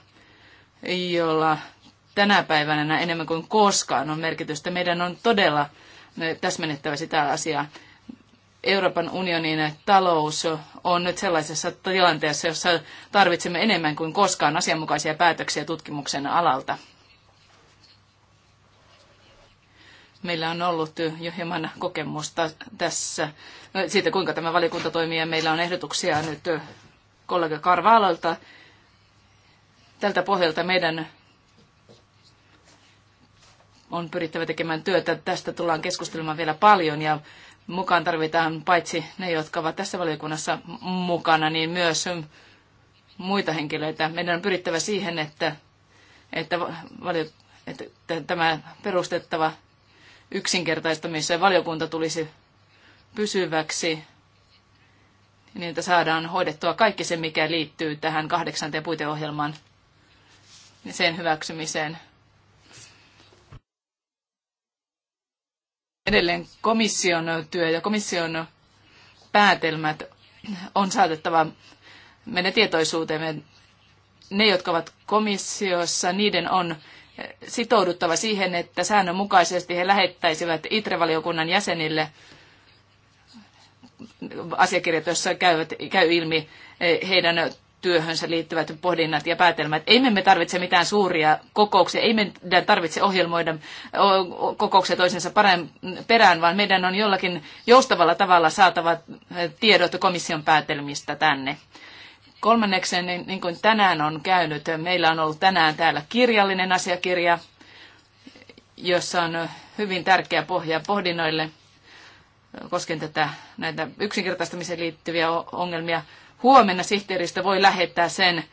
jolla tänä päivänä enemmän kuin koskaan on merkitystä. Meidän on todella täsmennettävä sitä asiaa. Euroopan unionin talous on nyt sellaisessa tilanteessa, jossa tarvitsemme enemmän kuin koskaan asianmukaisia päätöksiä tutkimuksen alalta. Meillä on ollut jo hieman kokemusta tässä siitä, kuinka tämä valiokunta toimii, ja meillä on ehdotuksia nyt kollega Karvaalalta. Tältä pohjalta meidän on pyrittävä tekemään työtä. Tästä tullaan keskustelemaan vielä paljon ja mukaan tarvitaan paitsi ne, jotka ovat tässä valiokunnassa mukana, niin myös muita henkilöitä. Meidän on pyrittävä siihen, että, että, valio, että tämä perustettava yksinkertaistamiseen valiokunta tulisi pysyväksi, niin että saadaan hoidettua kaikki se, mikä liittyy tähän kahdeksanteen puiteohjelmaan ja sen hyväksymiseen. Edelleen komission työ ja komission päätelmät on saatettava meidän tietoisuuteemme. Ne, jotka ovat komissiossa, niiden on sitouduttava siihen, että säännönmukaisesti he lähettäisivät ITRE-valiokunnan jäsenille asiakirjat, joissa käyvät, käy ilmi eh, heidän työhönsä liittyvät pohdinnat ja päätelmät. Ei me tarvitse mitään suuria kokouksia, ei meidän tarvitse ohjelmoida kokouksia toisensa perään, vaan meidän on jollakin joustavalla tavalla saatava eh, tiedot komission päätelmistä tänne. Kolmannekseen, niin, niin kuin tänään on käynyt, meillä on ollut tänään täällä kirjallinen asiakirja, jossa on hyvin tärkeä pohja pohdinnoille koskien tätä, näitä yksinkertaistamiseen liittyviä ongelmia. Huomenna sihteeristä voi lähettää sen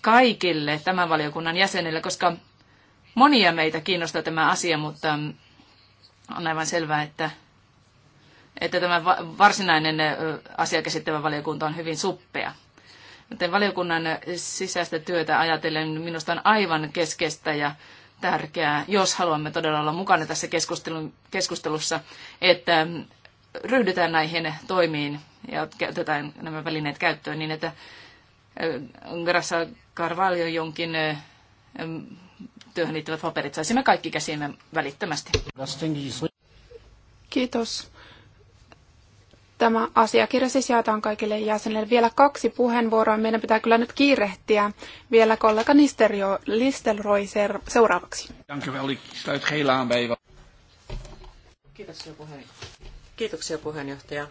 kaikille tämän valiokunnan jäsenille, koska monia meitä kiinnostaa tämä asia, mutta on aivan selvää, että, että tämä varsinainen asia valiokunta on hyvin suppea. Joten valiokunnan sisäistä työtä ajatellen minusta on aivan keskeistä ja tärkeää, jos haluamme todella olla mukana tässä keskustelussa, että ryhdytään näihin toimiin ja otetaan nämä välineet käyttöön niin, että äh, Grassa Carvalho jonkin äh, työhön liittyvät paperit saisimme kaikki käsiimme välittömästi. Kiitos. Tämä asiakirja siis jaetaan kaikille jäsenille. Vielä kaksi puheenvuoroa. Meidän pitää kyllä nyt kiirehtiä. Vielä kollega Nisterio, Listelroi seuraavaksi. Kiitoksia, puheen... Kiitoksia puheenjohtaja.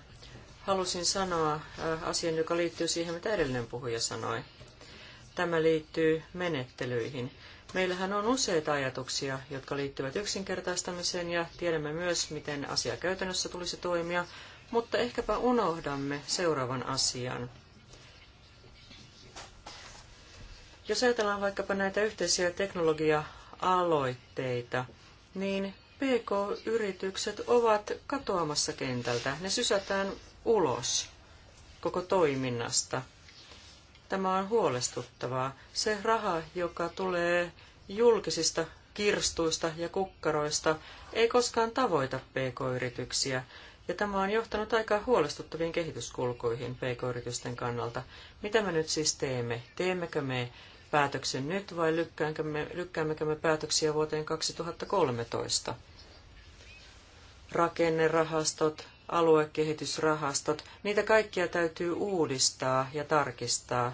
Halusin sanoa äh, asian, joka liittyy siihen, mitä edellinen puhuja sanoi. Tämä liittyy menettelyihin. Meillähän on useita ajatuksia, jotka liittyvät yksinkertaistamiseen ja tiedämme myös, miten asia käytännössä tulisi toimia mutta ehkäpä unohdamme seuraavan asian. Jos ajatellaan vaikkapa näitä yhteisiä teknologia-aloitteita, niin PK-yritykset ovat katoamassa kentältä. Ne sysätään ulos koko toiminnasta. Tämä on huolestuttavaa. Se raha, joka tulee julkisista kirstuista ja kukkaroista, ei koskaan tavoita PK-yrityksiä ja tämä on johtanut aika huolestuttaviin kehityskulkuihin pk-yritysten kannalta. Mitä me nyt siis teemme? Teemmekö me päätöksen nyt vai lykkäämmekö me, lykkäämmekö me päätöksiä vuoteen 2013? Rakennerahastot, aluekehitysrahastot, niitä kaikkia täytyy uudistaa ja tarkistaa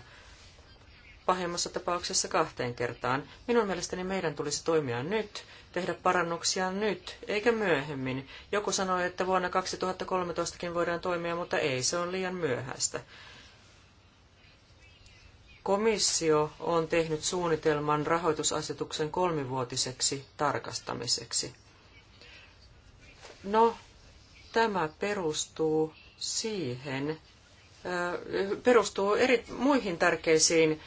pahimmassa tapauksessa kahteen kertaan. Minun mielestäni meidän tulisi toimia nyt, tehdä parannuksia nyt, eikä myöhemmin. Joku sanoi, että vuonna 2013kin voidaan toimia, mutta ei, se on liian myöhäistä. Komissio on tehnyt suunnitelman rahoitusasetuksen kolmivuotiseksi tarkastamiseksi. No, tämä perustuu siihen, perustuu eri, muihin tärkeisiin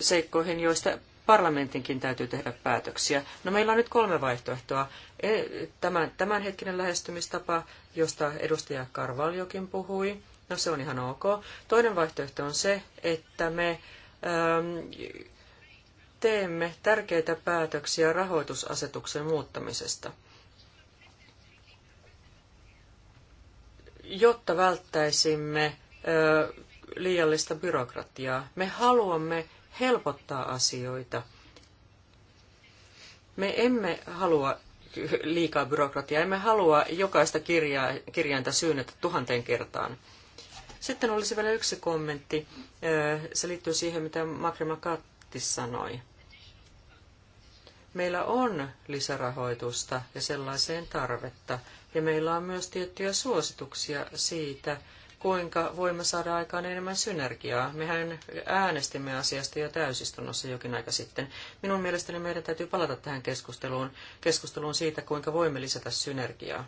seikkoihin, joista parlamentinkin täytyy tehdä päätöksiä. No meillä on nyt kolme vaihtoehtoa. E, Tämän, tämänhetkinen lähestymistapa, josta edustaja Karvaljokin puhui, no se on ihan ok. Toinen vaihtoehto on se, että me ähm, teemme tärkeitä päätöksiä rahoitusasetuksen muuttamisesta. Jotta välttäisimme liiallista byrokratiaa. Me haluamme helpottaa asioita. Me emme halua liikaa byrokratiaa, emme halua jokaista kirjaa, kirjainta syynnetä tuhanteen kertaan. Sitten olisi vielä yksi kommentti. Se liittyy siihen, mitä Makrima Katti sanoi. Meillä on lisärahoitusta ja sellaiseen tarvetta, ja meillä on myös tiettyjä suosituksia siitä, kuinka voimme saada aikaan enemmän synergiaa. Mehän äänestimme asiasta jo täysistunnossa jokin aika sitten. Minun mielestäni meidän täytyy palata tähän keskusteluun, keskusteluun siitä, kuinka voimme lisätä synergiaa.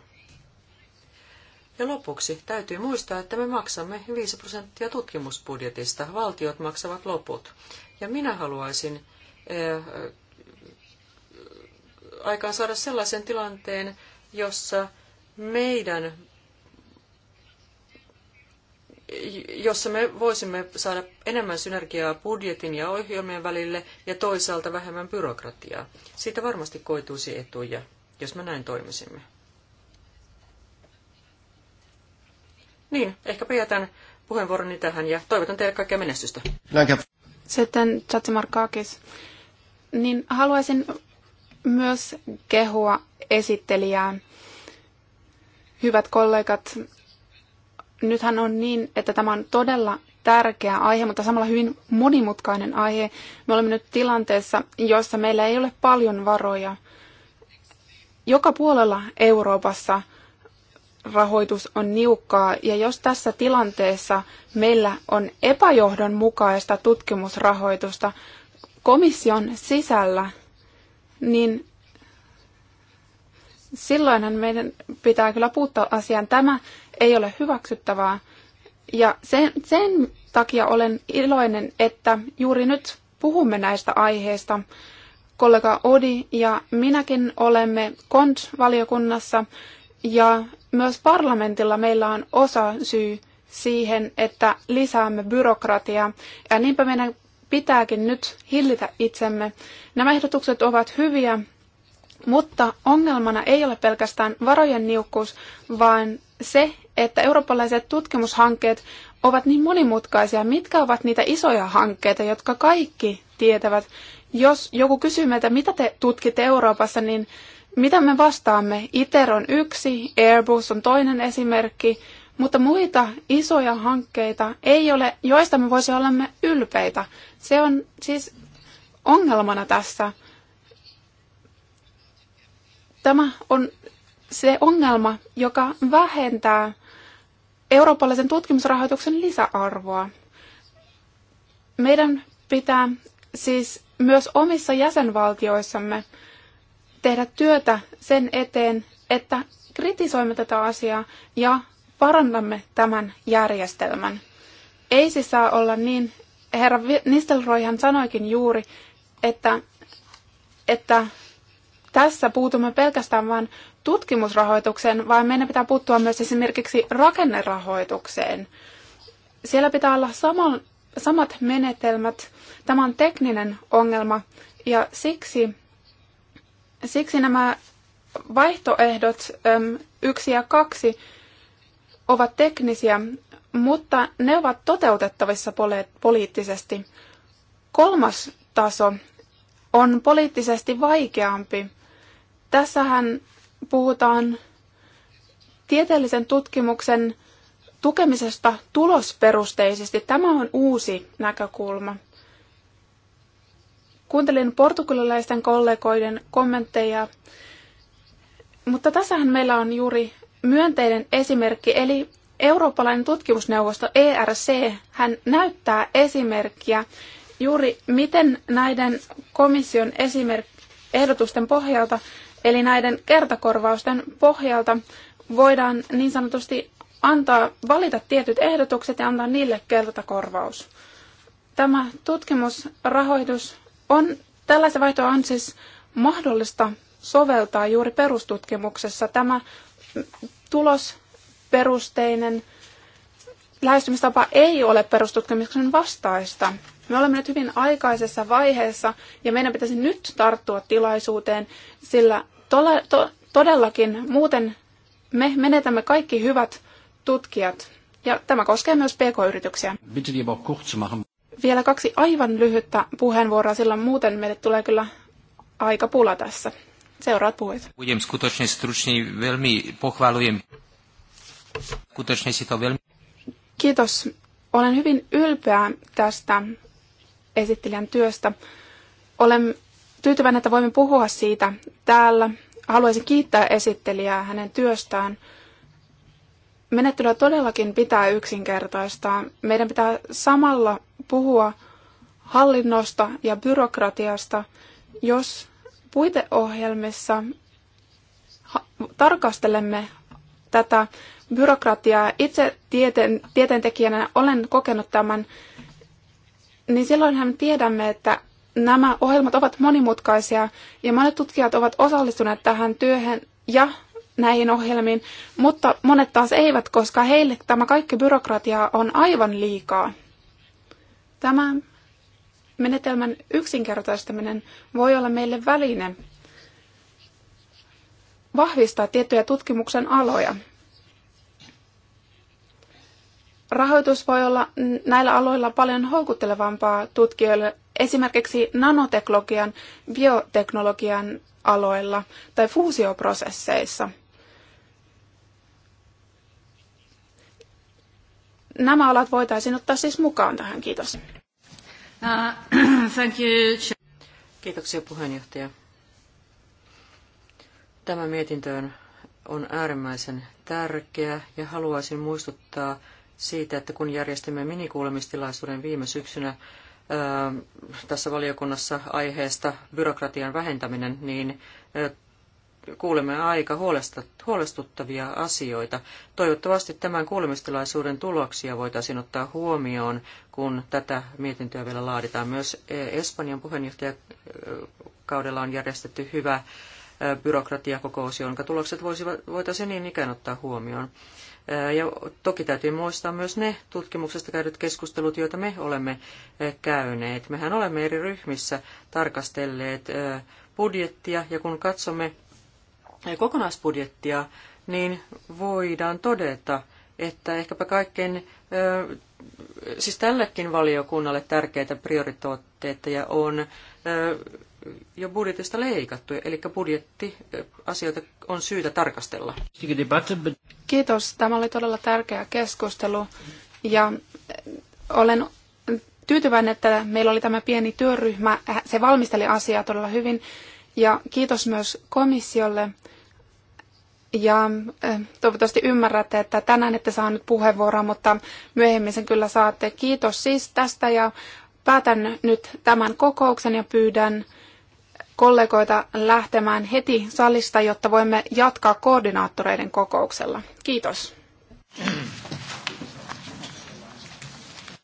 Ja lopuksi täytyy muistaa, että me maksamme 5 prosenttia tutkimusbudjetista. Valtiot maksavat loput. Ja minä haluaisin äh, eh, eh, aikaan saada sellaisen tilanteen, jossa meidän jossa me voisimme saada enemmän synergiaa budjetin ja ohjelmien välille ja toisaalta vähemmän byrokratiaa. Siitä varmasti koituisi etuja, jos me näin toimisimme. Niin, ehkäpä jätän puheenvuoroni tähän ja toivotan teille kaikkea menestystä. Sitten Chatsimarkakis. Niin haluaisin myös kehua esittelijää. Hyvät kollegat, nythän on niin, että tämä on todella tärkeä aihe, mutta samalla hyvin monimutkainen aihe. Me olemme nyt tilanteessa, jossa meillä ei ole paljon varoja. Joka puolella Euroopassa rahoitus on niukkaa, ja jos tässä tilanteessa meillä on epäjohdonmukaista tutkimusrahoitusta komission sisällä, niin silloinhan meidän pitää kyllä puuttua asiaan. Tämä ei ole hyväksyttävää. Ja sen, sen takia olen iloinen, että juuri nyt puhumme näistä aiheista. Kollega Odi ja minäkin olemme KONT-valiokunnassa ja myös parlamentilla meillä on osa syy siihen, että lisäämme byrokratiaa. Ja niinpä meidän pitääkin nyt hillitä itsemme. Nämä ehdotukset ovat hyviä, mutta ongelmana ei ole pelkästään varojen niukkuus, vaan se, että eurooppalaiset tutkimushankkeet ovat niin monimutkaisia. Mitkä ovat niitä isoja hankkeita, jotka kaikki tietävät? Jos joku kysyy meiltä, mitä te tutkitte Euroopassa, niin mitä me vastaamme? ITER on yksi, Airbus on toinen esimerkki, mutta muita isoja hankkeita ei ole, joista me voisi olla ylpeitä. Se on siis ongelmana tässä. Tämä on se ongelma, joka vähentää eurooppalaisen tutkimusrahoituksen lisäarvoa. Meidän pitää siis myös omissa jäsenvaltioissamme tehdä työtä sen eteen, että kritisoimme tätä asiaa ja parannamme tämän järjestelmän. Ei siis saa olla niin, herra Nistelroihan sanoikin juuri, että, että tässä puutumme pelkästään vain tutkimusrahoitukseen, vaan meidän pitää puuttua myös esimerkiksi rakennerahoitukseen. Siellä pitää olla sama, samat menetelmät. Tämä on tekninen ongelma ja siksi, siksi nämä vaihtoehdot yksi ja kaksi ovat teknisiä, mutta ne ovat toteutettavissa poliittisesti. Kolmas taso on poliittisesti vaikeampi Tässähän puhutaan tieteellisen tutkimuksen tukemisesta tulosperusteisesti. Tämä on uusi näkökulma. Kuuntelin portugalilaisten kollegoiden kommentteja, mutta tässähän meillä on juuri myönteinen esimerkki, eli Eurooppalainen tutkimusneuvosto ERC, hän näyttää esimerkkiä juuri miten näiden komission esimerk- ehdotusten pohjalta Eli näiden kertakorvausten pohjalta voidaan niin sanotusti antaa, valita tietyt ehdotukset ja antaa niille kertakorvaus. Tämä tutkimusrahoitus on, tällaisen vaihtoa on siis mahdollista soveltaa juuri perustutkimuksessa. Tämä tulosperusteinen lähestymistapa ei ole perustutkimuksen vastaista. Me olemme nyt hyvin aikaisessa vaiheessa ja meidän pitäisi nyt tarttua tilaisuuteen, sillä Tola, to, todellakin, muuten me menetämme kaikki hyvät tutkijat. Ja tämä koskee myös pk-yrityksiä. Vielä kaksi aivan lyhyttä puheenvuoroa, sillä muuten meille tulee kyllä aika pula tässä. Seuraat puhujat. Kiitos. Olen hyvin ylpeä tästä esittelijän työstä. Olen tyytyväinen, että voimme puhua siitä täällä. Haluaisin kiittää esittelijää hänen työstään. Menettelyä todellakin pitää yksinkertaistaa. Meidän pitää samalla puhua hallinnosta ja byrokratiasta, jos puiteohjelmissa tarkastelemme tätä byrokratiaa. Itse tieteen tieteentekijänä olen kokenut tämän, niin silloinhan tiedämme, että Nämä ohjelmat ovat monimutkaisia ja monet tutkijat ovat osallistuneet tähän työhön ja näihin ohjelmiin, mutta monet taas eivät, koska heille tämä kaikki byrokratia on aivan liikaa. Tämä menetelmän yksinkertaistaminen voi olla meille väline vahvistaa tiettyjä tutkimuksen aloja rahoitus voi olla näillä aloilla paljon houkuttelevampaa tutkijoille, esimerkiksi nanoteknologian, bioteknologian aloilla tai fuusioprosesseissa. Nämä alat voitaisiin ottaa siis mukaan tähän. Kiitos. Uh, [CLEARS THROAT] thank you. Kiitoksia puheenjohtaja. Tämä mietintö on äärimmäisen tärkeä ja haluaisin muistuttaa siitä, että kun järjestimme minikuulemistilaisuuden viime syksynä tässä valiokunnassa aiheesta byrokratian vähentäminen, niin kuulemme aika huolestuttavia asioita. Toivottavasti tämän kuulemistilaisuuden tuloksia voitaisiin ottaa huomioon, kun tätä mietintöä vielä laaditaan. Myös Espanjan puheenjohtajakaudella on järjestetty hyvä byrokratiakokous, jonka tulokset voisivat, voitaisiin niin ikään ottaa huomioon. Ja toki täytyy muistaa myös ne tutkimuksesta käydyt keskustelut, joita me olemme käyneet. Mehän olemme eri ryhmissä tarkastelleet budjettia ja kun katsomme kokonaisbudjettia, niin voidaan todeta, että ehkäpä kaikkein, siis tällekin valiokunnalle tärkeitä prioriteetteja on jo budjetista leikattu, eli budjettiasioita on syytä tarkastella. Kiitos. Tämä oli todella tärkeä keskustelu ja olen tyytyväinen, että meillä oli tämä pieni työryhmä. Äh, se valmisteli asiaa todella hyvin ja kiitos myös komissiolle. Ja toivottavasti ymmärrätte, että tänään ette saa nyt puheenvuoroa, mutta myöhemmin sen kyllä saatte. Kiitos siis tästä ja päätän nyt tämän kokouksen ja pyydän kollegoita lähtemään heti salista, jotta voimme jatkaa koordinaattoreiden kokouksella. Kiitos.